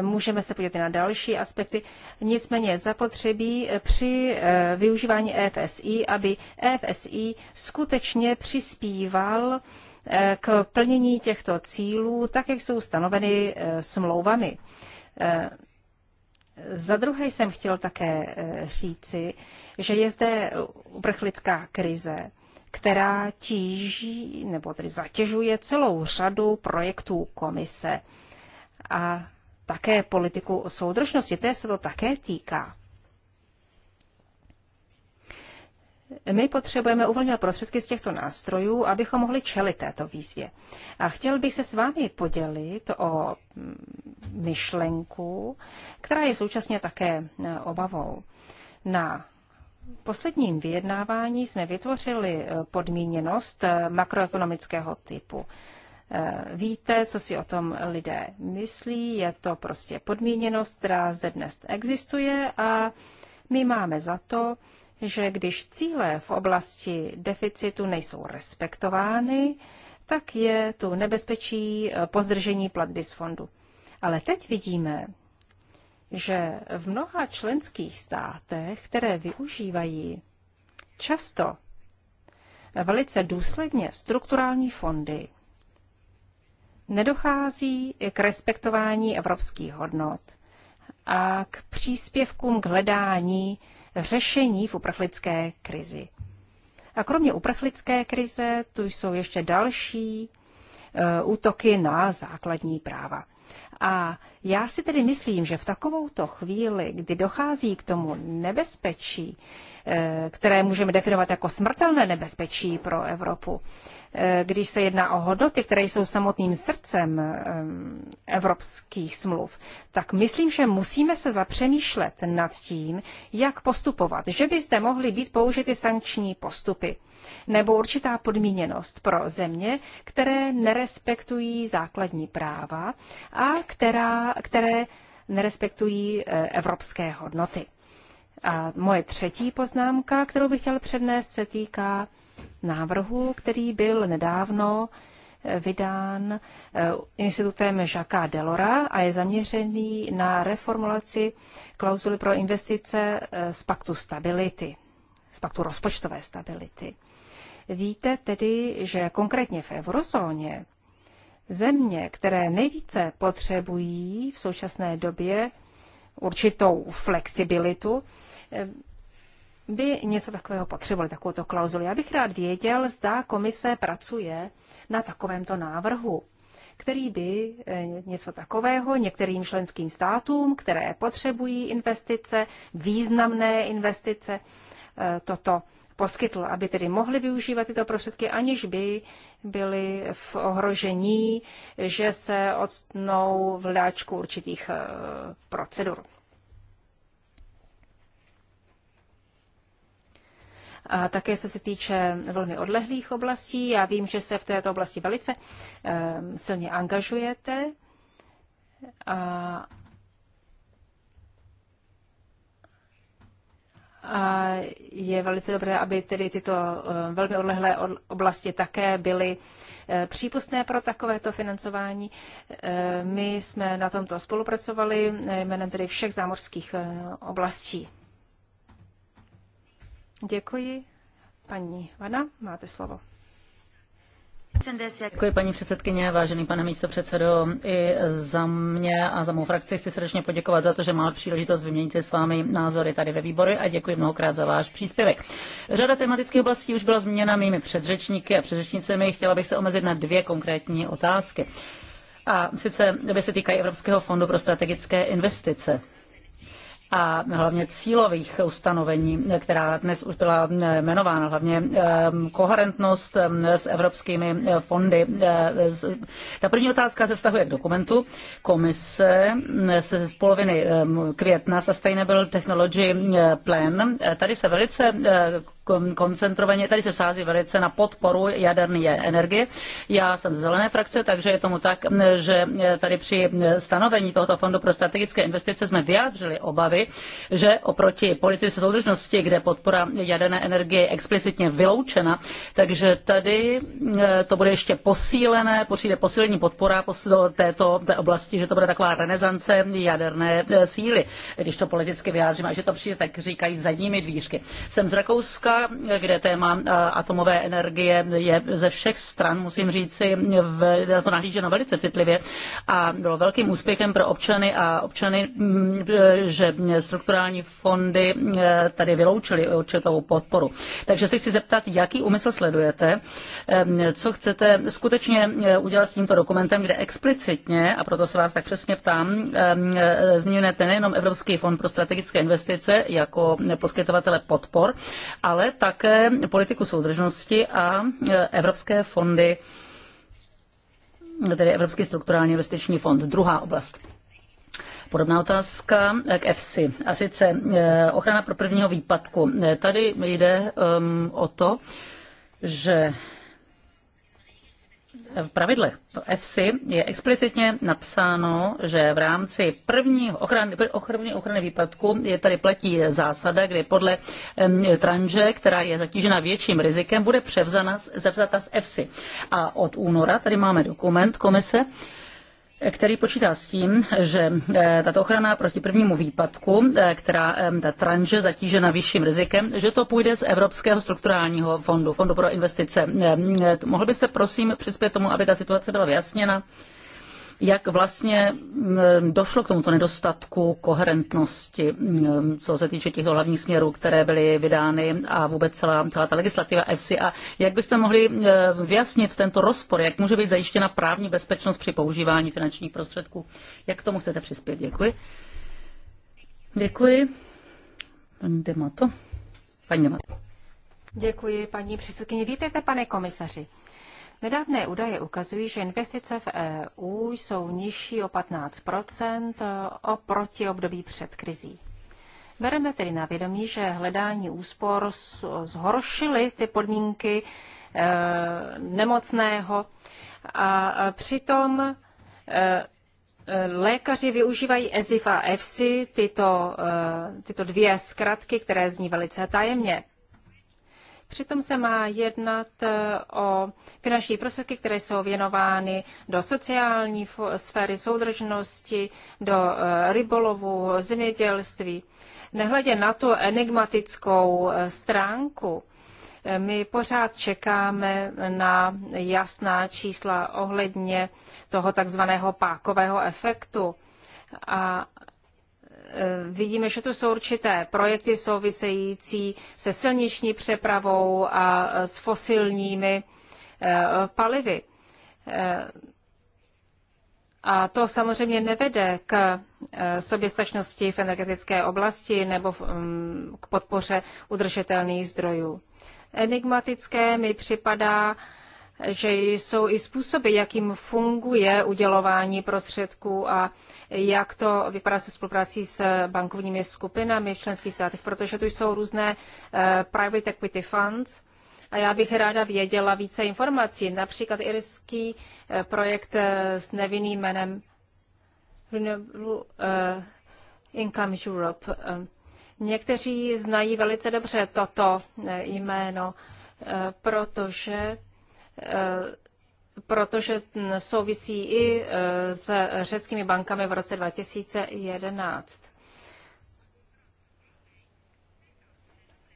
Můžeme se podívat i na další aspekty. Nicméně zapotřebí eh, při eh, využívání EFSI, aby EFSI skutečně přispíval eh, k plnění těchto cílů, tak jak jsou stanoveny smlouvami. Za druhé jsem chtěl také říci, že je zde uprchlická krize, která tíží nebo tedy zatěžuje celou řadu projektů komise. A také politiku soudržnosti, té se to také týká. My potřebujeme uvolňovat prostředky z těchto nástrojů, abychom mohli čelit této výzvě. A chtěl bych se s vámi podělit o myšlenku, která je současně také e, obavou. Na posledním vyjednávání jsme vytvořili e, podmíněnost e, makroekonomického typu. Eh, víte, co si o tom lidé myslí. Je to prostě podmíněnost, která zde dnes existuje a my máme za to, že když cíle v oblasti deficitu nejsou respektovány, tak je tu nebezpečí eh, pozdržení platby z fondu. Ale teď vidíme, že v mnoha členských státech, které využívají často velice důsledně strukturální fondy, Nedochází k respektování evropských hodnot a k příspěvkům k hledání řešení v uprchlické krizi. A kromě uprchlické krize tu jsou ještě další e, útoky na základní práva. A já si tedy myslím, že v takovouto chvíli, kdy dochází k tomu nebezpečí, eh, které můžeme definovat jako smrtelné nebezpečí pro Evropu, eh, když se jedná o hodnoty, které jsou samotným srdcem eh, evropských smluv, tak myslím, že musíme se zapřemýšlet nad tím, jak postupovat, že by zde mohly být použity sankční postupy nebo určitá podmíněnost pro země, které nerespektují základní práva a která, které nerespektují e, evropské hodnoty. A moje třetí poznámka, kterou bych chtěl přednést, se týká návrhu, který byl nedávno e, vydán e, institutem Jacques Delora a je zaměřený na reformulaci klauzuly pro investice z paktu stability, z paktu rozpočtové stability. Víte tedy, že konkrétně v eurozóně Země, které nejvíce potřebují v současné době určitou flexibilitu, eh, by něco takového potřebovali, takovouto klauzuli. Já bych rád věděl, zda komise pracuje na takovémto návrhu, který by eh, něco takového některým členským státům, které potřebují investice, významné investice, eh, toto poskytl, aby tedy mohli využívat tyto prostředky, aniž by byli v ohrožení, že se odstnou v hledáčku určitých eh, procedur. A také co se týče velmi odlehlých oblastí, já vím, že se v této oblasti velice eh, silně angažujete. A A je velice dobré, aby tedy tyto eh, velmi odlehlé oblasti také byly eh, přípustné pro takovéto financování. Eh, my jsme na tomto spolupracovali jménem tedy všech zámořských oblastí. Děkuji. Paní Vana, máte slovo. Děkuji paní předsedkyně, vážený pane místopředsedo. I za mě a za mou frakci chci srdečně poděkovat za to, že máme příležitost vyměnit si s vámi názory tady ve výboru a děkuji mnohokrát za váš příspěvek. Řada tematických oblastí už byla změněna mými předřečníky a předřečnicemi. Chtěla bych se omezit na dvě konkrétní otázky. A sice by se týkají Evropského fondu pro strategické investice a hlavně cílových ustanovení, která dnes už byla eh, jmenována, hlavně ehm, koherentnost ehm, s evropskými eh, fondy. Eh, ta první otázka se stahuje k dokumentu. Komise mm, se z poloviny ehm, května Sustainable Technology Plan. Tady se velice koncentrovaně, tady se sází velice na podporu jaderné energie. Já jsem z zelené frakce, takže je tomu tak, mm, že tady při stanovení tohoto fondu pro strategické investice jsme vyjádřili obavy, obavy, že oproti politice soudržnosti, kde podpora jaderné energie je explicitně vyloučena, takže tady e, to bude ještě posílené, přijde posílení podpora do této té oblasti, že to bude taková renesance jaderné e, síly, když to politicky vyjádříme, a že to přijde, tak říkají zadními dvířky. Jsem z Rakouska, kde téma e, atomové energie je ze všech stran, musím říci, na to nahlíženo velice citlivě a bylo velkým úspěchem pro občany a občany, že Eh, strukturální fondy eh, tady vyloučily určitou podporu. Takže se chci zeptat, jaký úmysl sledujete, eh, co chcete skutečně udělat s tímto dokumentem, kde explicitně, a proto se vás tak přesně ptám, zmíněte nejenom Evropský fond pro strategické investice jako poskytovatele podpor, ale také politiku soudržnosti a evropské fondy, tedy Evropský strukturální investiční fond. Druhá oblast. Podobná otázka k EFSI. A sice eh, ochrana pro prvního výpadku. Eh, tady jde ehm, o to, že v pravidlech EFSI je explicitně napsáno, že v rámci první ochrany, ochrany, ochrany výpadku je tady platí zásada, kde podle ehm, tranže, která je zatížena větším rizikem, bude převzata z EFSI. A od února tady máme dokument komise, který počítá s tím, že eh, tato ochrana proti prvnímu výpadku, eh, která eh, ta tranže zatížena vyšším rizikem, že to půjde z Evropského strukturálního fondu, fondu pro investice. Mohl byste prosím přispět tomu, aby ta situace byla vyjasněna? jak vlastně mm, došlo k tomuto nedostatku koherentnosti, mm, co se týče těchto hlavních směrů, které byly vydány a vůbec celá, celá ta legislativa EFSI a jak byste mohli eh, vyjasnit tento rozpor, jak může být zajištěna právní bezpečnost při používání finančních prostředků. Jak k tomu chcete přispět? Děkuji. Děkuji. Pan Demato. Paní Demato. Děkuji, paní předsedkyně. Vítejte, pane komisaři. Nedávné údaje ukazují, že investice v EU jsou nižší o 15 e, oproti období před krizí. Bereme tedy na vědomí, že hledání úspor zhoršily ty podmínky e, nemocného a přitom e, e, lékaři využívají EZIF a EFSI, tyto, e, tyto dvě zkratky, které zní velice tajemně. Přitom se má jednat eh, o finanční prostředky, které jsou věnovány do sociální sféry soudržnosti, do eh, rybolovu, zemědělství. Nehledě na tu enigmatickou eh, stránku, my pořád čekáme na jasná čísla ohledně toho takzvaného pákového efektu. A Eh, vidíme, že tu jsou určité projekty související se silniční přepravou a eh, s fosilními eh, palivy. A to samozřejmě nevede k soběstačnosti v energetické oblasti nebo mm, k podpoře udržitelných zdrojů. Enigmatické mi připadá že jsou i způsoby, jakým funguje udělování prostředků a jak to vypadá se spoluprací s bankovními skupinami v členských státech, protože tu jsou různé eh, private equity funds, a já bych ráda věděla více informací. Například irský eh, projekt eh, s nevinným jménem Renewable Income Europe. Někteří znají velice dobře toto jméno, protože Eh, protože souvisí i eh, s řeckými bankami v roce 2011.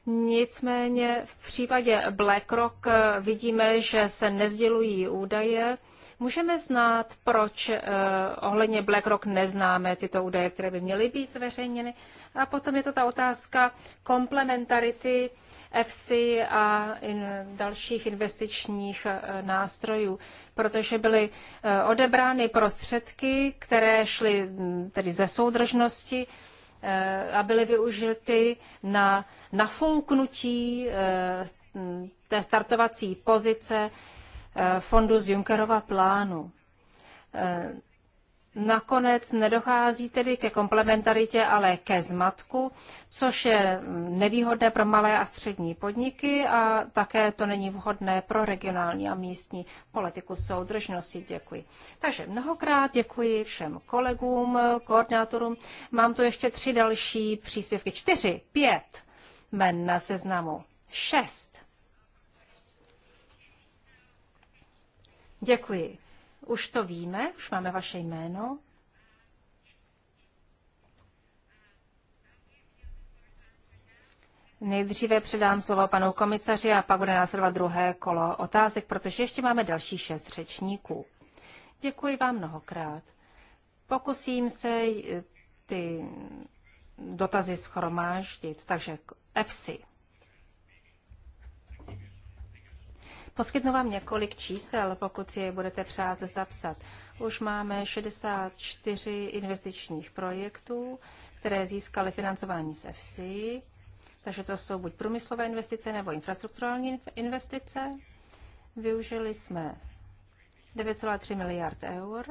Nicméně v případě BlackRock eh, vidíme, že se nezdělují údaje. Můžeme znát, proč eh, ohledně BlackRock neznáme tyto údaje, které by měly být zveřejněny. A potom je to ta otázka komplementarity eh, EFSI a in dalších investičních eh, nástrojů, protože byly eh, odebrány prostředky, které šly hm, tedy ze soudržnosti eh, a byly využity na nafouknutí hm, té startovací pozice fondu z Junckerova plánu. Nakonec nedochází tedy ke komplementaritě, ale ke zmatku, což je nevýhodné pro malé a střední podniky a také to není vhodné pro regionální a místní politiku soudržnosti. Děkuji. Takže mnohokrát děkuji všem kolegům, koordinátorům. Mám tu ještě tři další příspěvky. Čtyři, pět men na seznamu. Šest. Děkuji. Už to víme, už máme vaše jméno. Nejdříve předám slovo panu komisaři a pak bude následovat druhé kolo otázek, protože ještě máme další šest řečníků. Děkuji vám mnohokrát. Pokusím se ty dotazy schromáždit. Takže FSI. Poskytnu vám několik čísel, pokud si je budete přát zapsat. Už máme 64 investičních projektů, které získaly financování z FC. takže to jsou buď průmyslové investice nebo infrastrukturální investice. Využili jsme 9,3 miliard eur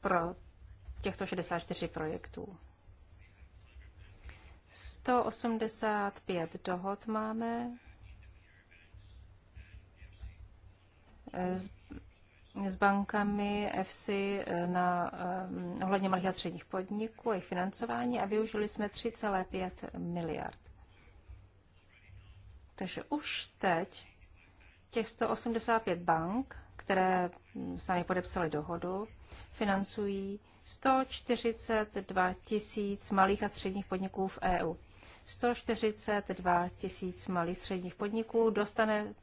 pro těchto 64 projektů. 185 dohod máme s, s bankami EFSI eh, na, eh, ohledně malých a středních podniků a jejich financování a využili jsme 3,5 miliard. Takže už teď těch 185 bank, které s námi podepsaly dohodu, financují 142 tisíc malých a středních podniků v EU. 142 tisíc malých středních podniků dostane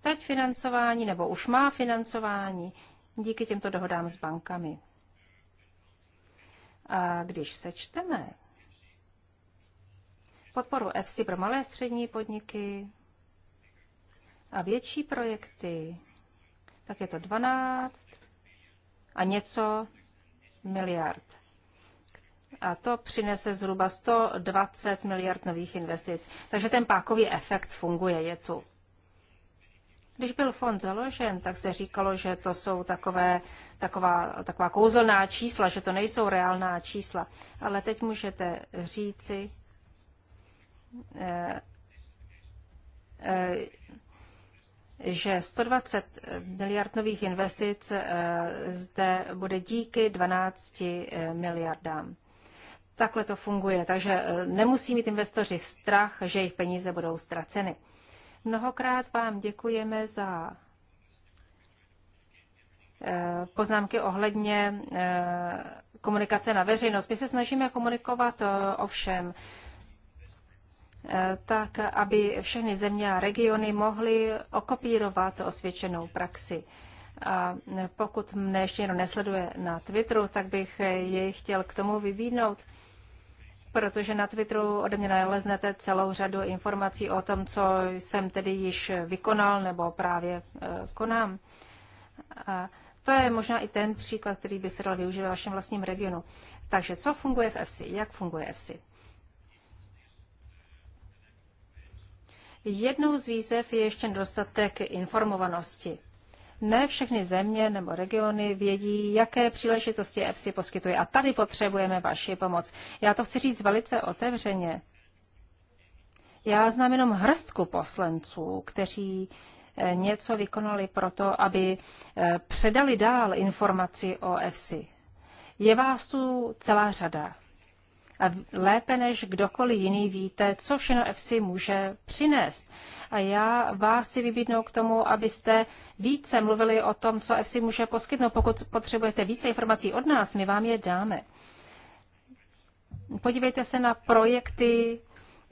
teď financování nebo už má financování díky těmto dohodám s bankami. A když sečteme podporu EFSI pro malé střední podniky a větší projekty, tak je to 12 a něco miliard. A to přinese zhruba 120 miliard nových investic. Takže ten pákový efekt funguje, je tu. Když byl fond založen, tak se říkalo, že to jsou takové, taková, taková kouzelná čísla, že to nejsou reálná čísla. Ale teď můžete říci, eh, eh, že 120 miliard nových investic eh, zde bude díky 12 miliardám. Takhle to funguje, takže nemusí mít investoři strach, že jejich peníze budou ztraceny. Mnohokrát vám děkujeme za eh, poznámky ohledně eh, komunikace na veřejnost. My se snažíme komunikovat eh, ovšem, tak aby všechny země a regiony mohly okopírovat osvědčenou praxi. A pokud mne ještě někdo nesleduje na Twitteru, tak bych jej chtěl k tomu vybídnout protože na Twitteru ode mě naleznete celou řadu informací o tom, co jsem tedy již vykonal nebo právě eh, konám. A to je možná i ten příklad, který by se dal využít ve vašem vlastním regionu. Takže co funguje v FC? Jak funguje FC? Jednou z výzev je ještě dostatek informovanosti. Ne všechny země nebo regiony vědí, jaké příležitosti EFSI poskytuje. A tady potřebujeme vaši pomoc. Já to chci říct velice otevřeně. Já znám jenom hrstku poslanců, kteří eh, něco vykonali pro to, aby eh, předali dál informaci o EFSI. Je vás tu celá řada a lépe než kdokoliv jiný víte, co všechno FC může přinést. A já vás si vybídnu k tomu, abyste více mluvili o tom, co FC může poskytnout. Pokud potřebujete více informací od nás, my vám je dáme. Podívejte se na projekty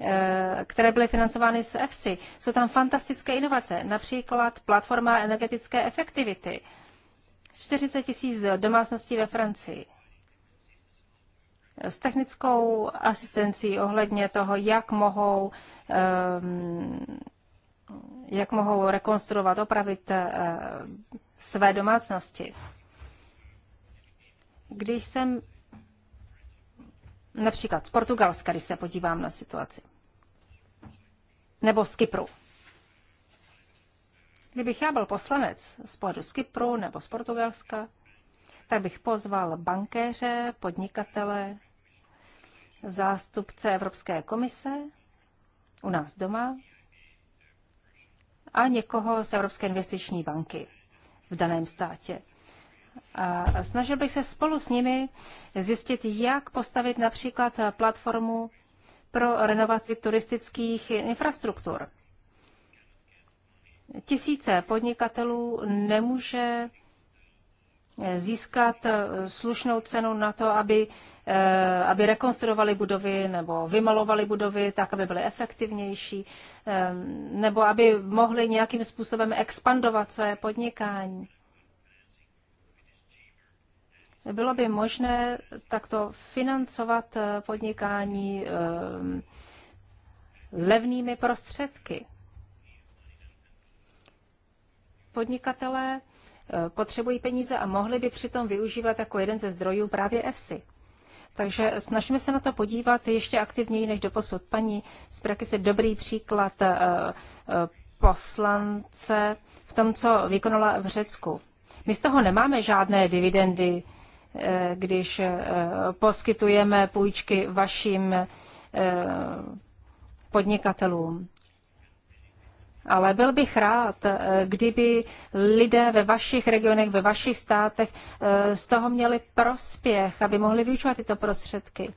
eh, které byly financovány z FC. Jsou tam fantastické inovace, například platforma energetické efektivity. 40 tisíc domácností ve Francii s technickou asistencí ohledně toho, jak mohou, ehm, jak mohou rekonstruovat, opravit eh, své domácnosti. Když jsem například z Portugalska, když se podívám na situaci, nebo z Kypru. Kdybych já byl poslanec z pohledu z Kypru nebo z Portugalska, tak bych pozval bankéře, podnikatele, zástupce Evropské komise u nás doma a někoho z Evropské investiční banky v daném státě. A snažil bych se spolu s nimi zjistit, jak postavit například platformu pro renovaci turistických infrastruktur. Tisíce podnikatelů nemůže Eh, získat eh, slušnou cenu na to, aby, eh, aby rekonstruovali budovy nebo vymalovali budovy tak, aby byly efektivnější, nebo aby mohli nějakým způsobem expandovat své podnikání. Bylo by možné takto financovat podnikání levnými prostředky. Podnikatelé potřebují peníze a mohli by přitom využívat jako jeden ze zdrojů právě EFSI. Takže snažíme se na to podívat ještě aktivněji než do posud. Paní Sprakis se dobrý příklad eh, eh, poslance v tom, co vykonala v Řecku. My z toho nemáme žádné dividendy, eh, když poskytujeme půjčky vašim podnikatelům ale byl bych rád, eh, kdyby lidé ve vašich regionech, ve vašich státech eh, z toho měli prospěch, aby mohli vyučovat tyto prostředky.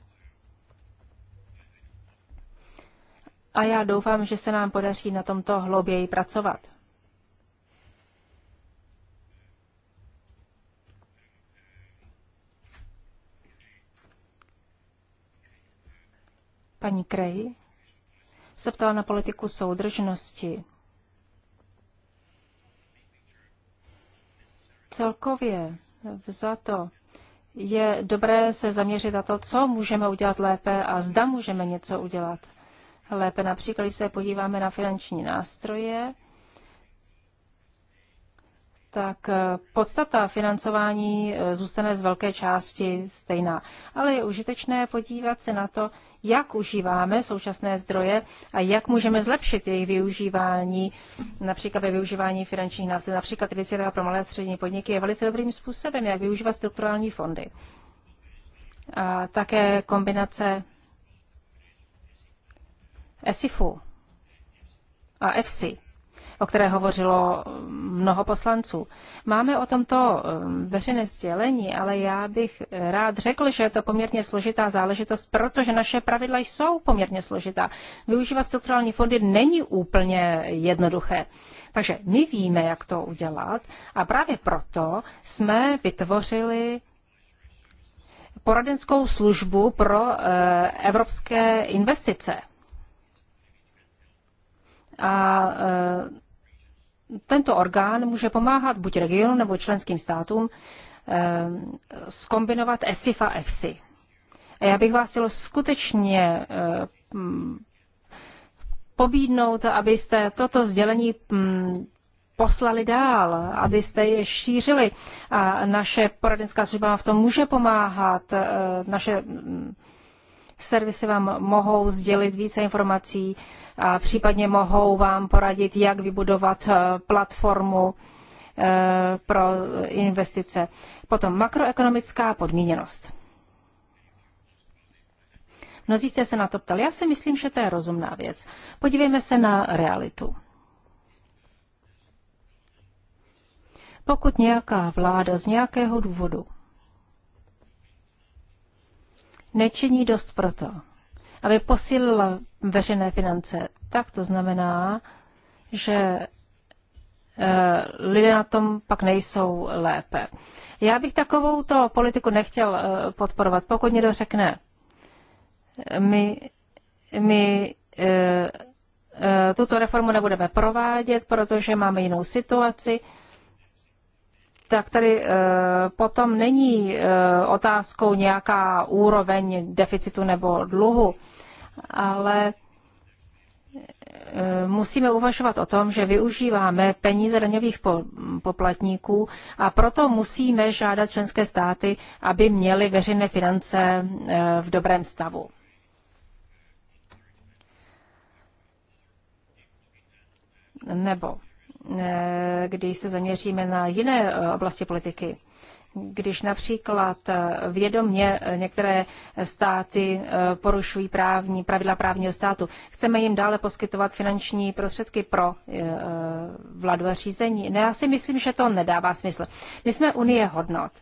A já doufám, že se nám podaří na tomto hlouběji pracovat. Paní Krej se ptala na politiku soudržnosti. Celkově vzato je dobré se zaměřit na to, co můžeme udělat lépe a zda můžeme něco udělat lépe. Například, když se podíváme na finanční nástroje, tak eh, podstata financování eh, zůstane z velké části stejná. Ale je užitečné podívat se na to, jak užíváme současné zdroje a jak můžeme zlepšit jejich využívání, například ve využívání finančních nástrojů. Například iniciativa pro malé a střední podniky je velice dobrým způsobem, jak využívat strukturální fondy. A také kombinace ESIFu a EFSI o které hovořilo mnoho poslanců. Máme o tomto um, veřejné sdělení, ale já bych rád řekl, že je to poměrně složitá záležitost, protože naše pravidla jsou poměrně složitá. Využívat strukturální fondy není úplně jednoduché. Takže my víme, jak to udělat a právě proto jsme vytvořili poradenskou službu pro uh, evropské investice. A uh, tento orgán může pomáhat buď regionu nebo členským státům eh, skombinovat ESIF a EFSI. A já bych vás chtěl skutečně eh, mm, pobídnout, abyste toto sdělení mm, poslali dál, abyste je šířili. A naše poradenská služba v tom může pomáhat, eh, naše mm, servisy vám mohou sdělit více informací a případně mohou vám poradit, jak vybudovat eh, platformu eh, pro investice. Potom makroekonomická podmíněnost. Mnozí jste se na to ptali. Já si myslím, že to je rozumná věc. Podívejme se na realitu. Pokud nějaká vláda z nějakého důvodu nečiní dost proto, aby posílila veřejné finance. Tak to znamená, že eh, lidé na tom pak nejsou lépe. Já bych takovou to politiku nechtěl eh, podporovat, pokud někdo řekne, my, my eh, tuto reformu nebudeme provádět, protože máme jinou situaci, tak tady eh, potom není eh, otázkou nějaká úroveň deficitu nebo dluhu, ale eh, musíme uvažovat o tom, že využíváme peníze daňových poplatníků a proto musíme žádat členské státy, aby měly veřejné finance v dobrém stavu. Nebo Eh, když se zaměříme na jiné eh, oblasti politiky. Když například eh, vědomně některé státy porušují právní, pravidla právního státu, chceme jim dále poskytovat finanční prostředky pro vládu a řízení. Ne, já si myslím, že to nedává smysl. My jsme Unie hodnot.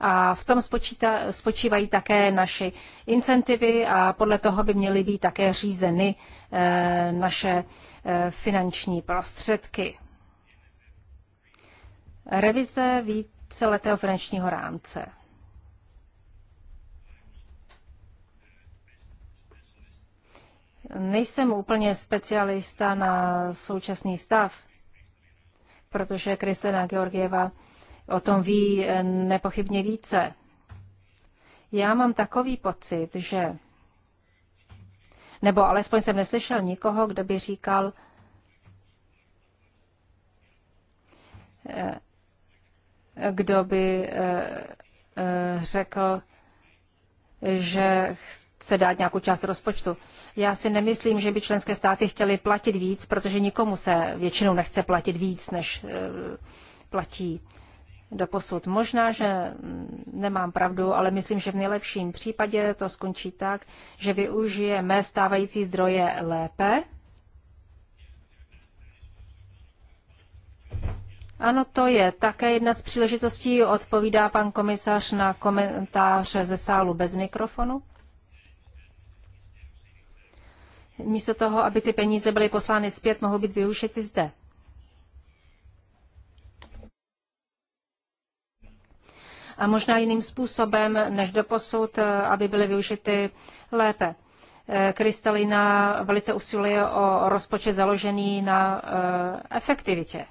A v tom spočíta, spočívají také naši incentivy a podle toho by měly být také řízeny naše finanční prostředky. Revize víceletého finančního rámce. Nejsem úplně specialista na současný stav, protože Kristina Georgieva o tom ví eh, nepochybně více. Já mám takový pocit, že nebo alespoň jsem neslyšel nikoho, kdo by říkal, eh, kdo by eh, eh, řekl, že se dát nějakou část rozpočtu. Já si nemyslím, že by členské státy chtěly platit víc, protože nikomu se většinou nechce platit víc, než eh, platí do posud. Možná, že mm, nemám pravdu, ale myslím, že v nejlepším případě to skončí tak, že mé stávající zdroje lépe, Ano, to je také jedna z příležitostí, odpovídá pan komisař na komentáře ze sálu bez mikrofonu. Místo toho, aby ty peníze byly poslány zpět, mohou být využity zde. A možná jiným způsobem než doposud, aby byly využity lépe. Kristalina velice usiluje o rozpočet založený na eh, efektivitě.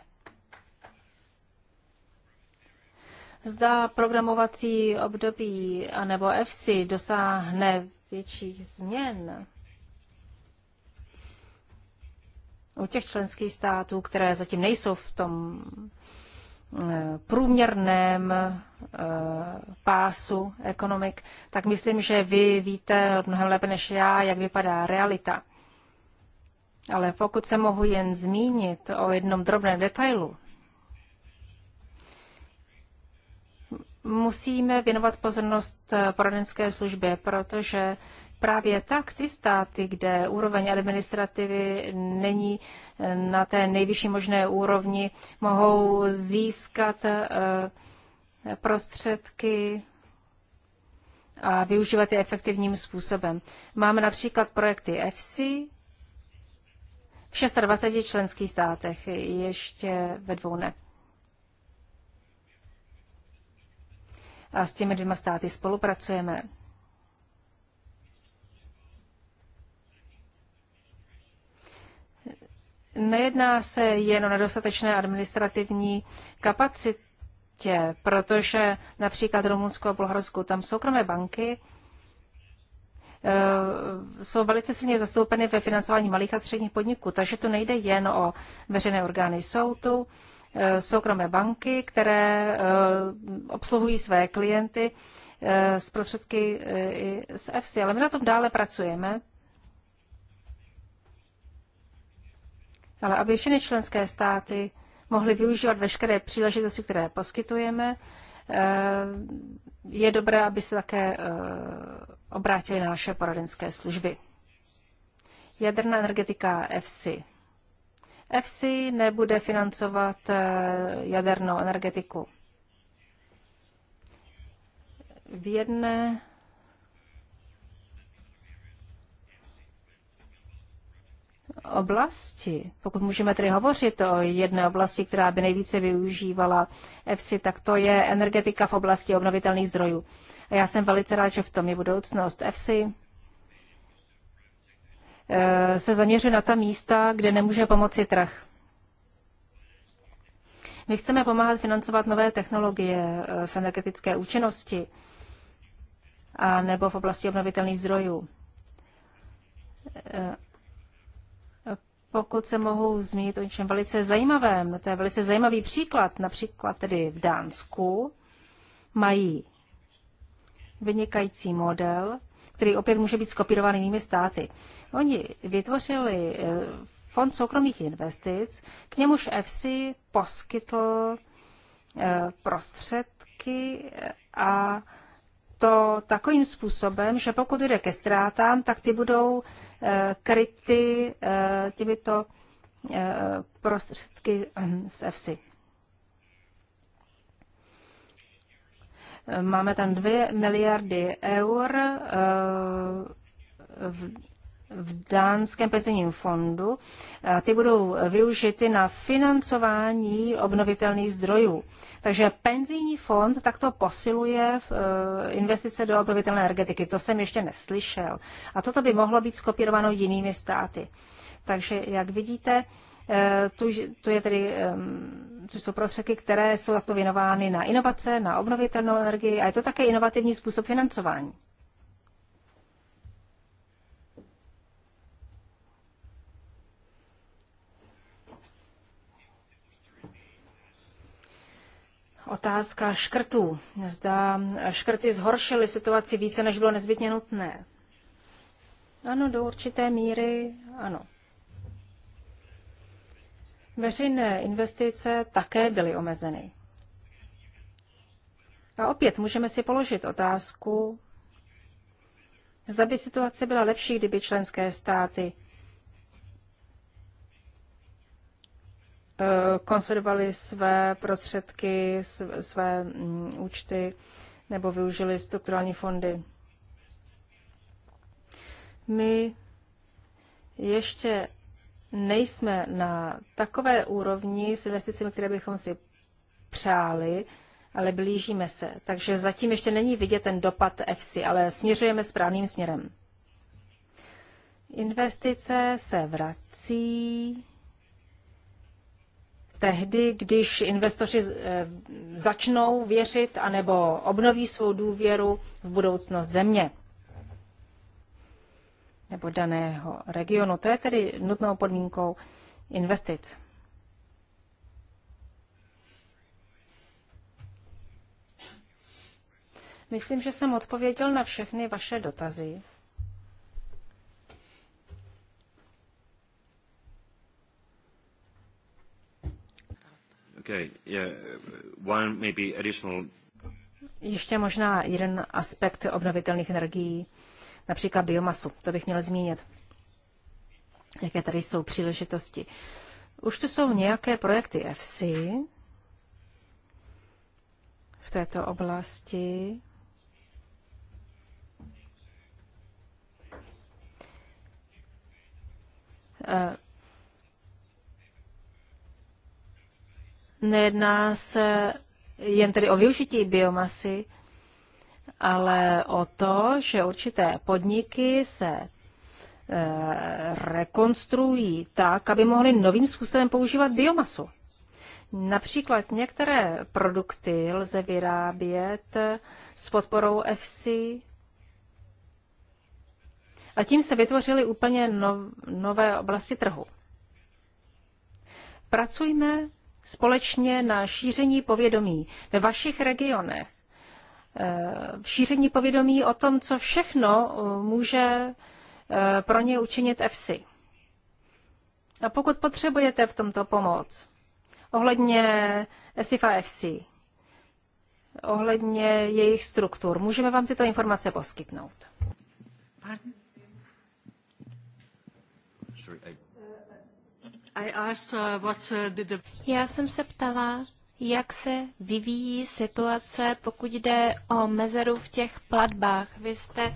Zda programovací období anebo FC dosáhne větších změn u těch členských států, které zatím nejsou v tom eh, průměrném eh, pásu ekonomik, tak myslím, že vy víte mnohem lépe než já, jak vypadá realita. Ale pokud se mohu jen zmínit o jednom drobném detailu, musíme věnovat pozornost eh, poradenské službě, protože právě tak ty státy, kde úroveň administrativy není eh, na té nejvyšší možné úrovni, mohou získat eh, prostředky a využívat je efektivním způsobem. Máme například projekty EFSI v 26 členských státech, ještě ve dvou ne. a s těmi dvěma státy spolupracujeme. Nejedná se jen o nedostatečné administrativní kapacitě, protože například Rumunsko a Bulharsko, tam soukromé banky eh, jsou velice silně zastoupeny ve financování malých a středních podniků, takže to nejde jen o veřejné orgány. Jsou tu Eh, soukromé banky, které eh, obsluhují své klienty z eh, prostředky i z EFSI. Ale my na tom dále pracujeme. Ale aby všechny členské státy mohly využívat veškeré příležitosti, které poskytujeme, je dobré, aby se také obrátili na naše poradenské služby. Jaderná energetika EFSI. EFSI nebude financovat eh, jadernou energetiku. V jedné oblasti, pokud můžeme tedy hovořit o jedné oblasti, která by nejvíce využívala EFSI, tak to je energetika v oblasti obnovitelných zdrojů. A já jsem velice rád, že v tom je budoucnost EFSI Eh, se zaměřit na ta místa, kde nemůže pomoci trh. My chceme pomáhat financovat nové technologie eh, v energetické účinnosti a nebo v oblasti obnovitelných zdrojů. Eh, pokud se mohu zmínit o něčem velice zajímavém, to je velice zajímavý příklad, například tedy v Dánsku mají vynikající model, který opět může být skopírovaný jinými státy. Oni vytvořili eh, fond soukromých investic, k němuž EFSI poskytl eh, prostředky eh, a to takovým způsobem, že pokud jde ke ztrátám, tak ty budou kryty těmito prostředky z EFSI. Máme tam 2 miliardy eur eh, v, v dánském penzijním fondu. Ty budou využity na financování obnovitelných zdrojů. Takže penzijní fond takto posiluje eh, investice do obnovitelné energetiky. To jsem ještě neslyšel. A toto by mohlo být skopírováno jinými státy. Takže, jak vidíte, eh, tu, tu je tedy um, což jsou prostředky, které jsou takto věnovány na inovace, na obnovitelnou energii a je to také inovativní způsob financování. Otázka škrtů. Zda škrty zhoršily situaci více, než bylo nezbytně nutné. Ano, do určité míry ano. Veřejné investice také byly omezeny. A opět můžeme si položit otázku, zda by situace byla lepší, kdyby členské státy eh, konsolidovaly své prostředky, své mm, účty nebo využili strukturální fondy. My ještě nejsme na takové úrovni s investicemi, které bychom si přáli, ale blížíme se. Takže zatím ještě není vidět ten dopad EFSI, ale směřujeme správným směrem. Investice se vrací tehdy, když investoři eh, začnou věřit anebo obnoví svou důvěru v budoucnost země nebo daného regionu. To je tedy nutnou podmínkou investic. Myslím, že jsem odpověděl na všechny vaše dotazy. Okay, yeah, one maybe additional... Ještě možná jeden aspekt obnovitelných energií. Uh, například biomasu. To bych měl zmínit. Jaké tady jsou příležitosti. Už tu jsou nějaké projekty FC v této oblasti. Eh, nejedná se jen tedy o využití biomasy, ale o to, že určité podniky se eh, rekonstruují tak, aby mohly novým způsobem používat biomasu. Například některé produkty lze vyrábět eh, s podporou FC a tím se vytvořily úplně nové oblasti trhu. Pracujme společně na šíření povědomí ve vašich regionech Eh, šíření povědomí o tom, co všechno eh, může eh, pro ně učinit EFSI. A pokud potřebujete v tomto pomoc, ohledně SIF a EFSI, ohledně jejich struktur, můžeme vám tyto informace poskytnout. Uh, uh, Já jsem se ptala, jak se vyvíjí situace, pokud jde o mezeru v těch platbách. Vy jste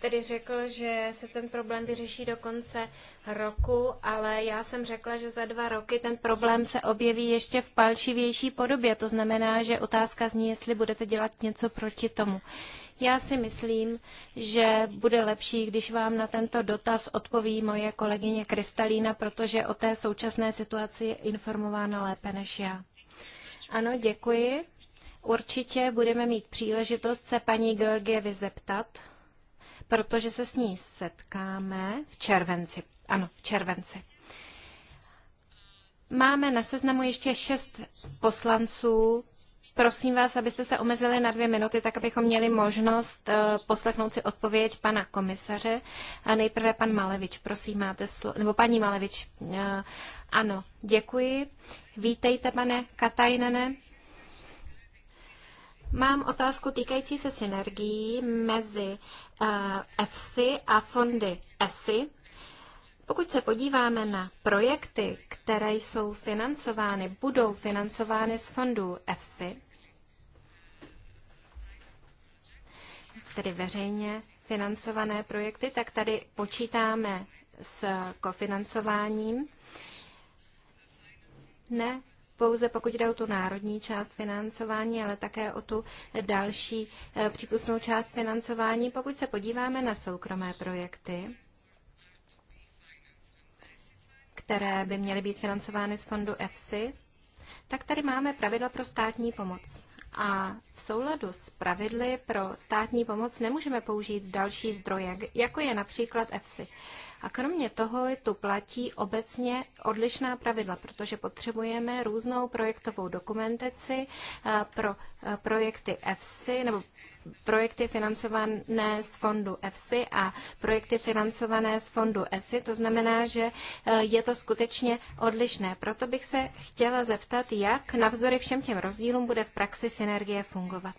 tedy řekl, že se ten problém vyřeší do konce roku, ale já jsem řekla, že za dva roky ten problém se objeví ještě v palčivější podobě. To znamená, že otázka zní, jestli budete dělat něco proti tomu. Já si myslím, že bude lepší, když vám na tento dotaz odpoví moje kolegyně Kristalína, protože o té současné situaci je informována lépe než já. Ano, děkuji. Určitě budeme mít příležitost se paní Georgievy zeptat, protože se s ní setkáme v červenci. Ano, v červenci. Máme na seznamu ještě šest poslanců, Prosím vás, abyste se omezili na dvě minuty, tak abychom měli možnost eh, poslechnout si odpověď pana komisaře. A nejprve pan Malevič, prosím, máte slovo, nebo paní Malevič. Eh, ano, děkuji. Vítejte, pane Katajnene. Mám otázku týkající se synergií mezi EFSI eh, a fondy ESI. Pokud se podíváme na projekty, které jsou financovány, budou financovány z fondů EFSI, tedy veřejně financované projekty, tak tady počítáme s kofinancováním. Ne pouze pokud jde o tu národní část financování, ale také o tu další eh, přípustnou část financování, pokud se podíváme na soukromé projekty, které by měly být financovány z fondu EFSI, tak tady máme pravidla pro státní pomoc. A v souladu s pravidly pro státní pomoc nemůžeme použít další zdroje, jako je například EFSI. A kromě toho tu platí obecně odlišná pravidla, protože potřebujeme různou projektovou dokumentaci eh, pro eh, projekty EFSI nebo projekty financované z fondu EFSI a projekty financované z fondu ESI. To znamená, že eh, je to skutečně odlišné. Proto bych se chtěla zeptat, jak navzdory všem těm rozdílům bude v praxi synergie fungovat.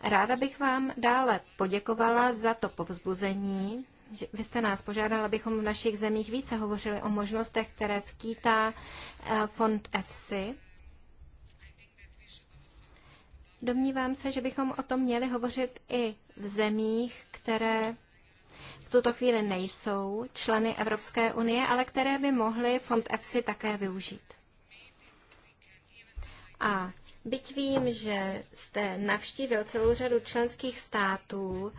Ráda bych vám dále poděkovala za to povzbuzení. Že vy jste nás požádala, abychom v našich zemích více hovořili o možnostech, které skýtá eh, fond EFSI. Domnívám se, že bychom o tom měli hovořit i v zemích, které v tuto chvíli nejsou členy Evropské unie, ale které by mohly fond EFSI také využít. A byť vím, že jste navštívil celou řadu členských států,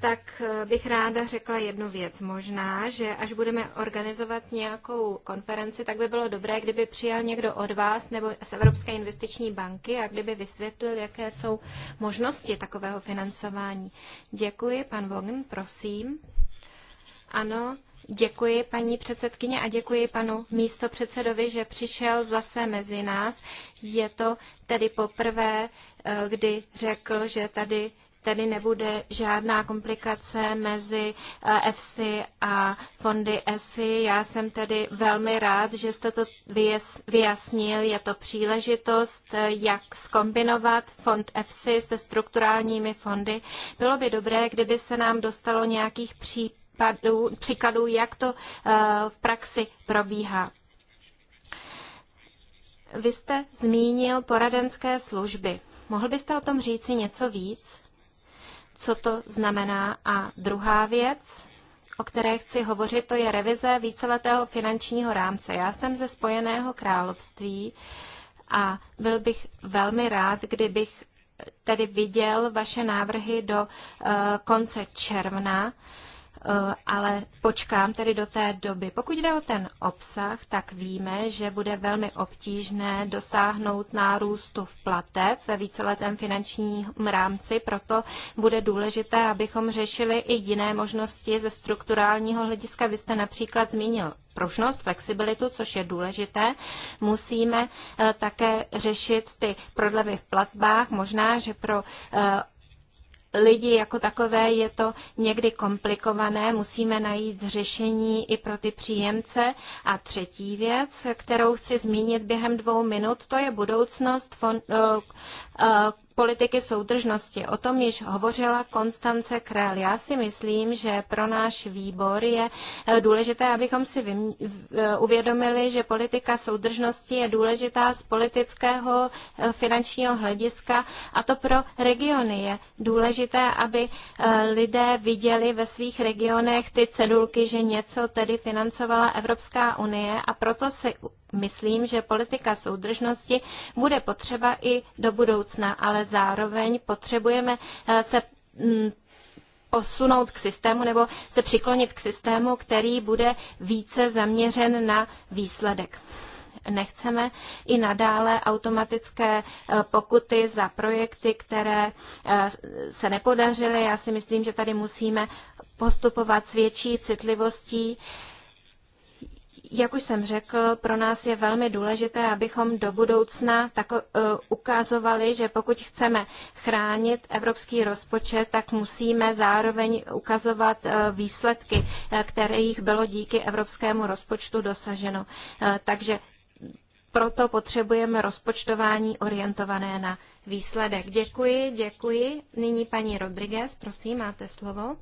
tak eh, bych ráda řekla jednu věc. Možná, že až budeme organizovat nějakou konferenci, tak by bylo dobré, kdyby přijal někdo od vás nebo z Evropské investiční banky a kdyby vysvětlil, jaké jsou možnosti takového financování. Děkuji, pan Vogn, prosím. Ano, Děkuji paní předsedkyně a děkuji panu místopředsedovi, že přišel zase mezi nás. Je to tedy poprvé, eh, kdy řekl, že tady tedy nebude žádná komplikace mezi EFSI eh, a fondy ESI. Já jsem tedy velmi rád, že jste to vyjasnil. Je to příležitost, eh, jak skombinovat fond EFSI se strukturálními fondy. Bylo by dobré, kdyby se nám dostalo nějakých případů, příkladů, jak to eh, v praxi probíhá. Vy jste zmínil poradenské služby. Mohl byste o tom říci něco víc? co to znamená. A druhá věc, o které chci hovořit, to je revize víceletého finančního rámce. Já jsem ze Spojeného království a byl bych velmi rád, kdybych tedy viděl vaše návrhy do eh, konce června. Uh, Eh, ale počkám tedy do té doby. Pokud jde o ten obsah, tak víme, že bude velmi obtížné dosáhnout nárůstu v plateb ve víceletém finančním rámci, proto bude důležité, abychom řešili i jiné možnosti ze strukturálního hlediska. Vy jste například zmínil pružnost, flexibilitu, což je důležité. Musíme eh, také řešit ty prodlevy v platbách. Možná, že pro eh, lidi jako takové je to někdy komplikované, musíme najít řešení i pro ty příjemce. A třetí věc, kterou chci zmínit během dvou minut, to je budoucnost fond, uh, uh, politiky soudržnosti. O tom již hovořila Konstance Krell. Já si myslím, že pro náš výbor je eh, důležité, abychom si eh, uvědomili, že politika soudržnosti je důležitá z politického eh, finančního hlediska a to pro regiony. Je důležité, aby lidé viděli ve svých regionech ty cedulky, že něco tedy financovala Evropská unie a proto si myslím, že politika soudržnosti bude potřeba i do budoucna, ale zároveň potřebujeme eh, se mm, posunout k systému nebo se přiklonit k systému, který bude více zaměřen na výsledek. Nechceme i nadále automatické eh, pokuty za projekty, které eh, se nepodařily. Já si myslím, že tady musíme postupovat s větší citlivostí. Jak už jsem řekl, pro nás je velmi důležité, abychom do budoucna tako, uh, ukazovali, že pokud chceme chránit evropský rozpočet, tak musíme zároveň ukazovat uh, výsledky, které eh, kterých bylo díky evropskému rozpočtu dosaženo. Uh, takže proto potřebujeme rozpočtování orientované na výsledek. Děkuji, děkuji. Nyní paní Rodriguez, prosím, máte slovo.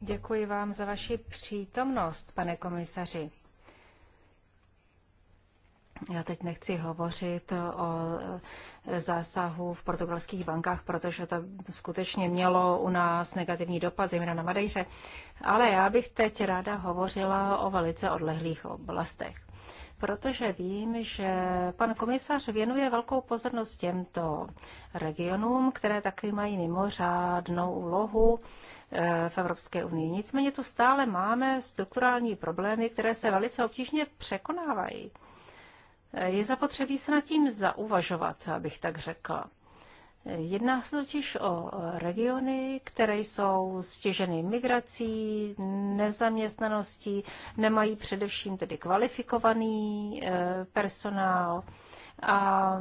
Děkuji vám za vaši přítomnost, pane komisaři. Já teď nechci hovořit o zásahu v portugalských bankách, protože to skutečně mělo u nás negativní dopad, zejména na Madejře. Ale já bych teď ráda hovořila o velice odlehlých oblastech. Protože vím, že pan komisař věnuje velkou pozornost těmto regionům, které taky mají mimořádnou úlohu v Evropské unii. Nicméně tu stále máme strukturální problémy, které se velice obtížně překonávají. Je zapotřebí se nad tím zauvažovat, abych tak řekla. Jedná se totiž o regiony, které jsou stěženy migrací, nezaměstnaností, nemají především tedy kvalifikovaný eh, personál a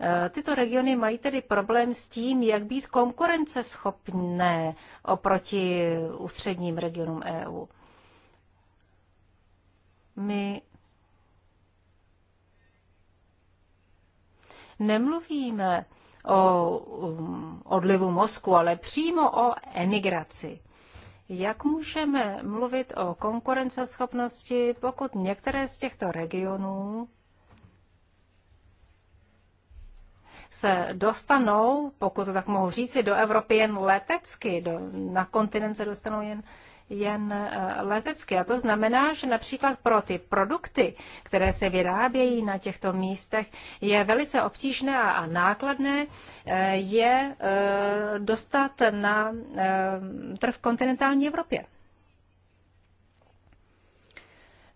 Eh, tyto regiony mají tedy problém s tím, jak být konkurenceschopné oproti ústředním regionům EU. My nemluvíme o um, odlivu mozku, ale přímo o emigraci. Jak můžeme mluvit o konkurenceschopnosti, pokud některé z těchto regionů se dostanou, pokud to tak mohu říci, do Evropy jen letecky, do, na kontinent se dostanou jen, jen eh, letecky. A to znamená, že například pro ty produkty, které se vyrábějí na těchto místech, je velice obtížné a nákladné eh, je eh, dostat na trh v kontinentální Evropě.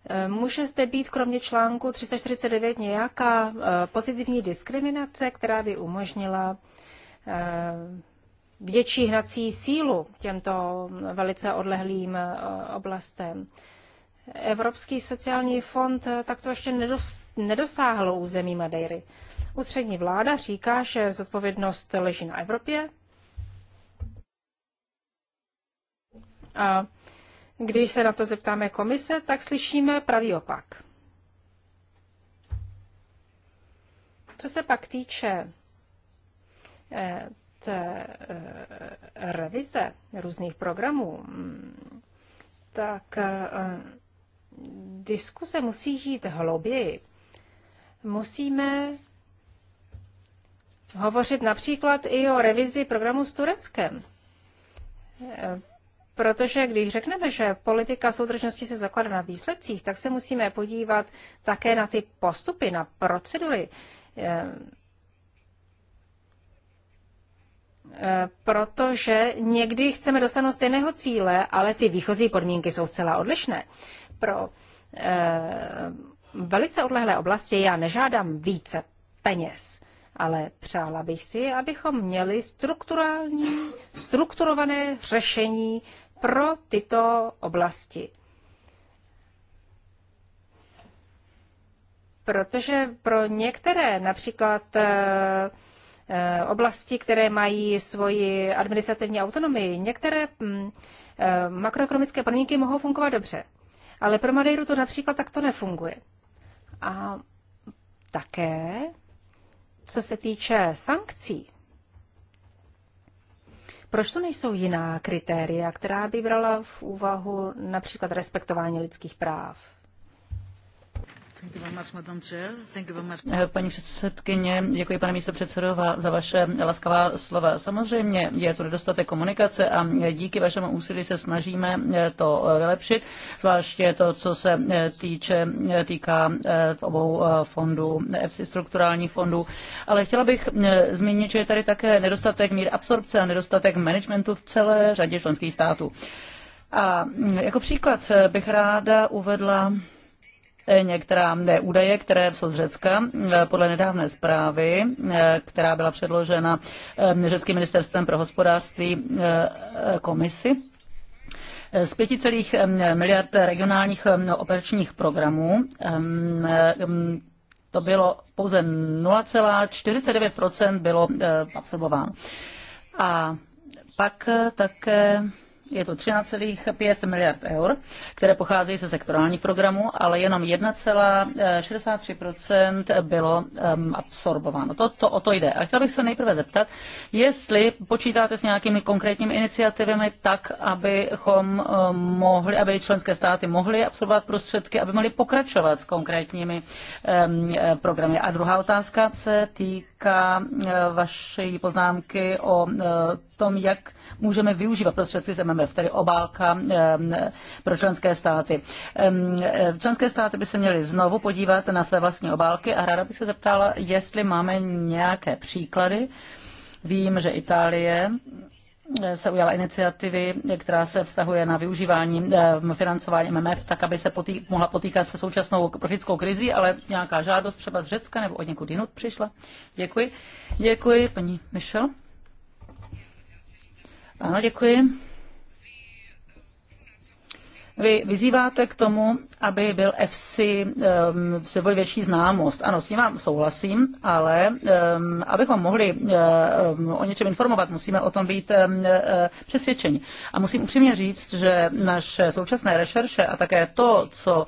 Eh, může zde být kromě článku 349 nějaká eh, pozitivní diskriminace, která by umožnila eh, větší hnací sílu těmto velice odlehlým oblastem. Evropský sociální fond takto ještě nedosáhl území Madeiry. Ústřední vláda říká, že zodpovědnost leží na Evropě. A když se na to zeptáme komise, tak slyšíme pravý opak. Co se pak týče eh, té eh, revize různých programů, tak eh, diskuse musí jít hlouběji. Musíme hovořit například i o revizi programu s Tureckem. Protože když řekneme, že politika soudržnosti se zakládá na výsledcích, tak se musíme podívat také na ty postupy, na procedury. Eh, protože někdy chceme dosáhnout stejného cíle, ale ty výchozí podmínky jsou zcela odlišné. Pro eh, velice odlehlé oblasti já nežádám více peněz ale přála bych si, abychom měli strukturální, strukturované řešení pro tyto oblasti. Protože pro některé, například eh, eh, oblasti, které mají svoji administrativní autonomii, některé mm, eh, makroekonomické podmínky mohou fungovat dobře. Ale pro Madeiru to například takto nefunguje. A také co se týče sankcí, proč to nejsou jiná kritéria, která by brala v úvahu například respektování lidských práv? Eh, paní předsedkyně, děkuji pane místo předsedo za vaše laskavá slova. Samozřejmě je to nedostatek komunikace a eh, díky vašemu úsilí se snažíme eh, to vylepšit, zvláště to, co se týče, týká obou fondů, EFSI strukturálních fondů. Ale chtěla bych zmínit, že je tady také nedostatek mír absorpce a nedostatek managementu v celé řadě členských států. A mm, jako příklad bych ráda uvedla E, některá e, údaje, které jsou z Řecka. E, podle nedávné zprávy, která byla předložena řeckým ministerstvem pro hospodářství komisi, z 5,1 miliard regionálních operačních programů to bylo pouze 0,49 bylo absolvováno A pak také je to 13,5 miliard eur, které pocházejí ze sektorálních programů, ale jenom 1,63 bylo um, absorbováno. To, to, o to jde. A chtěl bych se nejprve zeptat, jestli počítáte s nějakými konkrétními iniciativami tak, abychom um, mohli, aby členské státy mohly absorbovat prostředky, aby mohly pokračovat s konkrétními um, programy. A druhá otázka se týká vaší poznámky o tom, jak můžeme využívat prostředky z MMF tedy obálka pro členské státy. Eh, členské státy by se měly znovu podívat na své vlastní obálky a ráda bych se zeptala, jestli máme nějaké příklady. Vím, že Itálie eh, se ujala iniciativy, která se vztahuje na využívání financování MMF, tak aby se potý, mohla potýkat se současnou prchlickou krizí, ale nějaká žádost třeba z Řecka nebo od někud jinut přišla. Děkuji. Děkuji, paní Michel. Ano, děkuji. Vy vyzýváte k tomu, aby byl FC se byl větší známost. Ano, s tím vám souhlasím, ale um, abychom mohli um, o něčem informovat, musíme o tom být um, přesvědčeni. A musím upřímně říct, že naše současné rešerše a také to, co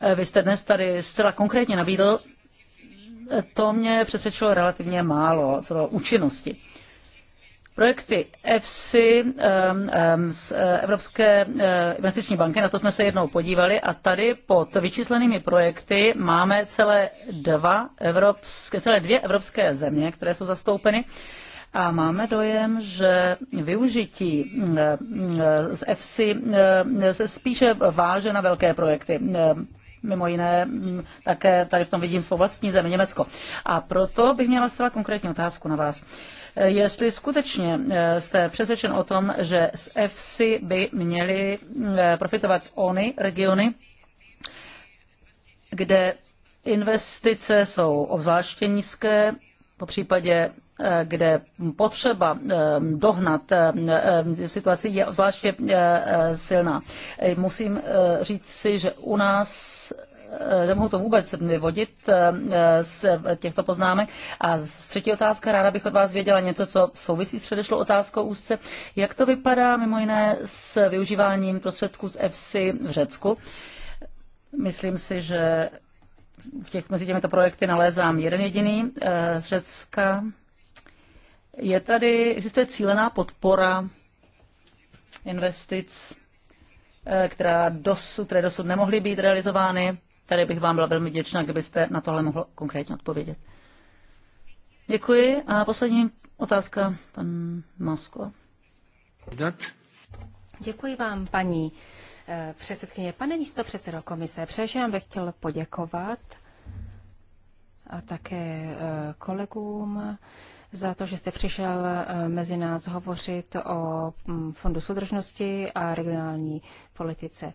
eh, vy jste dnes tady zcela konkrétně nabídl, to mě přesvědčilo relativně málo co do účinnosti. Uh, Projekty EFSI um, um, z eh, Evropské eh, investiční banky, na to jsme se jednou podívali a tady pod vyčíslenými projekty máme celé, dva evropské, celé dvě evropské země, které jsou zastoupeny a máme dojem, že využití mm, eh, z EFSI se spíše váže na velké projekty mimo jiné mm, také tady v tom vidím svou vlastní zemi Německo. A proto bych měla zcela konkrétní otázku na vás jestli skutečně eh, jste přesvědčen o tom, že z EFSI by měly eh, profitovat ony regiony, kde investice jsou obzvláště nízké, po případě eh, kde potřeba dohnat situaci je obzvláště silná. Musím říct si, že u nás Eh, nemohu to vůbec vyvodit eh, z těchto poznámek. A třetí otázka, ráda bych od vás věděla něco, co souvisí s předešlou otázkou úzce. Jak to vypadá mimo jiné s využíváním prostředků z EFSI v Řecku? Myslím si, že v těch, mezi těmito projekty nalézám jeden jediný eh, z Řecka. Je tady, existuje cílená podpora investic, která dosud, které dosud nemohly být realizovány Tady bych vám byla velmi vděčná, kdybyste na tohle mohlo konkrétně odpovědět. Děkuji. A poslední otázka, pan Masko. Děkuji vám, paní eh, předsedkyně. Pane místo předsedo komise, především bych chtěl poděkovat a také eh, kolegům za to, že jste přišel eh, mezi nás hovořit o mm, Fondu soudržnosti a regionální politice.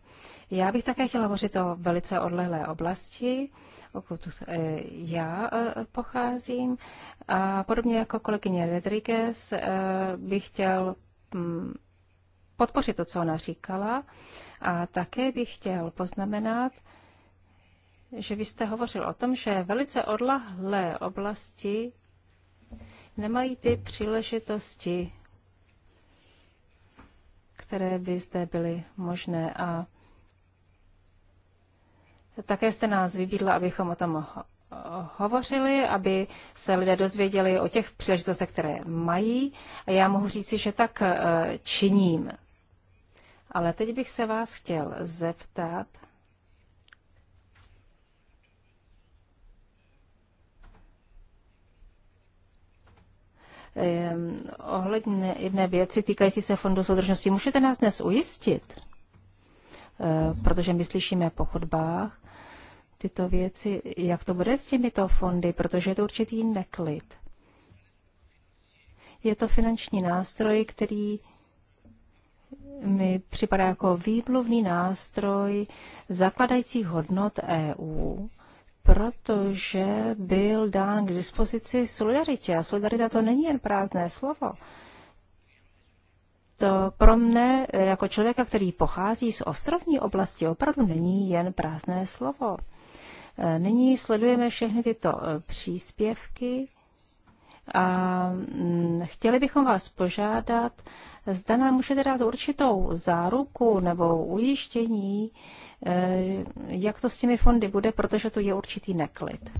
Já bych také chtěla hovořit o velice odlehlé oblasti, pokud eh, já eh, pocházím. A podobně jako kolegyně Rodriguez bych chtěl mm, podpořit to, co ona říkala. A také bych chtěl poznamenat, že vy jste hovořil o tom, že velice odlahlé oblasti nemají ty příležitosti, které by zde byly možné. A také jste nás vybídla, abychom o tom hovořili, aby se lidé dozvěděli o těch příležitostech, které mají. A já mohu říci, že tak eh, činím. Ale teď bych se vás chtěl zeptat, Ehm, ohledně jedné věci týkající se Fondu soudržnosti. Můžete nás dnes ujistit? Eh, protože my slyšíme po chodbách tyto věci. Jak to bude s těmito fondy? Protože je to určitý neklid. Je to finanční nástroj, který mi připadá jako výmluvný nástroj zakladajících hodnot EU protože byl dán k dispozici solidaritě. A solidarita to není jen prázdné slovo. To pro mne, jako člověka, který pochází z ostrovní oblasti, opravdu není jen prázdné slovo. E, nyní sledujeme všechny tyto e, příspěvky a mm, chtěli bychom vás požádat, zda nám můžete dát určitou záruku nebo ujištění, e, jak to s těmi fondy bude, protože tu je určitý neklid.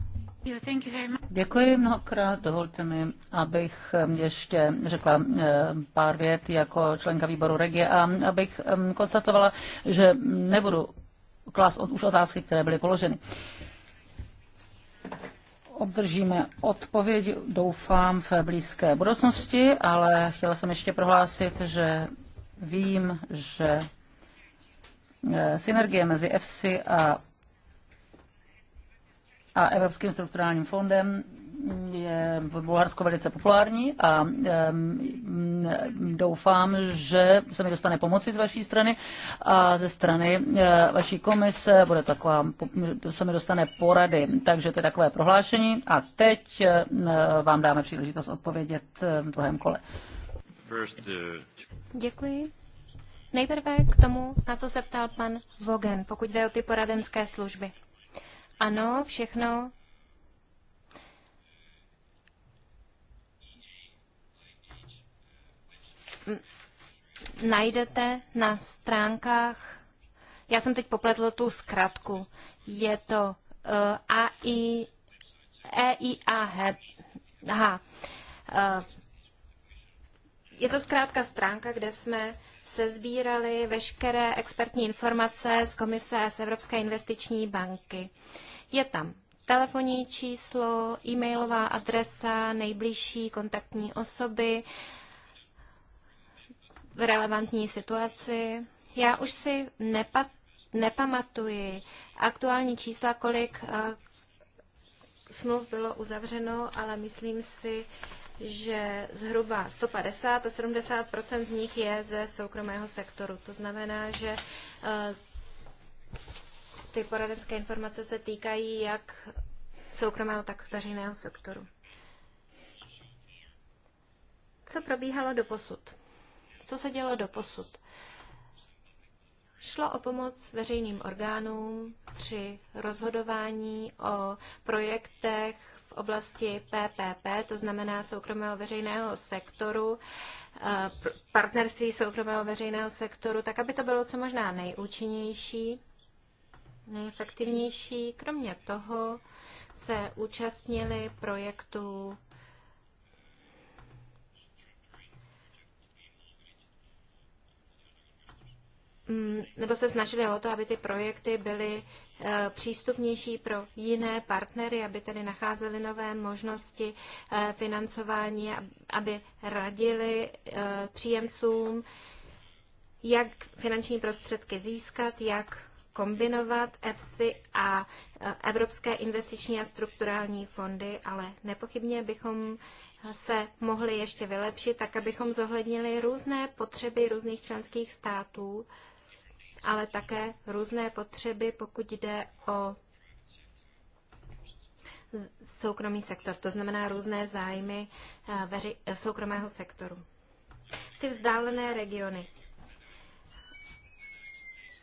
Děkuji mnohokrát. Dovolte mi, abych mm, ještě řekla e, pár vět jako členka výboru regie a abych mm, konstatovala, že nebudu klas už otázky, které byly položeny. Uh, obdržíme odpověď, doufám, v blízké budoucnosti, ale chtěla jsem ještě prohlásit, že vím, že eh, synergie mezi EFSI a, a Evropským strukturálním fondem je v Bulharsku velice populární a doufám, že se mi dostane pomoci z vaší strany a ze strany e, vaší komise bude taková, se mi dostane porady. Takže to je takové prohlášení a teď e, vám dáme příležitost odpovědět e, v druhém kole. Děkuji. Nejprve k tomu, na co se ptal pan Vogen, pokud jde o ty poradenské služby. Ano, všechno najdete na stránkách, já jsem teď popletl tu zkratku, je to uh, eh, AI, EIAH. Aha. Uh, je to zkrátka stránka, kde jsme sezbírali veškeré expertní informace z Komise a z Evropské investiční banky. Je tam telefonní číslo, e-mailová adresa nejbližší kontaktní osoby, uh, v relevantní situaci. Já už si nepa, nepamatuji aktuální čísla, kolik eh, smluv bylo uzavřeno, ale myslím si, že zhruba 150 a 70 z nich je ze soukromého sektoru. To znamená, že eh, ty poradenské informace se týkají jak soukromého, tak veřejného sektoru. Co probíhalo do posud? Co se dělo do posud? Šlo o pomoc veřejným orgánům při rozhodování o projektech v oblasti PPP, to znamená soukromého veřejného sektoru, eh, partnerství soukromého veřejného sektoru, tak aby to bylo co možná nejúčinnější, nejefektivnější. Kromě toho se účastnili projektů Mm, nebo se snažili o to, aby ty projekty byly eh, přístupnější pro jiné partnery, aby tedy nacházeli nové možnosti eh, financování, aby radili eh, příjemcům, jak finanční prostředky získat, jak kombinovat EFSI a Evropské investiční a strukturální fondy, ale nepochybně bychom se mohli ještě vylepšit, tak abychom zohlednili různé potřeby různých členských států ale také různé potřeby, pokud jde o soukromý sektor, to znamená různé zájmy eh, veři, eh, soukromého sektoru. Ty vzdálené regiony.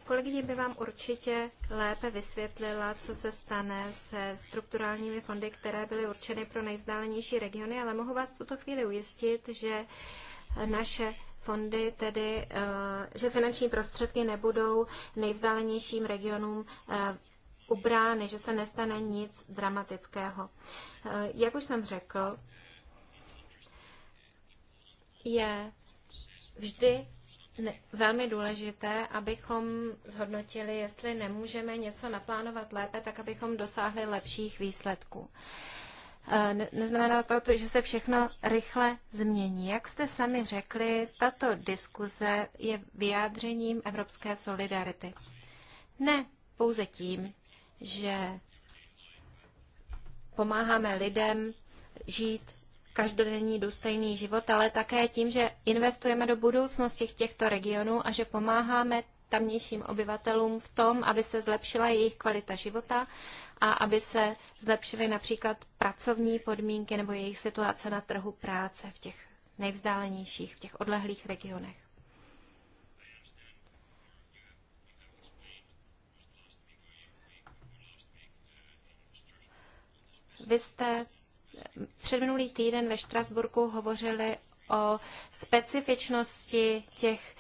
Kolegyně by vám určitě lépe vysvětlila, co se stane se strukturálními fondy, které byly určeny pro nejvzdálenější regiony, ale mohu vás v tuto chvíli ujistit, že naše fondy, tedy eh, že finanční prostředky nebudou nejvzdálenějším regionům eh, ubrány, že se nestane nic dramatického. Eh, jak už jsem řekl, je vždy velmi důležité, abychom zhodnotili, jestli nemůžeme něco naplánovat lépe, tak abychom dosáhli lepších výsledků. Uh, Neznamená to, že se všechno rychle změní. Jak jste sami řekli, tato diskuze je vyjádřením evropské solidarity. Ne pouze tím, že pomáháme lidem žít každodenní důstojný život, ale také tím, že investujeme do budoucnosti těchto regionů a že pomáháme tamnějším obyvatelům v tom, aby se zlepšila jejich kvalita života a aby se zlepšily například pracovní podmínky nebo jejich situace na trhu práce v těch nejvzdálenějších, v těch odlehlých regionech. Vy jste minulý týden ve Štrasburku hovořili o specifičnosti těch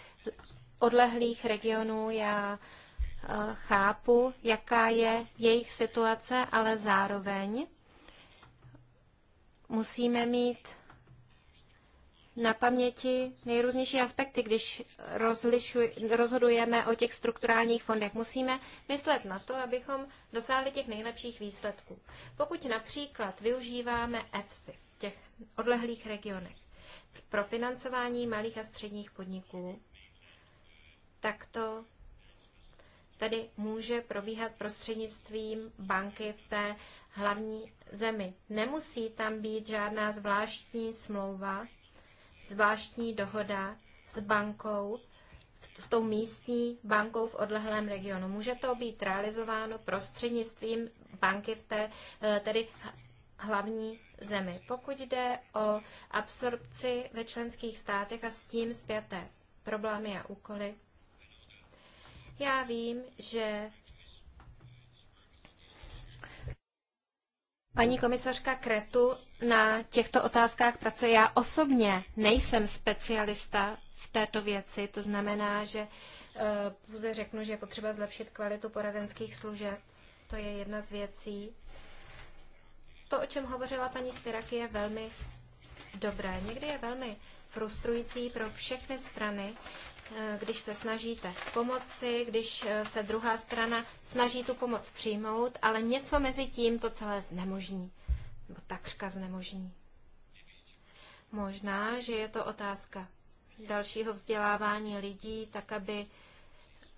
odlehlých regionů. Já eh, chápu, jaká je jejich situace, ale zároveň musíme mít na paměti nejrůznější aspekty, když rozhodujeme o těch strukturálních fondech. Musíme myslet na to, abychom dosáhli těch nejlepších výsledků. Pokud například využíváme EFSI v těch odlehlých regionech pro financování malých a středních podniků, takto tedy může probíhat prostřednictvím banky v té hlavní zemi. Nemusí tam být žádná zvláštní smlouva, zvláštní dohoda s bankou, s tou místní bankou v odlehlém regionu. Může to být realizováno prostřednictvím banky v té eh, tedy hlavní zemi. Pokud jde o absorpci ve členských státech a s tím zpěté problémy a úkoly, já vím, že Paní komisařka Kretu na těchto otázkách pracuje. Já osobně nejsem specialista v této věci, to znamená, že eh, pouze řeknu, že je potřeba zlepšit kvalitu poradenských služeb. To je jedna z věcí. To, o čem hovořila paní Styraky, je velmi dobré. Někdy je velmi frustrující pro všechny strany, Eh, když se snažíte pomoci, když eh, se druhá strana snaží tu pomoc přijmout, ale něco mezi tím to celé znemožní, nebo takřka znemožní. Možná, že je to otázka dalšího vzdělávání lidí, tak aby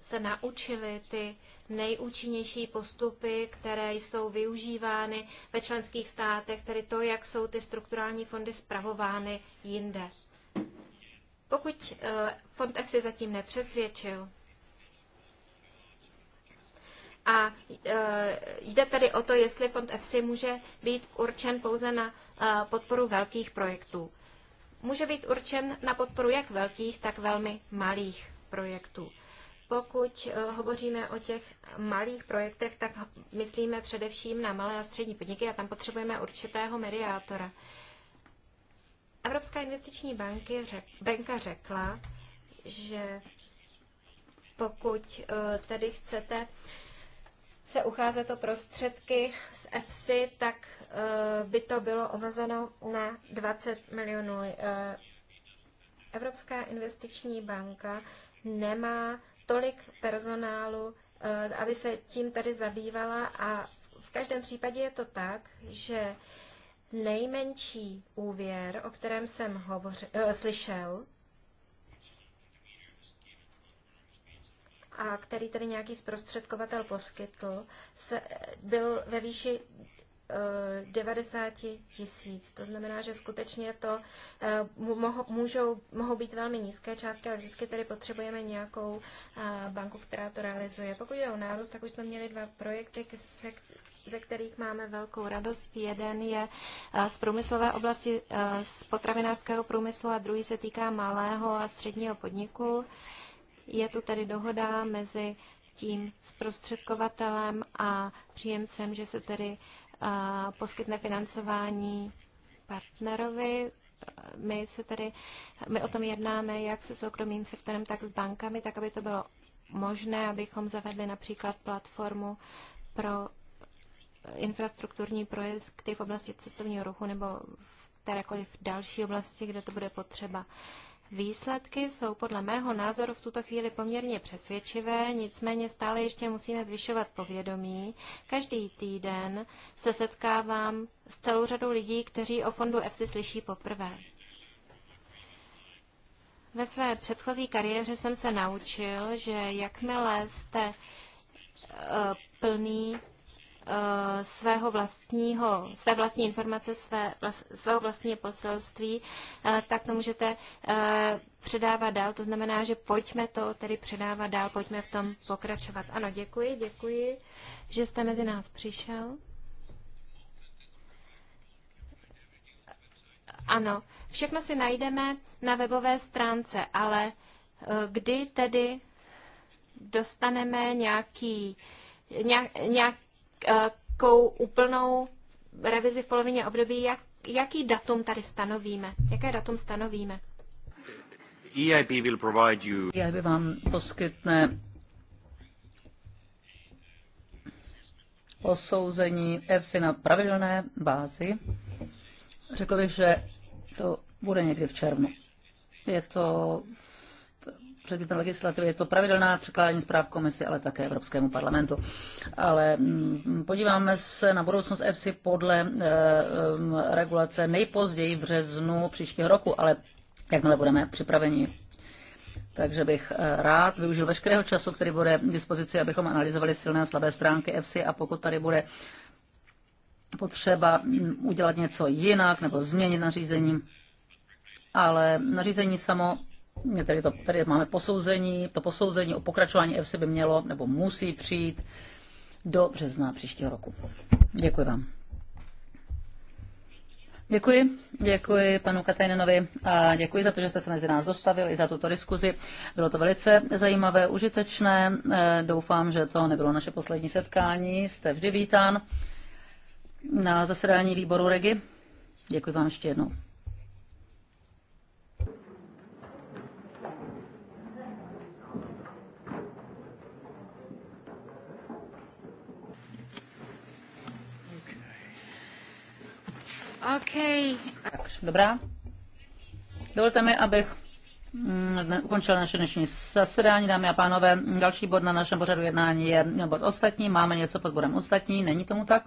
se naučili ty nejúčinnější postupy, které jsou využívány ve členských státech, tedy to, jak jsou ty strukturální fondy spravovány jinde. Pokud eh, fond se zatím nepřesvědčil, a eh, jde tedy o to, jestli fond EFSI může být určen pouze na eh, podporu velkých projektů. Může být určen na podporu jak velkých, tak velmi malých projektů. Pokud hovoříme o těch malých projektech, tak myslíme především na malé a střední podniky a tam potřebujeme určitého mediátora. Evropská investiční banky řek, banka řekla, že pokud eh, tedy chcete se ucházet o prostředky z EFSI, tak eh, by to bylo omezeno na 20 milionů. Eh. Evropská investiční banka nemá tolik personálu, aby se tím tady zabývala a v každém případě je to tak, že nejmenší úvěr, o kterém jsem hovoři, uh, slyšel, a který tedy nějaký zprostředkovatel poskytl, se, byl ve výši 90 eh, tisíc. To znamená, že skutečně to eh, můžou, mohou být velmi nízké částky, ale vždycky tedy potřebujeme nějakou banku, která to realizuje. Pokud je o nárůst, tak už jsme měli dva projekty, ze kterých máme velkou radost. Jeden je eh, z průmyslové oblasti eh, z potravinářského průmyslu a druhý se týká malého a středního podniku. Je tu tedy dohoda mezi tím zprostředkovatelem a příjemcem, že se tedy eh, poskytne financování partnerovi. My se tedy, my o tom jednáme jak se soukromým sektorem, tak s bankami, tak aby to bylo možné, abychom zavedli například platformu pro infrastrukturní projekty v oblasti cestovního ruchu nebo v kterékoliv další oblasti, kde to bude potřeba. Výsledky jsou podle mého názoru v tuto chvíli poměrně přesvědčivé, nicméně stále ještě musíme zvyšovat povědomí. Každý týden se setkávám s celou řadou lidí, kteří o fondu EFSI slyší poprvé. Ve své předchozí kariéře jsem se naučil, že jakmile jste eh, plný Eh, svého vlastního, své vlastní informace, své, svého vlastního poselství, eh, tak to můžete eh, předávat dál. To znamená, že pojďme to tedy předávat dál, pojďme v tom pokračovat. Ano, děkuji, děkuji, že jste mezi nás přišel. Ano, všechno si najdeme na webové stránce, ale kdy tedy dostaneme nějaký, nějak, nějak, takovou úplnou revizi v polovině období, jak, jaký datum tady stanovíme? Jaké datum stanovíme? EIB will provide you... EIB vám poskytne posouzení EFSI na pravidelné bázi. Řekl bych, že to bude někdy v červnu. Je to v předmětem legislativy. Je to pravidelná překládání zpráv komisi, ale také Evropskému parlamentu. Ale mm, podíváme se na budoucnost EFSI podle eh, mm, regulace nejpozději v březnu příštího roku, ale jakmile budeme připraveni takže bych eh, rád využil veškerého času, který bude k dispozici, abychom analyzovali silné a slabé stránky EFSI a pokud tady bude potřeba mm, udělat něco jinak nebo změnit nařízení, ale nařízení samo Tady, to, tady máme posouzení, to posouzení o pokračování EFSI by mělo nebo musí přijít do března příštího roku. Děkuji vám. Děkuji, děkuji panu Katajnenovi a děkuji za to, že jste se mezi nás dostavil i za tuto diskuzi. Bylo to velice zajímavé, užitečné. Eh, doufám, že to nebylo naše poslední setkání. Jste vždy vítán na zasedání výboru REGI. Děkuji vám ještě jednou. Okay. Tak, dobrá. Dovolte mi, abych mm, ukončil naše dnešní zasedání. Dámy a pánové, další bod na našem pořadu jednání je bod ostatní. Máme něco pod bodem ostatní, není tomu tak?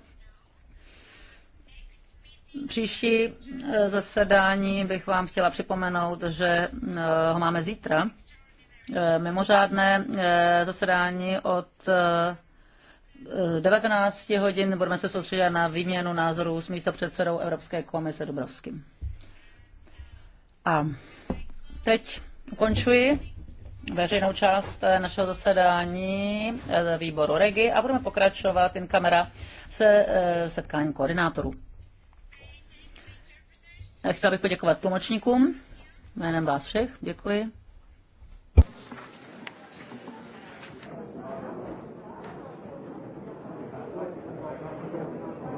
Příští e, zasedání bych vám chtěla připomenout, že e, ho máme zítra. E, mimořádné zasedání od 19 hodin budeme se soustředit na výměnu názorů s místopředsedou Evropské komise Dobrovským. A teď ukončuji veřejnou část našeho zasedání výboru REGI a budeme pokračovat in kamera se eh, setkání koordinátorů. Chtěla bych poděkovat tlumočníkům jménem vás všech. Děkuji.